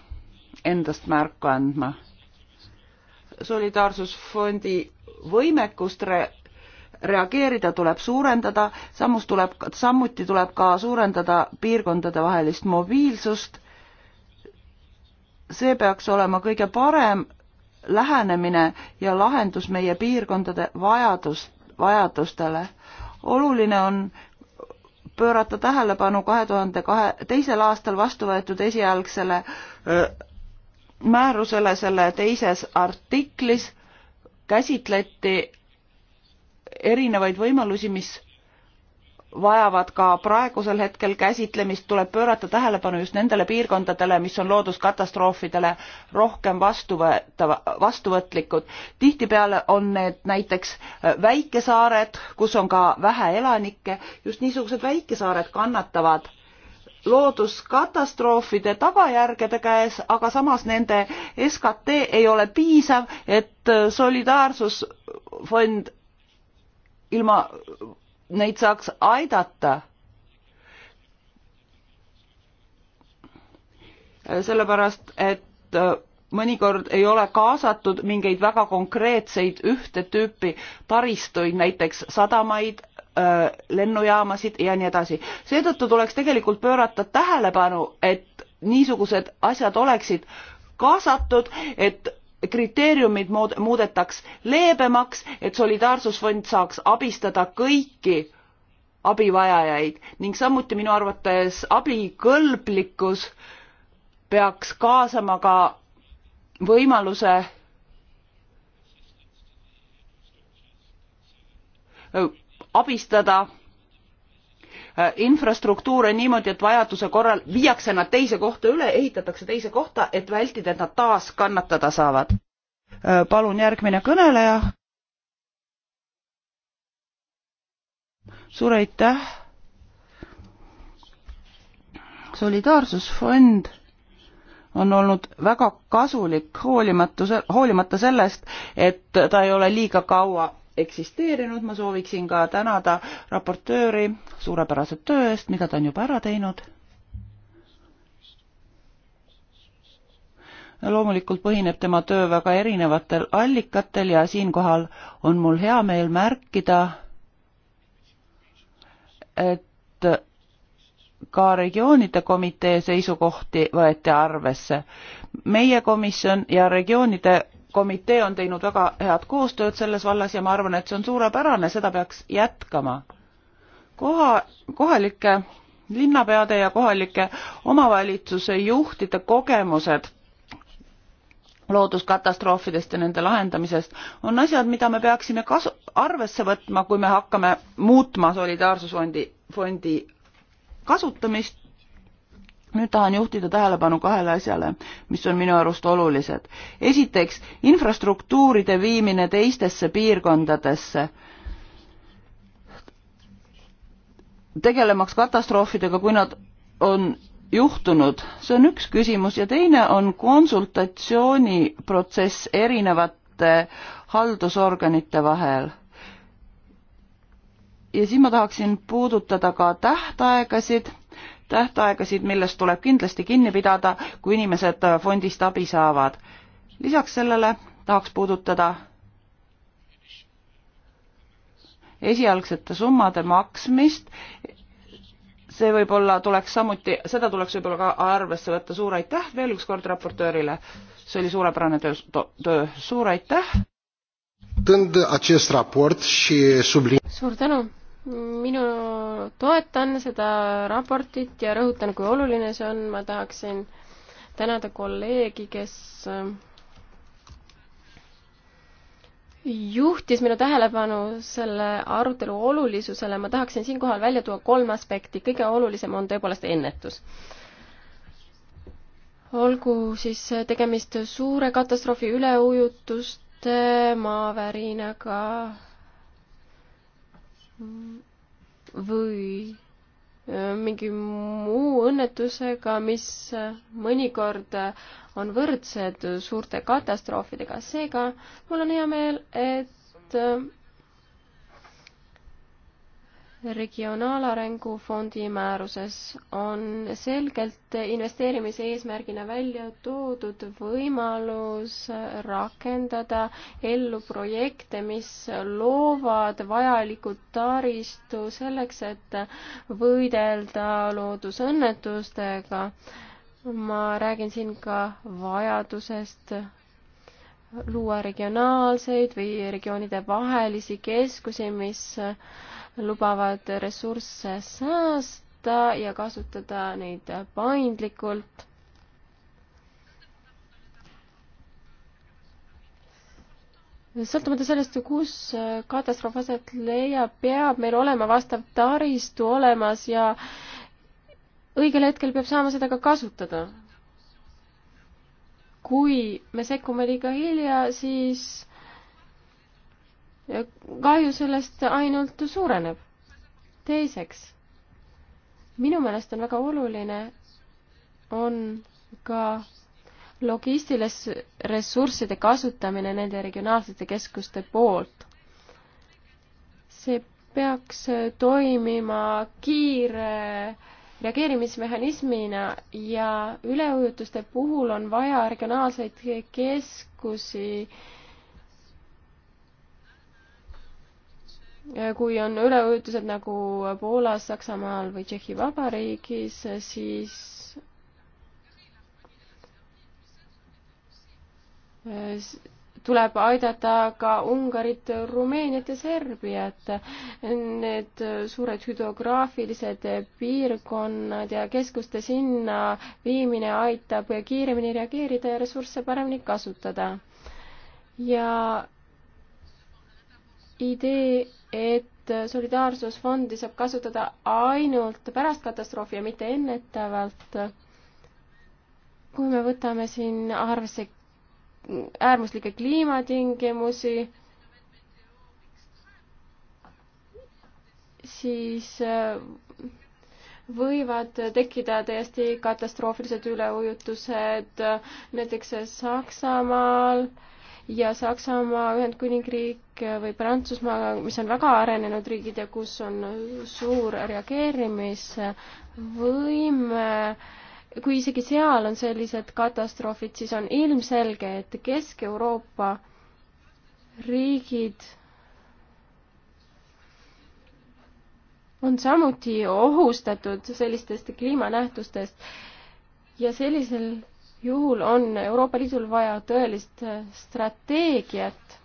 endast märku andma. solidaarsusfondi võimekust re-, reageerida tuleb suurendada, samus tuleb, samuti tuleb ka suurendada piirkondadevahelist mobiilsust. see peaks olema kõige parem lähenemine ja lahendus meie piirkondade vajadust, vajadustele. oluline on pöörata tähelepanu kahe tuhande kahe, teisel aastal vastu võetud esialgsele määrusele, selle teises artiklis käsitleti erinevaid võimalusi, mis vajavad ka praegusel hetkel käsitlemist, tuleb pöörata tähelepanu just nendele piirkondadele, mis on looduskatastroofidele rohkem vastuvõetava, vastuvõtlikud. tihtipeale on need näiteks äh, väikesaared, kus on ka vähe elanikke, just niisugused väikesaared kannatavad looduskatastroofide tagajärgede käes, aga samas nende SKT ei ole piisav, et äh, solidaarsusfond ilma neid saaks aidata. sellepärast, et äh, mõnikord ei ole kaasatud mingeid väga konkreetseid ühte tüüpi taristuid, näiteks sadamaid, äh, lennujaamasid ja nii edasi. seetõttu tuleks tegelikult pöörata tähelepanu, et niisugused asjad oleksid kaasatud, et kriteeriumid mood, muudetaks leebemaks, et solidaarsusfond saaks abistada kõiki abivajajaid ning samuti minu arvates abikõlblikkus peaks kaasama ka võimaluse abistada Äh, infrastruktuure niimoodi et vajaduse korral viiakse nad teise kohta üle ehitatakse teise kohta et vältida et nad taas kannatada saavad äh, palun järgmine kõneleja suur aitäh solidaarsusfond on olnud väga kasulik hoolimatuse hoolimata sellest et ta ei ole liiga kaua eksisteerinud, ma sooviksin ka tänada raportööri suurepärase töö eest, mida ta on juba ära teinud. loomulikult põhineb tema töö väga erinevatel allikatel ja siinkohal on mul hea meel märkida, et ka regioonide komitee seisukohti võeti arvesse. meie komisjon ja regioonide komitee on teinud väga head koostööd selles vallas ja ma arvan, et see on suurepärane, seda peaks jätkama. koha, kohalike linnapeade ja kohalike omavalitsuse juhtide kogemused looduskatastroofidest ja nende lahendamisest on asjad, mida me peaksime kasu-, arvesse võtma, kui me hakkame muutma Solidaarsusfondi, fondi kasutamist nüüd tahan juhtida tähelepanu kahele asjale, mis on minu arust olulised. esiteks, infrastruktuuride viimine teistesse piirkondadesse, tegelemaks katastroofidega, kui nad on juhtunud, see on üks küsimus ja teine on konsultatsiooniprotsess erinevate haldusorganite vahel. ja siin ma tahaksin puudutada ka tähtaegasid tähtaegasid, millest tuleb kindlasti kinni pidada, kui inimesed fondist abi saavad. lisaks sellele tahaks puudutada esialgsete summade maksmist. see võib-olla tuleks samuti, seda tuleks võib-olla ka arvesse võtta, suur aitäh veel üks kord raportöörile. see oli suurepärane töö, töö, suur aitäh. suur tänu minu toetan seda raportit ja rõhutan, kui oluline see on, ma tahaksin tänada kolleegi, kes äh, juhtis minu tähelepanu selle arutelu olulisusele, ma tahaksin siinkohal välja tuua kolm aspekti, kõige olulisem on tõepoolest ennetus. olgu siis tegemist suure katastroofi üleujutuste, maavärinaga, või äh, mingi muu õnnetusega, mis äh, mõnikord äh, on võrdsed suurte katastroofidega. seega mul on hea meel, et regionaalarengu fondi määruses on selgelt investeerimise eesmärgina välja toodud võimalus rakendada ellu projekte, mis loovad vajaliku taristu selleks, et võidelda loodusõnnetustega. ma räägin siin ka vajadusest luua regionaalseid või regioonide vahelisi keskusi, mis lubavad ressursse säästa ja kasutada neid paindlikult. sõltumata sellest, kus katastroof aset leiab, peab meil olema vastav taristu olemas ja õigel hetkel peab saama seda ka kasutada. kui me sekkume liiga hilja, siis kahju sellest ainult suureneb. teiseks, minu meelest on väga oluline, on ka logistilis ressursside kasutamine nende regionaalsete keskuste poolt. see peaks toimima kiire reageerimismehhanismina ja üleujutuste puhul on vaja regionaalseid keskusi äh, kui on üleujutused nagu Poolas, Saksamaal või Tšehhi Vabariigis, siis eh, tuleb aidata ka Ungarit, Rumeeniat ja Serbiat. Need suured hüdrograafilised piirkonnad ja keskuste sinna viimine aitab kiiremini reageerida ja ressursse paremini kasutada. ja idee et solidaarsusfondi saab kasutada ainult pärast katastroofi ja mitte ennetavalt. kui me võtame siin arvesse äärmuslikke kliimatingimusi, siis äh, võivad tekkida täiesti katastroofilised üleujutused, näiteks Saksamaal äh, ja Saksamaa, Ühendkuningriik või Prantsusmaa, mis on väga arenenud riigid ja kus on suur reageerimisvõime, kui isegi seal on sellised katastroofid, siis on ilmselge, et Kesk-Euroopa riigid on samuti ohustatud sellistest kliimanähtustest ja sellisel juhul on Euroopa Liidul vaja tõelist strateegiat.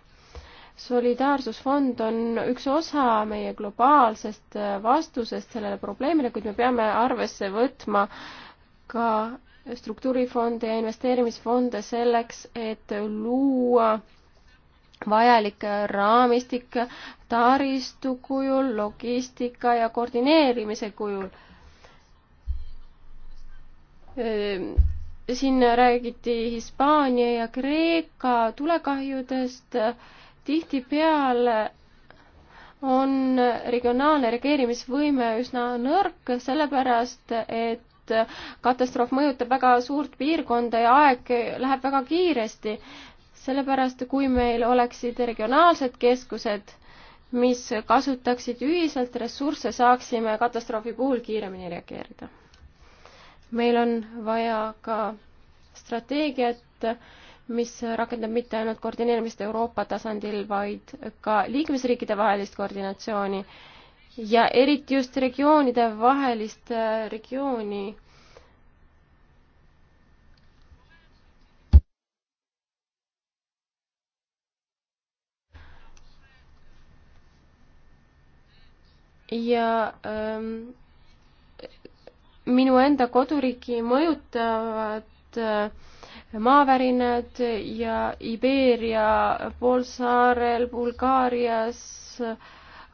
solidaarsusfond on üks osa meie globaalsest vastusest sellele probleemile, kuid me peame arvesse võtma ka struktuurifonde ja investeerimisfonde selleks, et luua vajalik raamistik taristu kujul, logistika ja koordineerimise kujul siin räägiti Hispaania ja Kreeka tulekahjudest. tihtipeale on regionaalne reageerimisvõime üsna nõrk, sellepärast et katastroof mõjutab väga suurt piirkonda ja aeg läheb väga kiiresti. sellepärast, kui meil oleksid regionaalsed keskused, mis kasutaksid ühiselt ressursse, saaksime katastroofi puhul kiiremini reageerida meil on vaja ka strateegiat, mis rakendab mitte ainult koordineerimist Euroopa tasandil, vaid ka liikmesriikide vahelist koordinatsiooni ja eriti just regioonide vahelist äh, regiooni. ja ähm, minu enda koduriiki mõjutavad äh, maavärinad ja Iberia poolsaarel, Bulgaarias äh,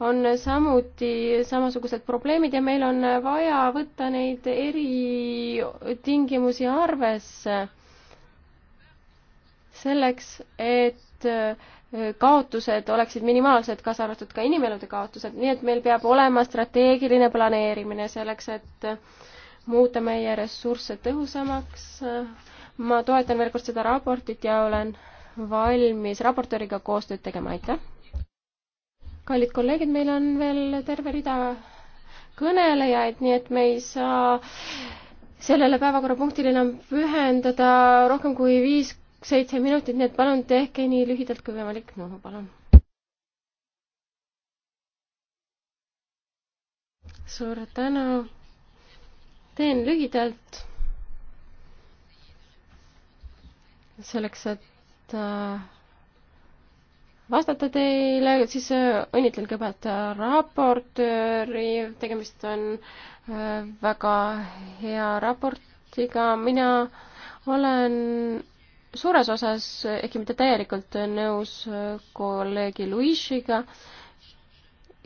on samuti samasugused probleemid ja meil on vaja võtta neid eritingimusi arvesse selleks, et äh, kaotused oleksid minimaalsed, kaasa arvatud ka inimelude kaotused, nii et meil peab olema strateegiline planeerimine selleks, et muuta meie ressursse tõhusamaks. ma toetan veel kord seda raportit ja olen valmis raportööriga koostööd tegema, aitäh! kallid kolleegid, meil on veel terve rida kõnelejaid, nii et me ei saa sellele päevakorrapunktile enam pühendada rohkem kui viis-seitse minutit, nii et palun tehke nii lühidalt kui võimalik, no palun. suur tänu teen lühidalt selleks, et äh, vastata teile, siis äh, õnnitlen kõigepealt äh, raportööri, tegemist on väga hea raportiga, mina olen suures osas, ehkki mitte täielikult, nõus kolleegi Luisiga.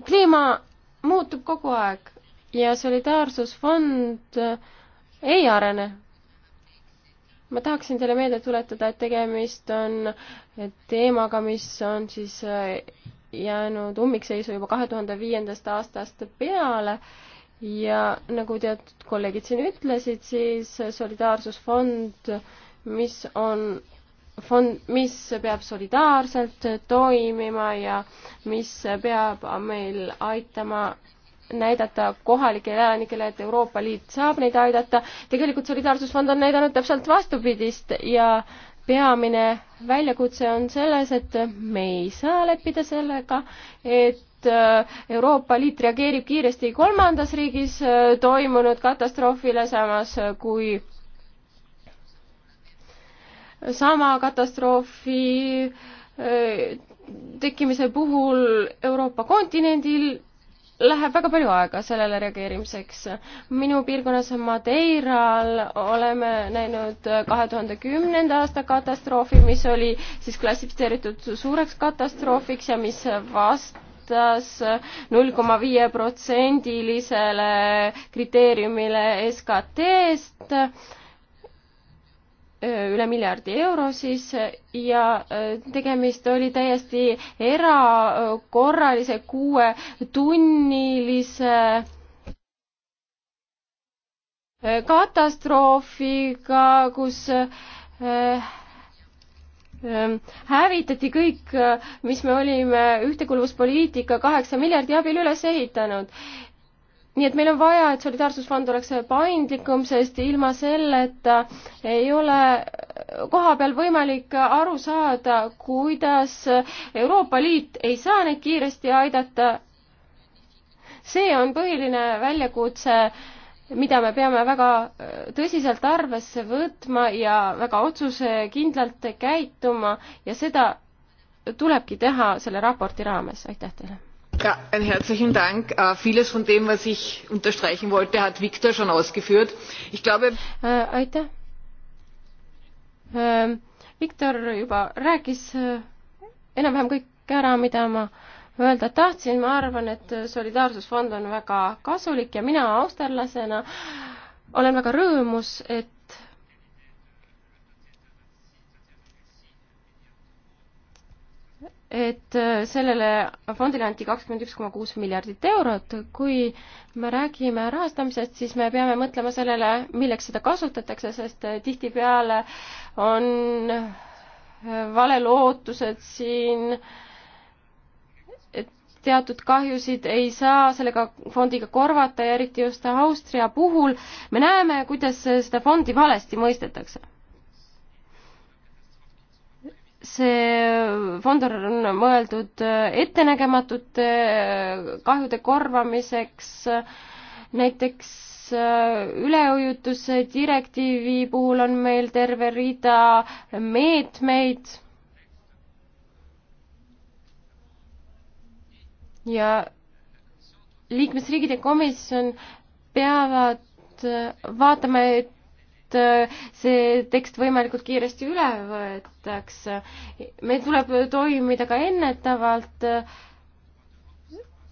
kliima muutub kogu aeg ja solidaarsusfond äh, ei arene. ma tahaksin teile meelde tuletada, et tegemist on teemaga, mis on siis äh, jäänud ummikseisu juba kahe tuhande viiendast aastast peale ja nagu teatud kolleegid siin ütlesid, siis solidaarsusfond, mis on fond, mis peab solidaarselt toimima ja mis peab meil aitama näidata kohalikele elanikele, et Euroopa Liit saab neid aidata. tegelikult Solidaarsusfond on näidanud täpselt vastupidist ja peamine väljakutse on selles, et me ei saa leppida sellega, et äh, Euroopa Liit reageerib kiiresti kolmandas riigis äh, toimunud katastroofile, samas äh, kui sama katastroofi tekkimise puhul Euroopa kontinendil läheb väga palju aega sellele reageerimiseks. minu piirkonnas Madeiral oleme näinud kahe tuhande kümnenda aasta katastroofi, mis oli siis klassifitseeritud suureks katastroofiks ja mis vastas null koma viie protsendilisele kriteeriumile SKT-st üle miljardi euro siis ja tegemist oli täiesti erakorralise kuuetunnilise katastroofiga, kus hävitati kõik, mis me olime ühtekuuluvuspoliitika kaheksa miljardi abil üles ehitanud nii et meil on vaja, et solidaarsusfond oleks paindlikum, sest ilma selleta ei ole koha peal võimalik aru saada, kuidas Euroopa Liit ei saa neid kiiresti aidata. see on põhiline väljakutse, mida me peame väga tõsiselt arvesse võtma ja väga otsusekindlalt käituma ja seda tulebki teha selle raporti raames. aitäh teile! Ja, einen herzlichen Dank. Äh, vieles von dem, was ich unterstreichen wollte, hat Viktor schon ausgeführt. Ich glaube. Äh, aitäh. Äh, Viktor juba rääkis äh, enam-vähem kõik ära, mida ma öelda tahtsin. ma arvan, et solidaarsusfond on väga kasulik ja mina austerlasena olen väga rõõmus, et et äh, sellele fondile anti kakskümmend üks koma kuus miljardit eurot. kui me räägime rahastamisest, siis me peame mõtlema sellele, milleks seda kasutatakse, sest äh, tihtipeale on äh, valelootused siin, et teatud kahjusid ei saa sellega fondiga korvata ja eriti just Austria puhul me näeme, kuidas seda fondi valesti mõistetakse see fond on mõeldud ettenägematute eh, kahjude korvamiseks, näiteks eh, üleujutuse direktiivi puhul on meil terve rida meetmeid ja liikmesriigid ja komisjon peavad eh, vaatama, et et äh, see tekst võimalikult kiiresti üle võetaks. meil tuleb toimida ka ennetavalt äh,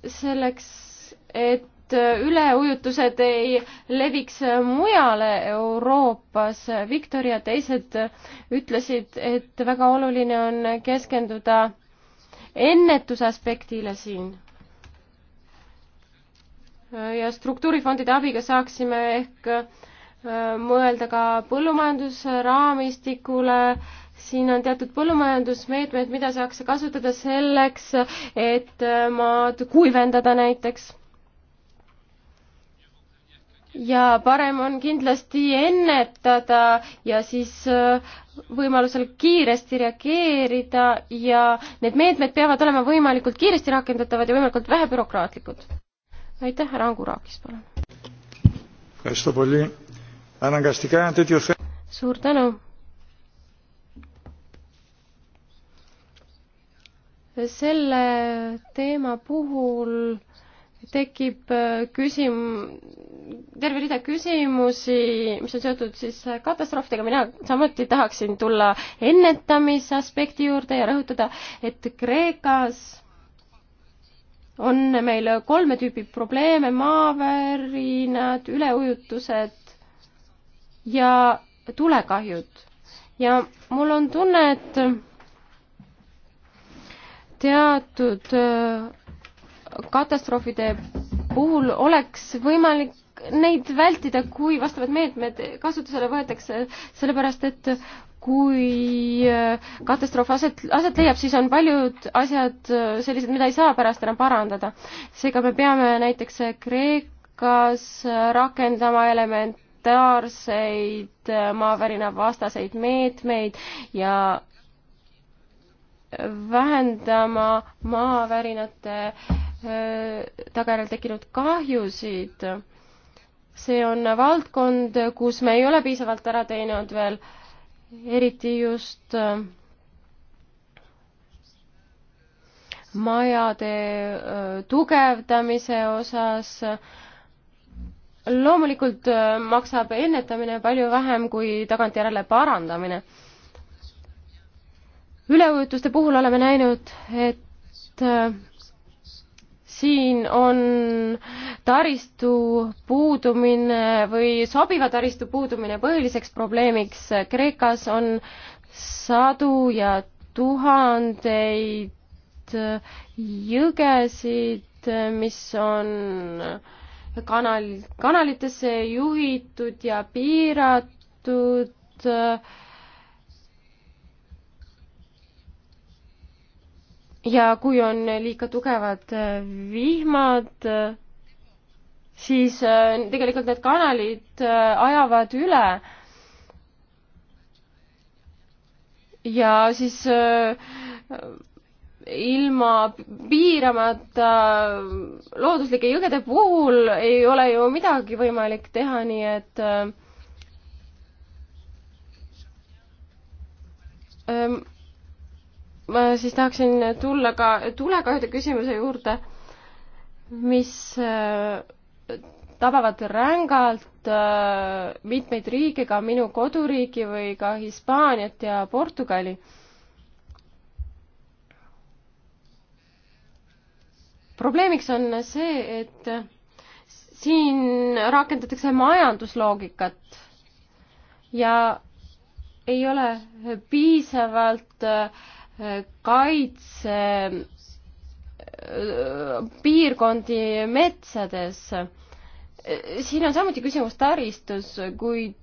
selleks, et äh, üleujutused ei leviks mujale Euroopas. Viktor ja teised ütlesid, et väga oluline on keskenduda ennetusaspektile siin. ja struktuurifondide abiga saaksime ehk Äh, mõelda ka põllumajandusraamistikule, siin on teatud põllumajandusmeetmed, mida saaks kasutada selleks, et äh, maad kuivendada näiteks. ja parem on kindlasti ennetada ja siis äh, võimalusel kiiresti reageerida ja need meetmed peavad olema võimalikult kiiresti rakendatavad ja võimalikult vähe bürokraatlikud. aitäh, härra Angurakis, palun suur tänu. selle teema puhul tekib küsim-, terve rida küsimusi, mis on seotud siis katastroofidega, mina samuti tahaksin tulla ennetamise aspekti juurde ja rõhutada, et Kreekas on meil kolme tüüpi probleeme, maavärinad, üleujutused ja tulekahjud. ja mul on tunne, et teatud äh, katastroofide puhul oleks võimalik neid vältida, kui vastavad meetmed kasutusele võetakse, sellepärast et kui äh, katastroof aset, aset leiab, siis on paljud asjad äh, sellised, mida ei saa pärast enam parandada. seega me peame näiteks Kreekas rakendama element, elementaarseid maavärina vastaseid meetmeid ja vähendama maavärinate tagajärjel tekkinud kahjusid. see on valdkond, kus me ei ole piisavalt ära teinud veel, eriti just majade tugevdamise osas äh, loomulikult äh, maksab ennetamine palju vähem kui tagantjärele parandamine. üleujutuste puhul oleme näinud, et äh, siin on taristu puudumine või sobiva taristu puudumine põhiliseks probleemiks. Kreekas on sadu ja tuhandeid äh, jõgesid, mis on äh, kanal, kanalitesse juhitud ja piiratud äh, ja kui on liiga tugevad äh, vihmad, äh, siis tegelikult need kanalid ajavad üle ja siis ilma piiramata looduslike jõgede puhul ei ole ju midagi võimalik teha, nii et ähm, ma siis tahaksin tulla ka tulekahjude küsimuse juurde, mis äh, tabavad rängalt äh, mitmeid riike, ka minu koduriiki või ka Hispaaniat ja Portugali äh, probleemiks on see, et siin rakendatakse majandusloogikat ja ei ole piisavalt äh, kaitse äh, piirkondi metsades. Äh, siin on samuti küsimus taristus, kuid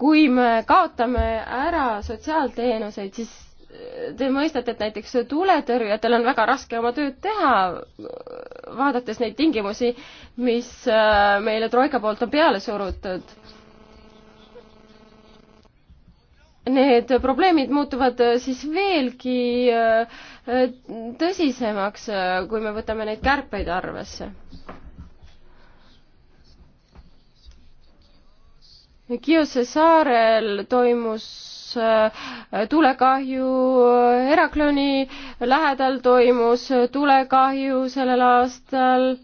kui me kaotame ära sotsiaalteenuseid, siis äh, te mõistate, et näiteks tuletõrjujatel on väga raske oma tööd teha, vaadates neid tingimusi, mis äh, meile Troika poolt on peale surutud. Need probleemid muutuvad äh, siis veelgi tõsisemaks, kui me võtame neid kärpeid arvesse. Kiose saarel toimus äh, tulekahju, äh, Herakloni lähedal toimus äh, tulekahju sellel aastal.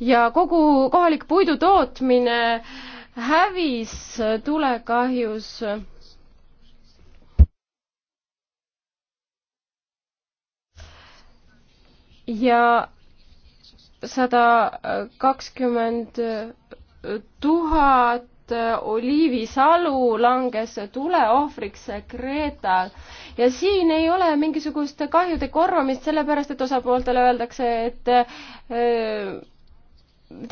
ja kogu kohalik puidutootmine hävis tulekahjus ja sada kakskümmend tuhat oliivisalu langes tuleohvriks Kreetal ja siin ei ole mingisugust kahjude korvamist, sellepärast et osapooltele öeldakse, et äh,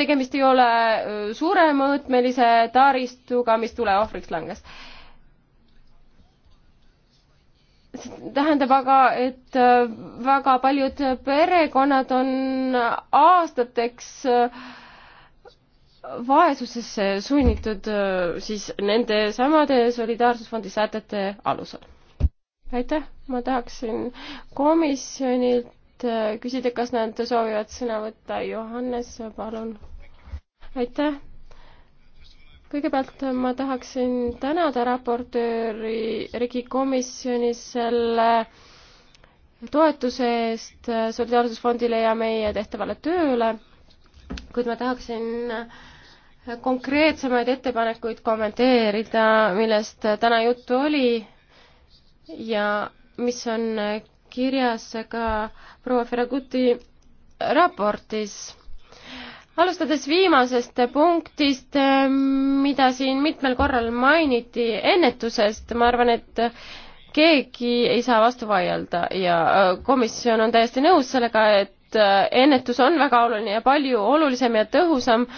tegemist ei ole äh, suuremõõtmelise taristuga, mis tuleohvriks langes tähendab aga, et äh, väga paljud perekonnad on aastateks äh, vaesusesse sunnitud äh, siis nende samade solidaarsusfondi sätete alusel. aitäh, ma tahaksin komisjonilt küsida, kas nad soovivad sõna võtta. Johannes, palun. aitäh kõigepealt ma tahaksin tänada raportööri Regi komisjoni selle toetuse eest Solidaarsusfondile ja meie tehtavale tööle, kuid ma tahaksin konkreetsemaid ettepanekuid kommenteerida, millest täna juttu oli ja mis on kirjas ka proua Ferraguti raportis alustades viimasest punktist, ehm, mida siin mitmel korral mainiti, ennetusest, ma arvan, et keegi ei saa vastu vaielda ja äh, komisjon on täiesti nõus sellega, et äh, ennetus on väga oluline ja palju olulisem ja tõhusam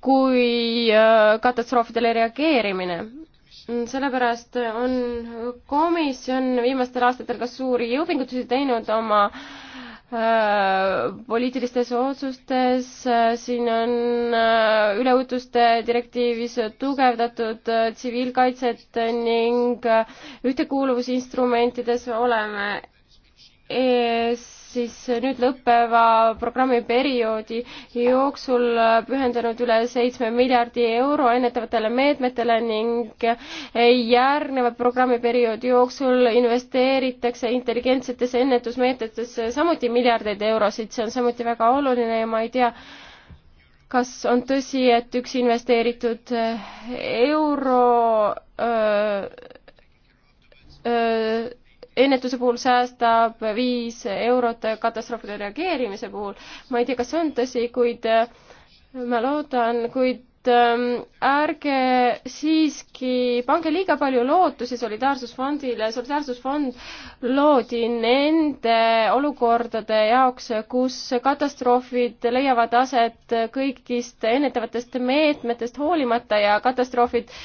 kui äh, katastroofidele reageerimine. sellepärast on komisjon viimastel aastatel ka suuri jõupingutusi teinud oma äh, Äh, poliitilistes otsustes, äh, siin on äh, üleujutuste direktiivis tugevdatud tsiviilkaitset ning ühtekuuluvusinstrumentides oleme ees siis nüüd lõppeva programmi perioodi jooksul pühendanud üle seitsme miljardi euro ennetavatele meetmetele ning järgneva programmi perioodi jooksul investeeritakse intelligentsetesse ennetusmeetmetesse samuti miljardeid eurosid, see on samuti väga oluline ja ma ei tea, kas on tõsi, et üks investeeritud euro öö, öö, ennetuse puhul säästab viis eurot katastroofide reageerimise puhul. ma ei tea, kas see on tõsi, kuid äh, ma loodan, kuid ähm, ärge siiski pange liiga palju lootusi Solidaarsusfondile, Solidaarsusfond loodi nende olukordade jaoks, kus katastroofid leiavad aset kõigist ennetavatest meetmetest hoolimata ja katastroofid äh,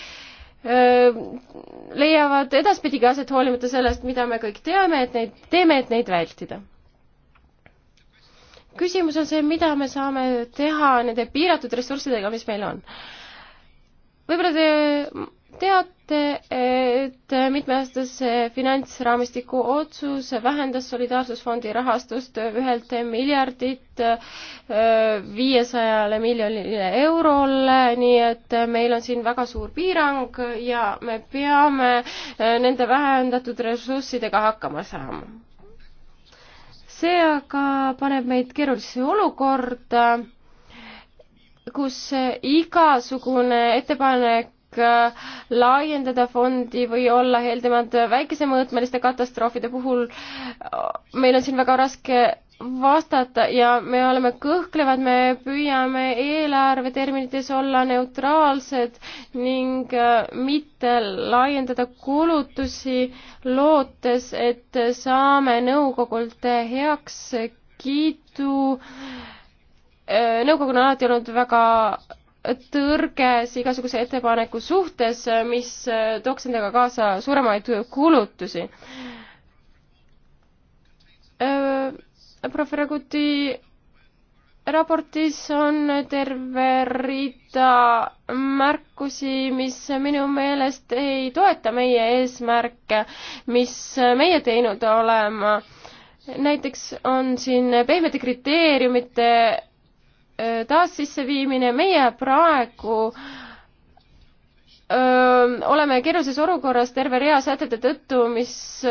leiavad edaspidigi aset hoolimata sellest, mida me kõik teame, et neid, teeme, et neid vältida. küsimus on see, mida me saame teha nende piiratud ressurssidega, mis meil on. võib-olla te teate, et mitmeaastase finantsraamistiku otsus vähendas Solidaarsusfondi rahastust ühelt miljardilt äh, viiesajale miljonile eurole, nii et meil on siin väga suur piirang ja me peame äh, nende vähendatud ressurssidega hakkama saama. see aga paneb meid keerulisse olukorda, kus igasugune ettepanek Äh, laiendada fondi või olla heldemad väikesemõõtmeliste katastroofide puhul. meil on siin väga raske vastata ja me oleme kõhklevad, me püüame eelarve terminites olla neutraalsed ning äh, mitte laiendada kulutusi, lootes, et saame nõukogult heakskiidu. Äh, nõukogu on alati olnud väga tõrges igasuguse ettepaneku suhtes, mis tooks endaga kaasa suuremaid kulutusi. Äh, Proferaguti raportis on terve rida märkusi, mis minu meelest ei toeta meie eesmärke, mis meie teinud olema. näiteks on siin pehmete kriteeriumite taassisseviimine, meie praegu öö, oleme keerulises olukorras terve rea sätete tõttu, mis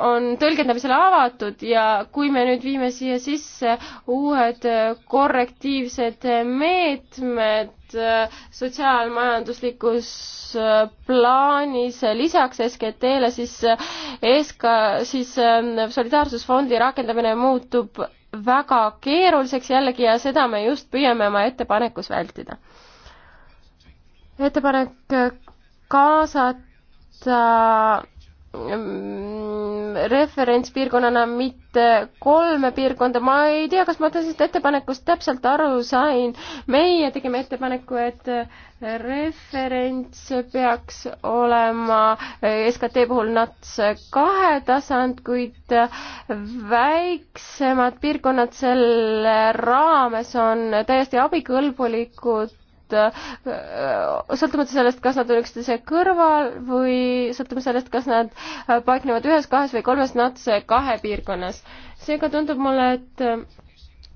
on tõlgendamisele avatud ja kui me nüüd viime siia sisse uued korrektiivsed meetmed sotsiaalmajanduslikus plaanis lisaks SKT-le, siis SK, siis Solidaarsusfondi rakendamine muutub väga keeruliseks jällegi ja seda me just püüame oma ettepanekus vältida. ettepanek kaasata mm, referentspiirkonnana mitte kolme piirkonda, ma ei tea, kas ma sellest ettepanekust täpselt aru sain. meie tegime ettepaneku, et referents peaks olema SKT puhul NATS kahe tasand, kuid väiksemad piirkonnad selle raames on täiesti abikõlbulikud Äh, sõltumata sellest, kas nad on üksteise kõrval või sõltumata sellest, kas nad äh, paiknevad ühes, kahes või kolmes NATS kahe piirkonnas. seega tundub mulle, et äh,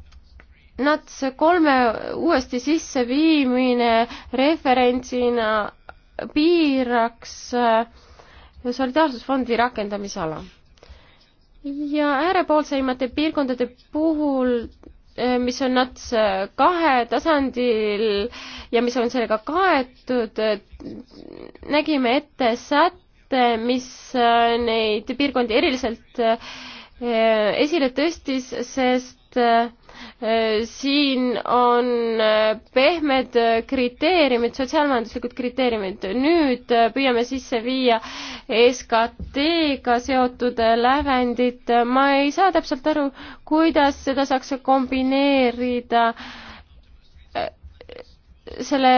NATS kolme uuesti sisseviimine referentsina piiraks solidaarsusfondi rakendamisala ja äärepoolseimate piirkondade puhul Äh, mis on NATS äh, kahe tasandil ja mis on sellega kaetud, nägime ette sätte, mis äh, neid piirkondi eriliselt esile tõstis, sest Äh, siin on äh, pehmed äh, kriteeriumid, sotsiaalmajanduslikud kriteeriumid. nüüd püüame sisse viia SKT-ga seotud lävendit. ma ei saa täpselt aru, kuidas seda saaks kombineerida selle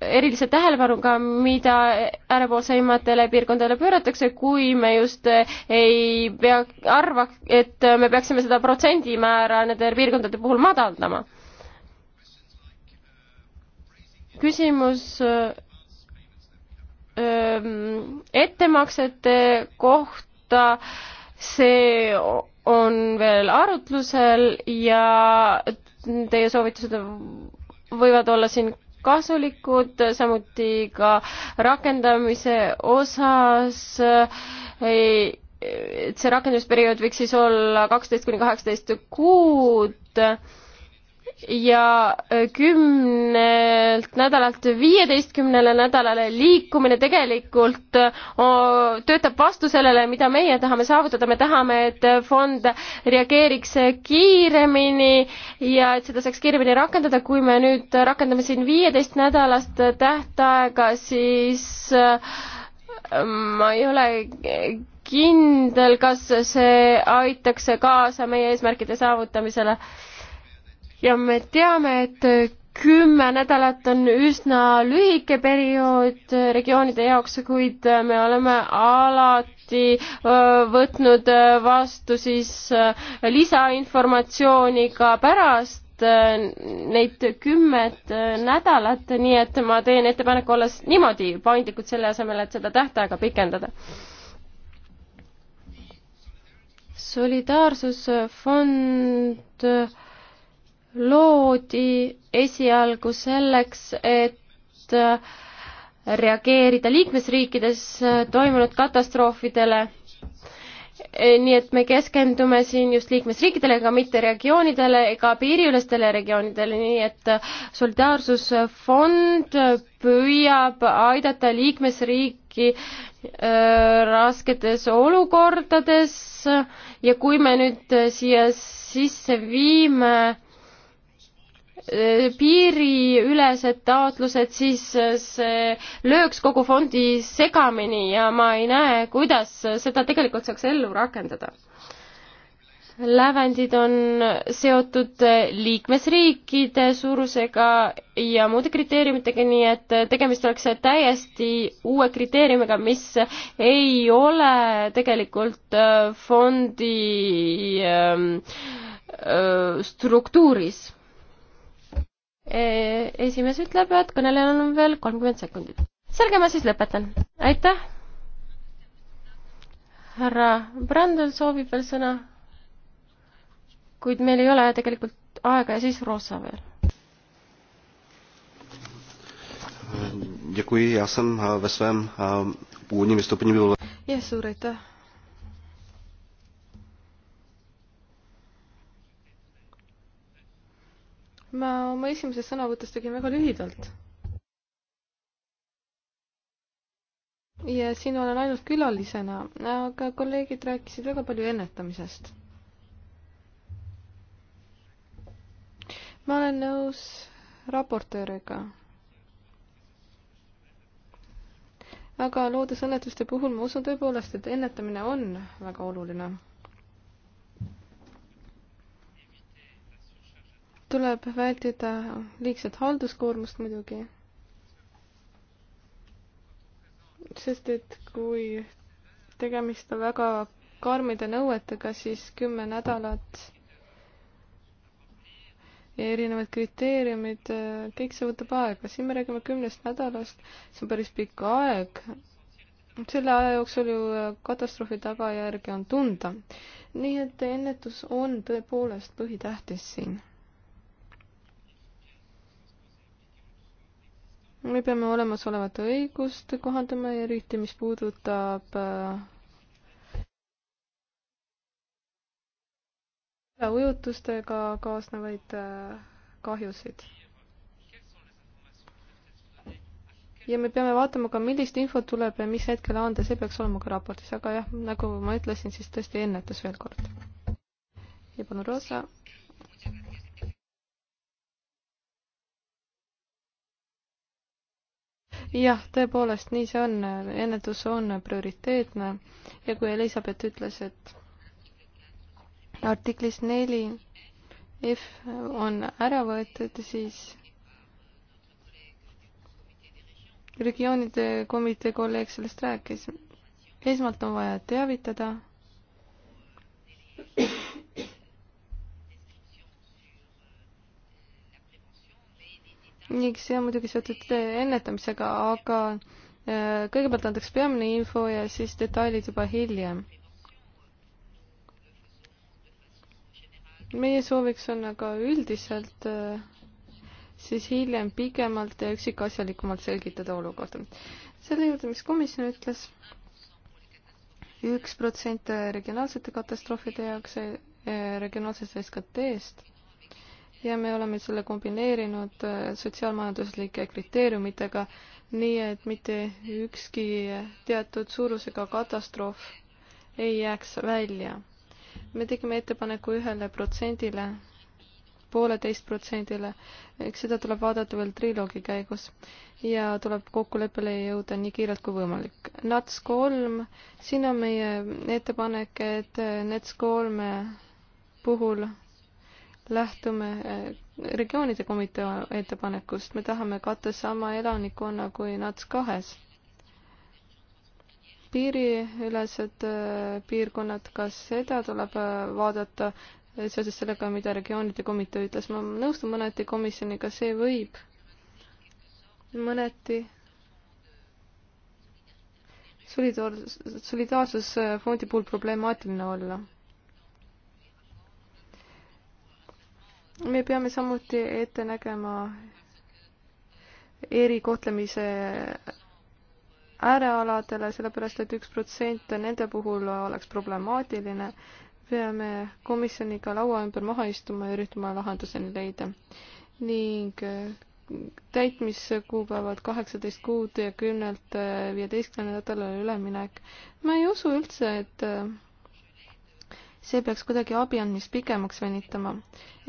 erilise tähelepanuga, mida äärepoolseimatele piirkondadele pööratakse, kui me just ei pea, arva, et me peaksime seda protsendimäära nende piirkondade puhul madaldama. küsimus ähm, ettemaksete kohta, see on veel arutlusel ja teie soovitused võivad olla siin kasulikud, samuti ka rakendamise osas et see rakendusperiood võiks siis olla kaksteist kuni kaheksateist kuud ja äh, kümnelt nädalalt viieteistkümnele nädalale liikumine tegelikult äh, töötab vastu sellele, mida meie tahame saavutada, me tahame, et fond reageeriks kiiremini ja et seda saaks kiiremini rakendada, kui me nüüd rakendame siin viieteist nädalast tähtaega, siis äh, ma ei ole kindel, kas see aitaks kaasa meie eesmärkide saavutamisele ja me teame, et kümme nädalat on üsna lühike periood regioonide jaoks, kuid me oleme alati võtnud vastu siis lisainformatsiooni ka pärast neid kümmet nädalat, nii et ma teen ettepaneku olla niimoodi paindlikud selle asemel, et seda tähtaega pikendada. solidaarsusfond loodi esialgu selleks, et äh, reageerida liikmesriikides äh, toimunud katastroofidele. E, nii et me keskendume siin just liikmesriikidele, aga mitte regioonidele ega piiriülestele regioonidele, nii et äh, solidaarsusfond püüab aidata liikmesriiki rasketes olukordades ja kui me nüüd siia sisse viime Äh, piiriülesed taotlused, siis äh, see lööks kogu fondi segamini ja ma ei näe, kuidas seda tegelikult saaks ellu rakendada. lävendid on seotud äh, liikmesriikide suurusega ja muude kriteeriumitega, nii et tegemist oleks täiesti uue kriteeriumiga, mis ei ole tegelikult fondi ähm, struktuuris E, esimees ütleb, et kõnelejal on veel kolmkümmend sekundit. selge, ma siis lõpetan. aitäh. härra Brandl soovib veel sõna. kuid meil ei ole tegelikult aega ja siis Rosa veel. Děkuji, já jsem eh, ve svém eh, původním vystoupení byl... Je, suur aitäh ma oma esimeses sõnavõtus tegin väga lühidalt. ja siin olen ainult külalisena, aga kolleegid rääkisid väga palju ennetamisest. ma olen nõus raportööriga. aga loodusõnnetuste puhul ma usun tõepoolest, et ennetamine on väga oluline tuleb vältida liigset halduskoormust muidugi. sest et kui tegemist on väga karmide nõuetega, siis kümme nädalat ja erinevad kriteeriumid, kõik see võtab aega, siin me räägime kümnest nädalast, see on päris pikk aeg. selle aja jooksul ju katastroofi tagajärgi on tunda. nii et ennetus on tõepoolest põhitähtis siin me peame olemasolevat õigust kohandama, eriti mis puudutab üleujutustega äh, kaasnevaid äh, kahjusid. ja me peame vaatama ka, millist infot tuleb ja mis hetkel anda, see peaks olema ka raportis, aga jah, nagu ma ütlesin, siis tõesti ennetus veel kord. ja palun, Rosa jah, tõepoolest nii see on, ennetus on prioriteetne ja kui Elizabeth ütles, et artiklis neli F on ära võetud, siis regioonide komitee kolleeg sellest rääkis. esmalt on vaja teavitada ning see on muidugi seotud ennetamisega, aga äh, kõigepealt antakse peamine info ja siis detailid juba hiljem. meie sooviks on aga üldiselt äh, siis hiljem pikemalt ja üksikasjalikumalt selgitada olukorda. selle juurde, mis komisjon ütles, üks protsent regionaalsete katastroofide jaoks äh, regionaalsest SKT-st ja me oleme selle kombineerinud äh, sotsiaalmajanduslike kriteeriumitega, nii et mitte ükski teatud suurusega katastroof ei jääks välja. me tegime ettepaneku ühele protsendile, pooleteist protsendile, eks seda tuleb vaadata veel triloogi käigus ja tuleb kokkuleppele jõuda nii kiirelt kui võimalik. NATS kolm, siin on meie ettepanek, et äh, NETS kolme puhul lähtume eh, regioonide komitee ettepanekust, me tahame katta sama elanikkonna kui NATS kahes. piiriülesed eh, piirkonnad, kas seda tuleb eh, vaadata seoses sellega, mida regioonide komitee ütles, ma nõustun mõneti komisjoniga, see võib mõneti solidaarsus, solidaarsusfondi puhul problemaatiline olla me peame samuti ette nägema erikohtlemise äärealadele, sellepärast et üks protsent nende puhul oleks problemaatiline. peame komisjoniga laua ümber maha istuma ja üritama lahenduseni leida. ning täitmiskuupäevad kaheksateist kuud ja kümnelt viieteistkümnenda nädalale üleminek. ma ei usu üldse, et see peaks kuidagi abi andmist pikemaks venitama.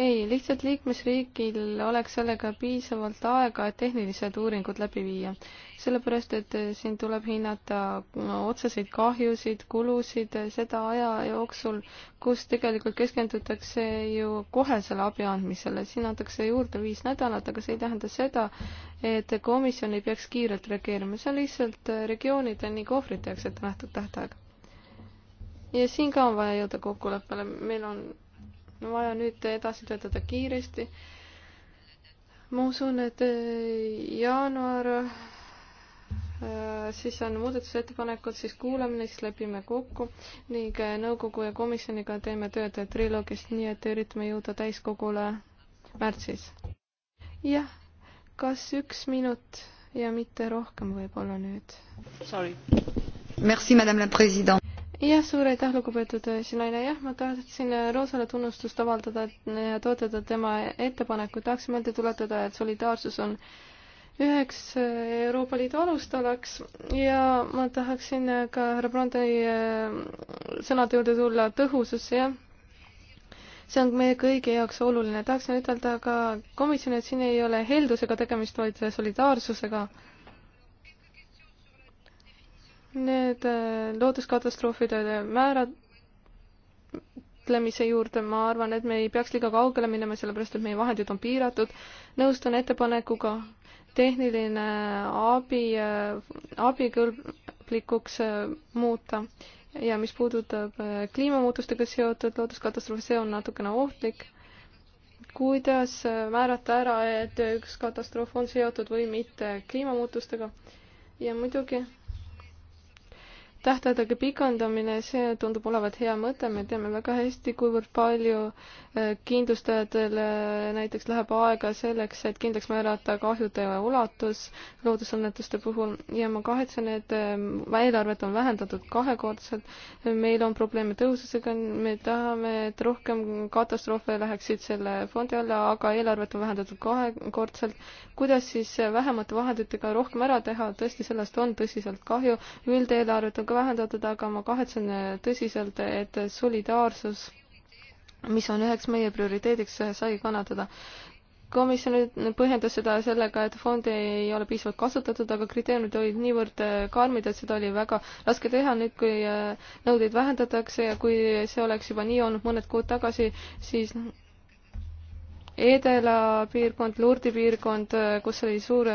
ei, lihtsalt liikmesriigil oleks sellega piisavalt aega, et tehnilised uuringud läbi viia. sellepärast, et siin tuleb hinnata otseseid kahjusid, kulusid seda aja jooksul, kus tegelikult keskendutakse ju kohesele abi andmisele. siin antakse juurde viis nädalat, aga see ei tähenda seda, et komisjon ei peaks kiirelt reageerima, see on lihtsalt regioonide ning ohvrite jaoks ette nähtud tähtaeg ja siin ka on vaja jõuda kokkuleppele, meil on vaja nüüd edasi töötada kiiresti. ma usun, et jaanuar, äh, siis on muudatusettepanekud, siis kuulamine, siis lepime kokku ning äh, nõukogu ja komisjoniga teeme tööd triloogist, nii et üritame jõuda täiskogule märtsis. jah, kas üks minut ja mitte rohkem võib-olla nüüd? Merci, madame la president jah, suur aitäh, lugupeetud äh, Sinaine, jah, ma tahtsin äh, Roosale tunnustust avaldada ja äh, toetada tema ettepanekut, tahaks meelde tuletada, et solidaarsus on üheks Euroopa Liidu alustalaks ja ma tahaksin ka härra Brandoni sõnade juurde tulla, tõhusus, jah. see on meie kõigi jaoks oluline, tahaksin ütelda ka komisjonile, et siin ei ole heldusega tegemist, vaid solidaarsusega Need äh, looduskatastroofide määratlemise juurde ma arvan, et me ei peaks liiga kaugele minema, sellepärast et meie vahendid on piiratud. nõustun ettepanekuga tehniline äh, abi, äh, abikõlblikuks muuta ja mis puudutab kliimamuutustega seotud looduskatastroofi, see on natukene ohtlik. kuidas määrata ära, et üks katastroof on seotud või mitte kliimamuutustega? ja muidugi tähtaegade pikendamine, see tundub olevat hea mõte, me teame väga hästi, kuivõrd palju kindlustajatel näiteks läheb aega selleks, et kindlaks määrata kahjude ulatus loodusõnnetuste puhul ja ma kahetsen, et ähm, eelarvet on vähendatud kahekordselt. meil on probleeme tõhususega, me tahame, et rohkem katastroofe läheksid selle fondi alla, aga eelarvet on vähendatud kahekordselt. kuidas siis vähemate vahenditega rohkem ära teha, tõesti, sellest on tõsiselt kahju. üldeelarvet on ka vähendatud, aga ma kahetsen tõsiselt, et solidaarsus mis on üheks meie prioriteediks, sai kannatada. komisjon põhjendas seda sellega, et fondi ei ole piisavalt kasutatud, aga kriteeriumid olid niivõrd äh, karmid, et seda oli väga raske teha. nüüd, kui äh, nõudeid vähendatakse ja kui see oleks juba nii olnud mõned kuud tagasi, siis Edela piirkond, Lurdi piirkond, kus oli suur,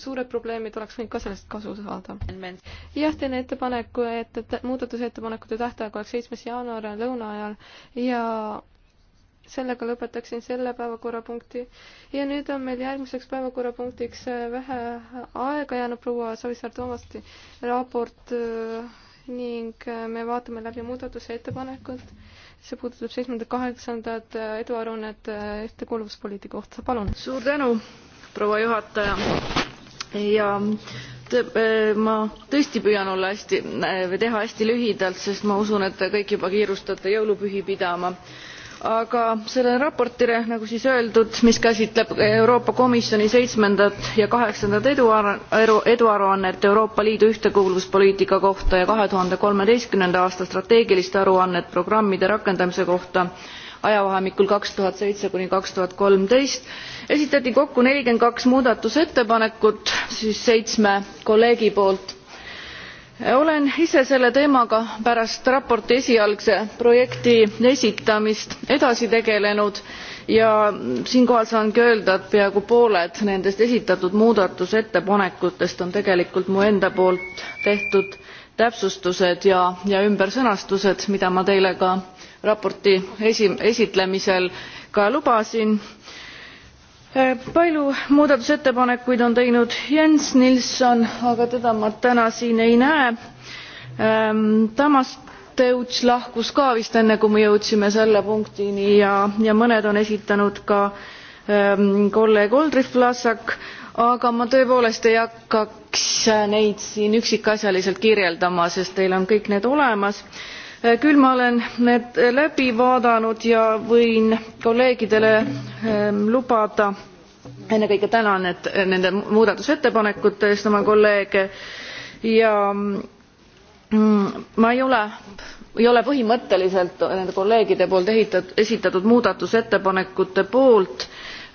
suured probleemid, oleks võinud ka sellest kasu saada. jah, teen ettepaneku, et, et muudatusettepanekute tähtaeg oleks seitsmes jaanuar lõuna ajal ja sellega lõpetaksin selle päevakorrapunkti ja nüüd on meil järgmiseks päevakorrapunktiks vähe aega jäänud proua Savisaar Toomasti raport äh, ning äh, me vaatame läbi muudatusettepanekud see puudutab seitsmendat, kaheksandat äh, eduaruannet äh, ühtekuuluvuspoliitika kohta, palun. suur tänu, proua juhataja ja tõ, äh, ma tõesti püüan olla hästi või teha hästi lühidalt sest ma usun et te kõik juba kiirustate jõulupühi pidama aga sellele raportile nagu siis öeldud mis käsitleb euroopa komisjoni seitsmendat ja kaheksandat eduaruannet euroopa liidu ühtekuuluvuspoliitika kohta ja 2013. aasta strateegilist aruannet programmide rakendamise kohta ajavahemikul 2007 kuni 2013, esitati kokku 42 muudatusettepanekut siis seitsme kolleegi poolt olen ise selle teemaga pärast raporti esialgse projekti esitamist edasi tegelenud ja siinkohal saangi öelda et peaaegu pooled nendest esitatud muudatusettepanekutest on tegelikult mu enda poolt tehtud täpsustused ja ja ümbersõnastused mida ma teile ka raporti esitlemisel ka lubasin. Äh, palju muudatusettepanekuid on teinud jens nilsson aga teda ma täna siin ei näe. Ähm, tamas deutsch lahkus ka vist enne kui me jõudsime selle punktini ja, ja mõned on esitanud ka ähm, kolleeg oldrich vlasak aga ma tõepoolest ei hakkaks neid siin üksikasjaliselt kirjeldama sest teil on kõik need olemas. Äh, küll ma olen need läbi vaadanud ja võin kolleegidele ähm, lubada ennekõike tänan et äh, nende muudatusettepanekute eest oma kolleege ja mm, ma ei ole ei ole põhimõtteliselt nende kolleegide poolt ehitat, esitatud muudatusettepanekute poolt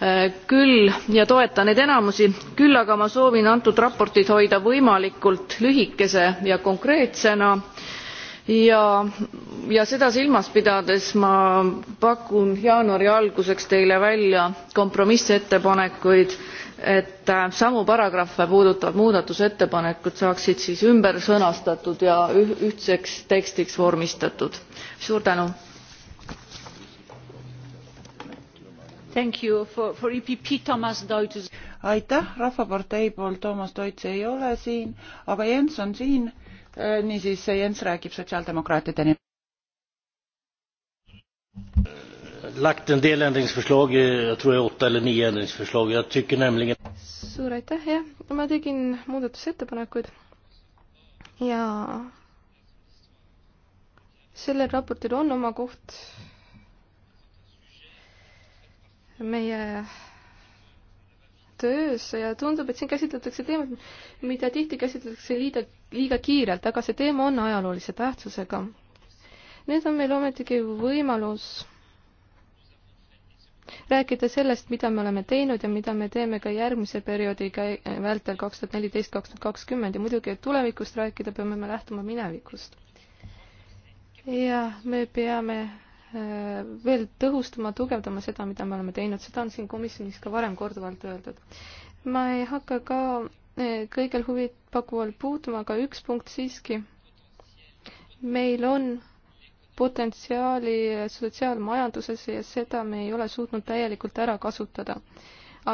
äh, küll ja toetan neid enamusi küll aga ma soovin antud raportit hoida võimalikult lühikese ja konkreetsena ja, ja seda silmas pidades ma pakun jaanuari alguseks teile välja kompromissettepanekuid et äh, samu paragrahve puudutavad muudatusettepanekud saaksid siis ümber sõnastatud ja ühtseks tekstiks vormistatud. suur tänu! For, for EPP, aitäh, rahvapartei poolt Toomas Deutsch ei ole siin, aga Jens on siin Äh, niisiis, Jens räägib sotsiaaldemokraatide nimel. lagt en del ändringsförslag, jag tror det är åtta eller nio ändringsförslag, jag tycker nämligen suur aitäh, jah, ma tegin muudatusettepanekuid ja sellel raportil on oma koht meie töös ja tundub, et siin käsitletakse teemat, mida tihti käsitletakse liidet liiga kiirelt, aga see teema on ajaloolise tähtsusega. nüüd on meil ometigi võimalus rääkida sellest, mida me oleme teinud ja mida me teeme ka järgmise perioodi vältel kaks tuhat neliteist, kaks tuhat kakskümmend ja muidugi, et tulevikust rääkida, peame me lähtuma minevikust. ja me peame äh, veel tõhustama, tugevdama seda, mida me oleme teinud, seda on siin komisjonis ka varem korduvalt öeldud. ma ei hakka ka kõigel huvid pakuval puutuma, aga üks punkt siiski. meil on potentsiaali sotsiaalmajanduses ja seda me ei ole suutnud täielikult ära kasutada.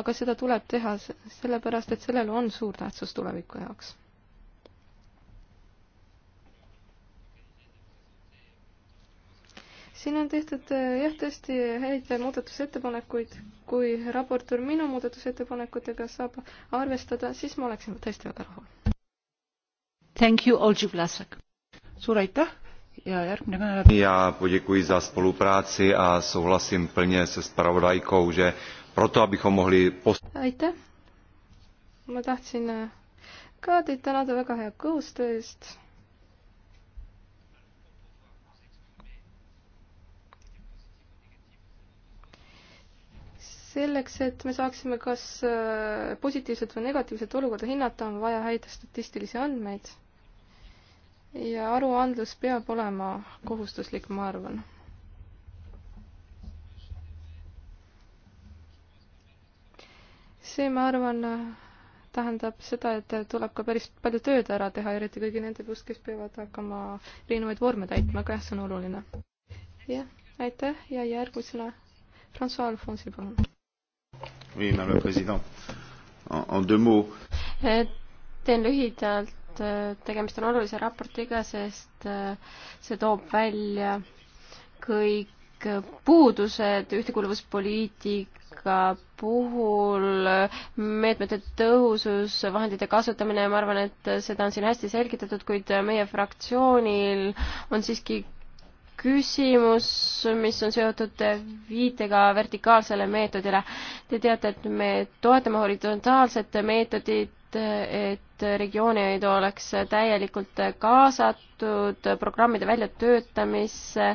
aga seda tuleb teha, sellepärast et sellel on suur tähtsus tuleviku jaoks siin on tehtud äh, jah, tõesti häid muudatusettepanekuid, kui raportöör minu muudatusettepanekutega saab arvestada, siis ma oleksin tõesti väga rahul. Thank you, Olgi Vlasak. suur aitäh ja järgmine kõneleja. ja poděkuji za spolupráci a souhlasím plně se spravodajkou, že proto, abychom mohli post-. aitäh. ma tahtsin äh, ka teid tänada väga hea koostöö eest selleks, et me saaksime kas äh, positiivset või negatiivset olukorda hinnata, on vaja häid statistilisi andmeid. ja aruandlus peab olema kohustuslik, ma arvan. see, ma arvan, tähendab seda, et tuleb ka päris palju tööd ära teha, eriti kõigi nende puhul, kes peavad hakkama erinevaid vorme täitma, aga jah, see on oluline. jah, aitäh ja järgmisena François Alfonsi, palun. Oui, madame la présidente. En, en deux mots. Euh, teen lühidalt. Äh, tegemist on olulise raportiga, sest äh, see toob välja kõik äh, puudused ühtekuuluvuspoliitika puhul, meetmete tõhusus, vahendite kasutamine ja ma arvan, et seda on siin hästi selgitatud, kuid meie fraktsioonil on siiski küsimus, mis on seotud viitega vertikaalsele meetodile. Te teate, et me toetame horisontaalset meetodit, et regioonid oleks täielikult kaasatud programmide väljatöötamisse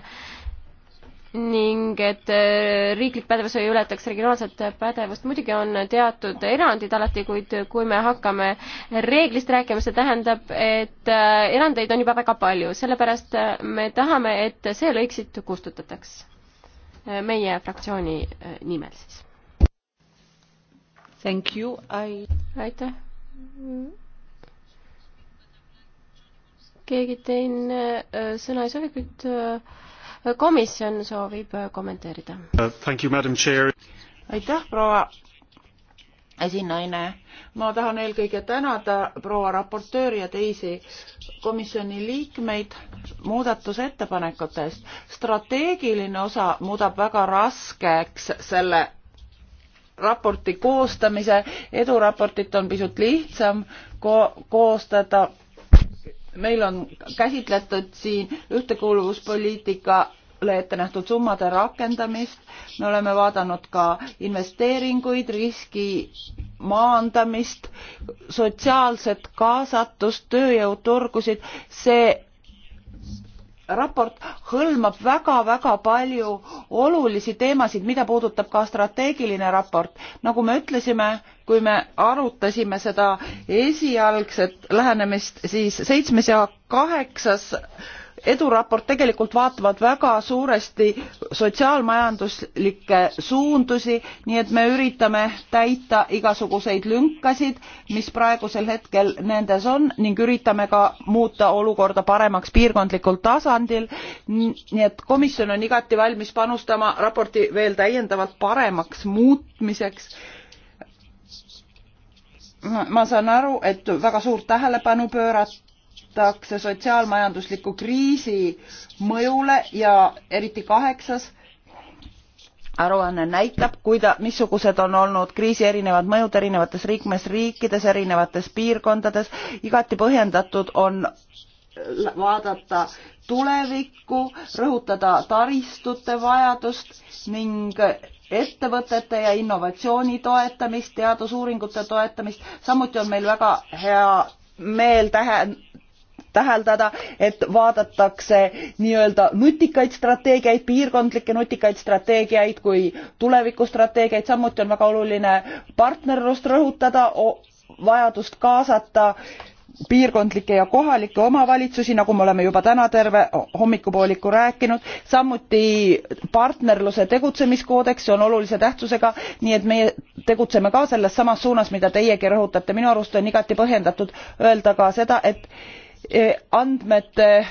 ning et äh, riiklik pädevus ei ületaks regionaalset pädevust. muidugi on teatud erandid alati, kuid kui me hakkame reeglist rääkima, see tähendab, et äh, erandeid on juba väga palju, sellepärast äh, me tahame, et see lõik siit kustutataks. meie fraktsiooni nimel siis. Thank you, I. aitäh. keegi teine sõna ei soovi, kuid komisjon soovib äh, kommenteerida uh,. aitäh, proua esinaine. ma tahan eelkõige tänada proua raportööri ja teisi komisjoni liikmeid muudatusettepanekute eest. strateegiline osa muudab väga raskeks selle raporti koostamise, eduraportit on pisut lihtsam ko koostada meil on käsitletud siin ühtekuuluvuspoliitikale ette nähtud summade rakendamist, me oleme vaadanud ka investeeringuid, riski maandamist, sotsiaalset kaasatust, tööjõuturgusid, see raport hõlmab väga-väga palju olulisi teemasid, mida puudutab ka strateegiline raport. nagu me ütlesime, kui me arutasime seda esialgset lähenemist, siis seitsmes ja kaheksas eduraport tegelikult vaatavad väga suuresti sotsiaalmajanduslikke suundusi, nii et me üritame täita igasuguseid lünkasid, mis praegusel hetkel nendes on ning üritame ka muuta olukorda paremaks piirkondlikul tasandil. nii et komisjon on igati valmis panustama raporti veel täiendavalt paremaks muutmiseks ma saan aru, et väga suurt tähelepanu pööratakse sotsiaalmajandusliku kriisi mõjule ja eriti kaheksas aruanne näitab, kuida-, missugused on olnud kriisi erinevad mõjud erinevates liikmesriikides, erinevates piirkondades. igati põhjendatud on vaadata tulevikku, rõhutada taristute vajadust ning ettevõtete ja innovatsiooni toetamist, teadusuuringute toetamist, samuti on meil väga hea meel tähe, täheldada, et vaadatakse nii-öelda nutikaid strateegiaid, piirkondlikke nutikaid strateegiaid kui tulevikustrateegiaid, samuti on väga oluline partnerlust rõhutada, vajadust kaasata äh, piirkondlikke ja kohalikke omavalitsusi nagu me oleme juba täna terve hommikupooliku rääkinud samuti partnerluse tegutsemiskoodeks see on olulise tähtsusega nii et meie tegutseme ka selles samas suunas mida teiegi rõhutate minu arust on igati põhjendatud öelda ka seda et e, andmete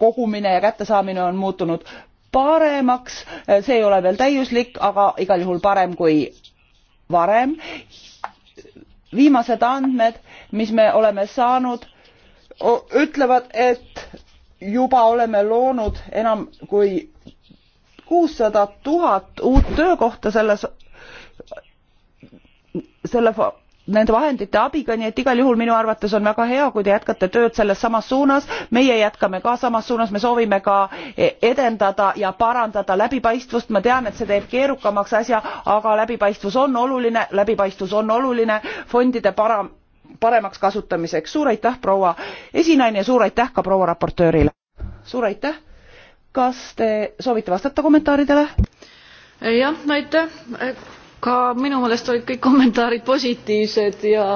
kogumine ja kättesaamine on muutunud paremaks e, see ei ole veel täiuslik aga igal juhul parem kui varem viimased andmed mis me oleme saanud ütlevad et juba oleme loonud enam kui kuussada tuhat uut töökohta selles selle nende vahendite abiga nii et igal juhul minu arvates on väga hea kui te jätkate tööd selles samas suunas meie jätkame ka samas suunas me soovime ka edendada ja parandada läbipaistvust ma tean et see teeb keerukamaks asja aga läbipaistvus on oluline läbipaistvus on oluline fondide para- paremaks kasutamiseks suur aitäh proua esinaine suur aitäh ka proua raportöörile suur aitäh kas te soovite vastata kommentaaridele jah aitäh et aga minu meelest olid kõik kommentaarid positiivsed ja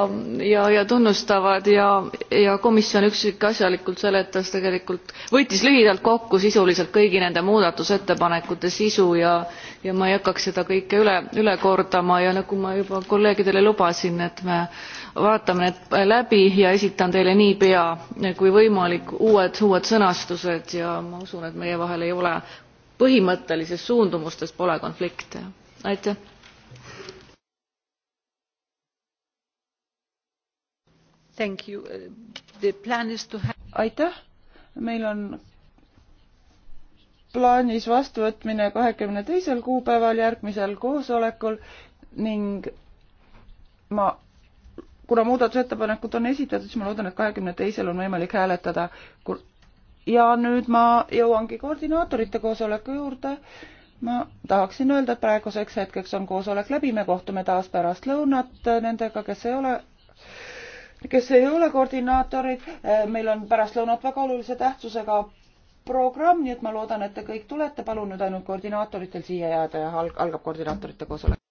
ja ja tunnustavad ja ja komisjon üksikasjalikult seletas tegelikult võttis lühidalt kokku sisuliselt kõigi nende muudatusettepanekute sisu ja ja ma ei hakkaks seda kõike üle üle kordama ja nagu ma juba kolleegidele lubasin et me vaatame need läbi ja esitan teile niipea kui võimalik uued uued sõnastused ja ma usun et meie vahel ei ole põhimõttelises suundumustes pole konflikte aitäh Uh, aitäh, meil on plaanis vastuvõtmine kahekümne teisel kuupäeval järgmisel koosolekul ning ma, kuna muudatusettepanekud on esitatud, siis ma loodan, et kahekümne teisel on võimalik hääletada. ja nüüd ma jõuangi koordinaatorite koosoleku juurde. ma tahaksin öelda, et praeguseks hetkeks on koosolek läbi, me kohtume taas pärast lõunat nendega, kes ei ole kes ei ole koordinaatorid, eh, meil on pärastlõunat väga olulise tähtsusega programm, nii et ma loodan, et te kõik tulete, palun nüüd ainult koordinaatoritel siia jääda ja algab koordinaatorite koosolek.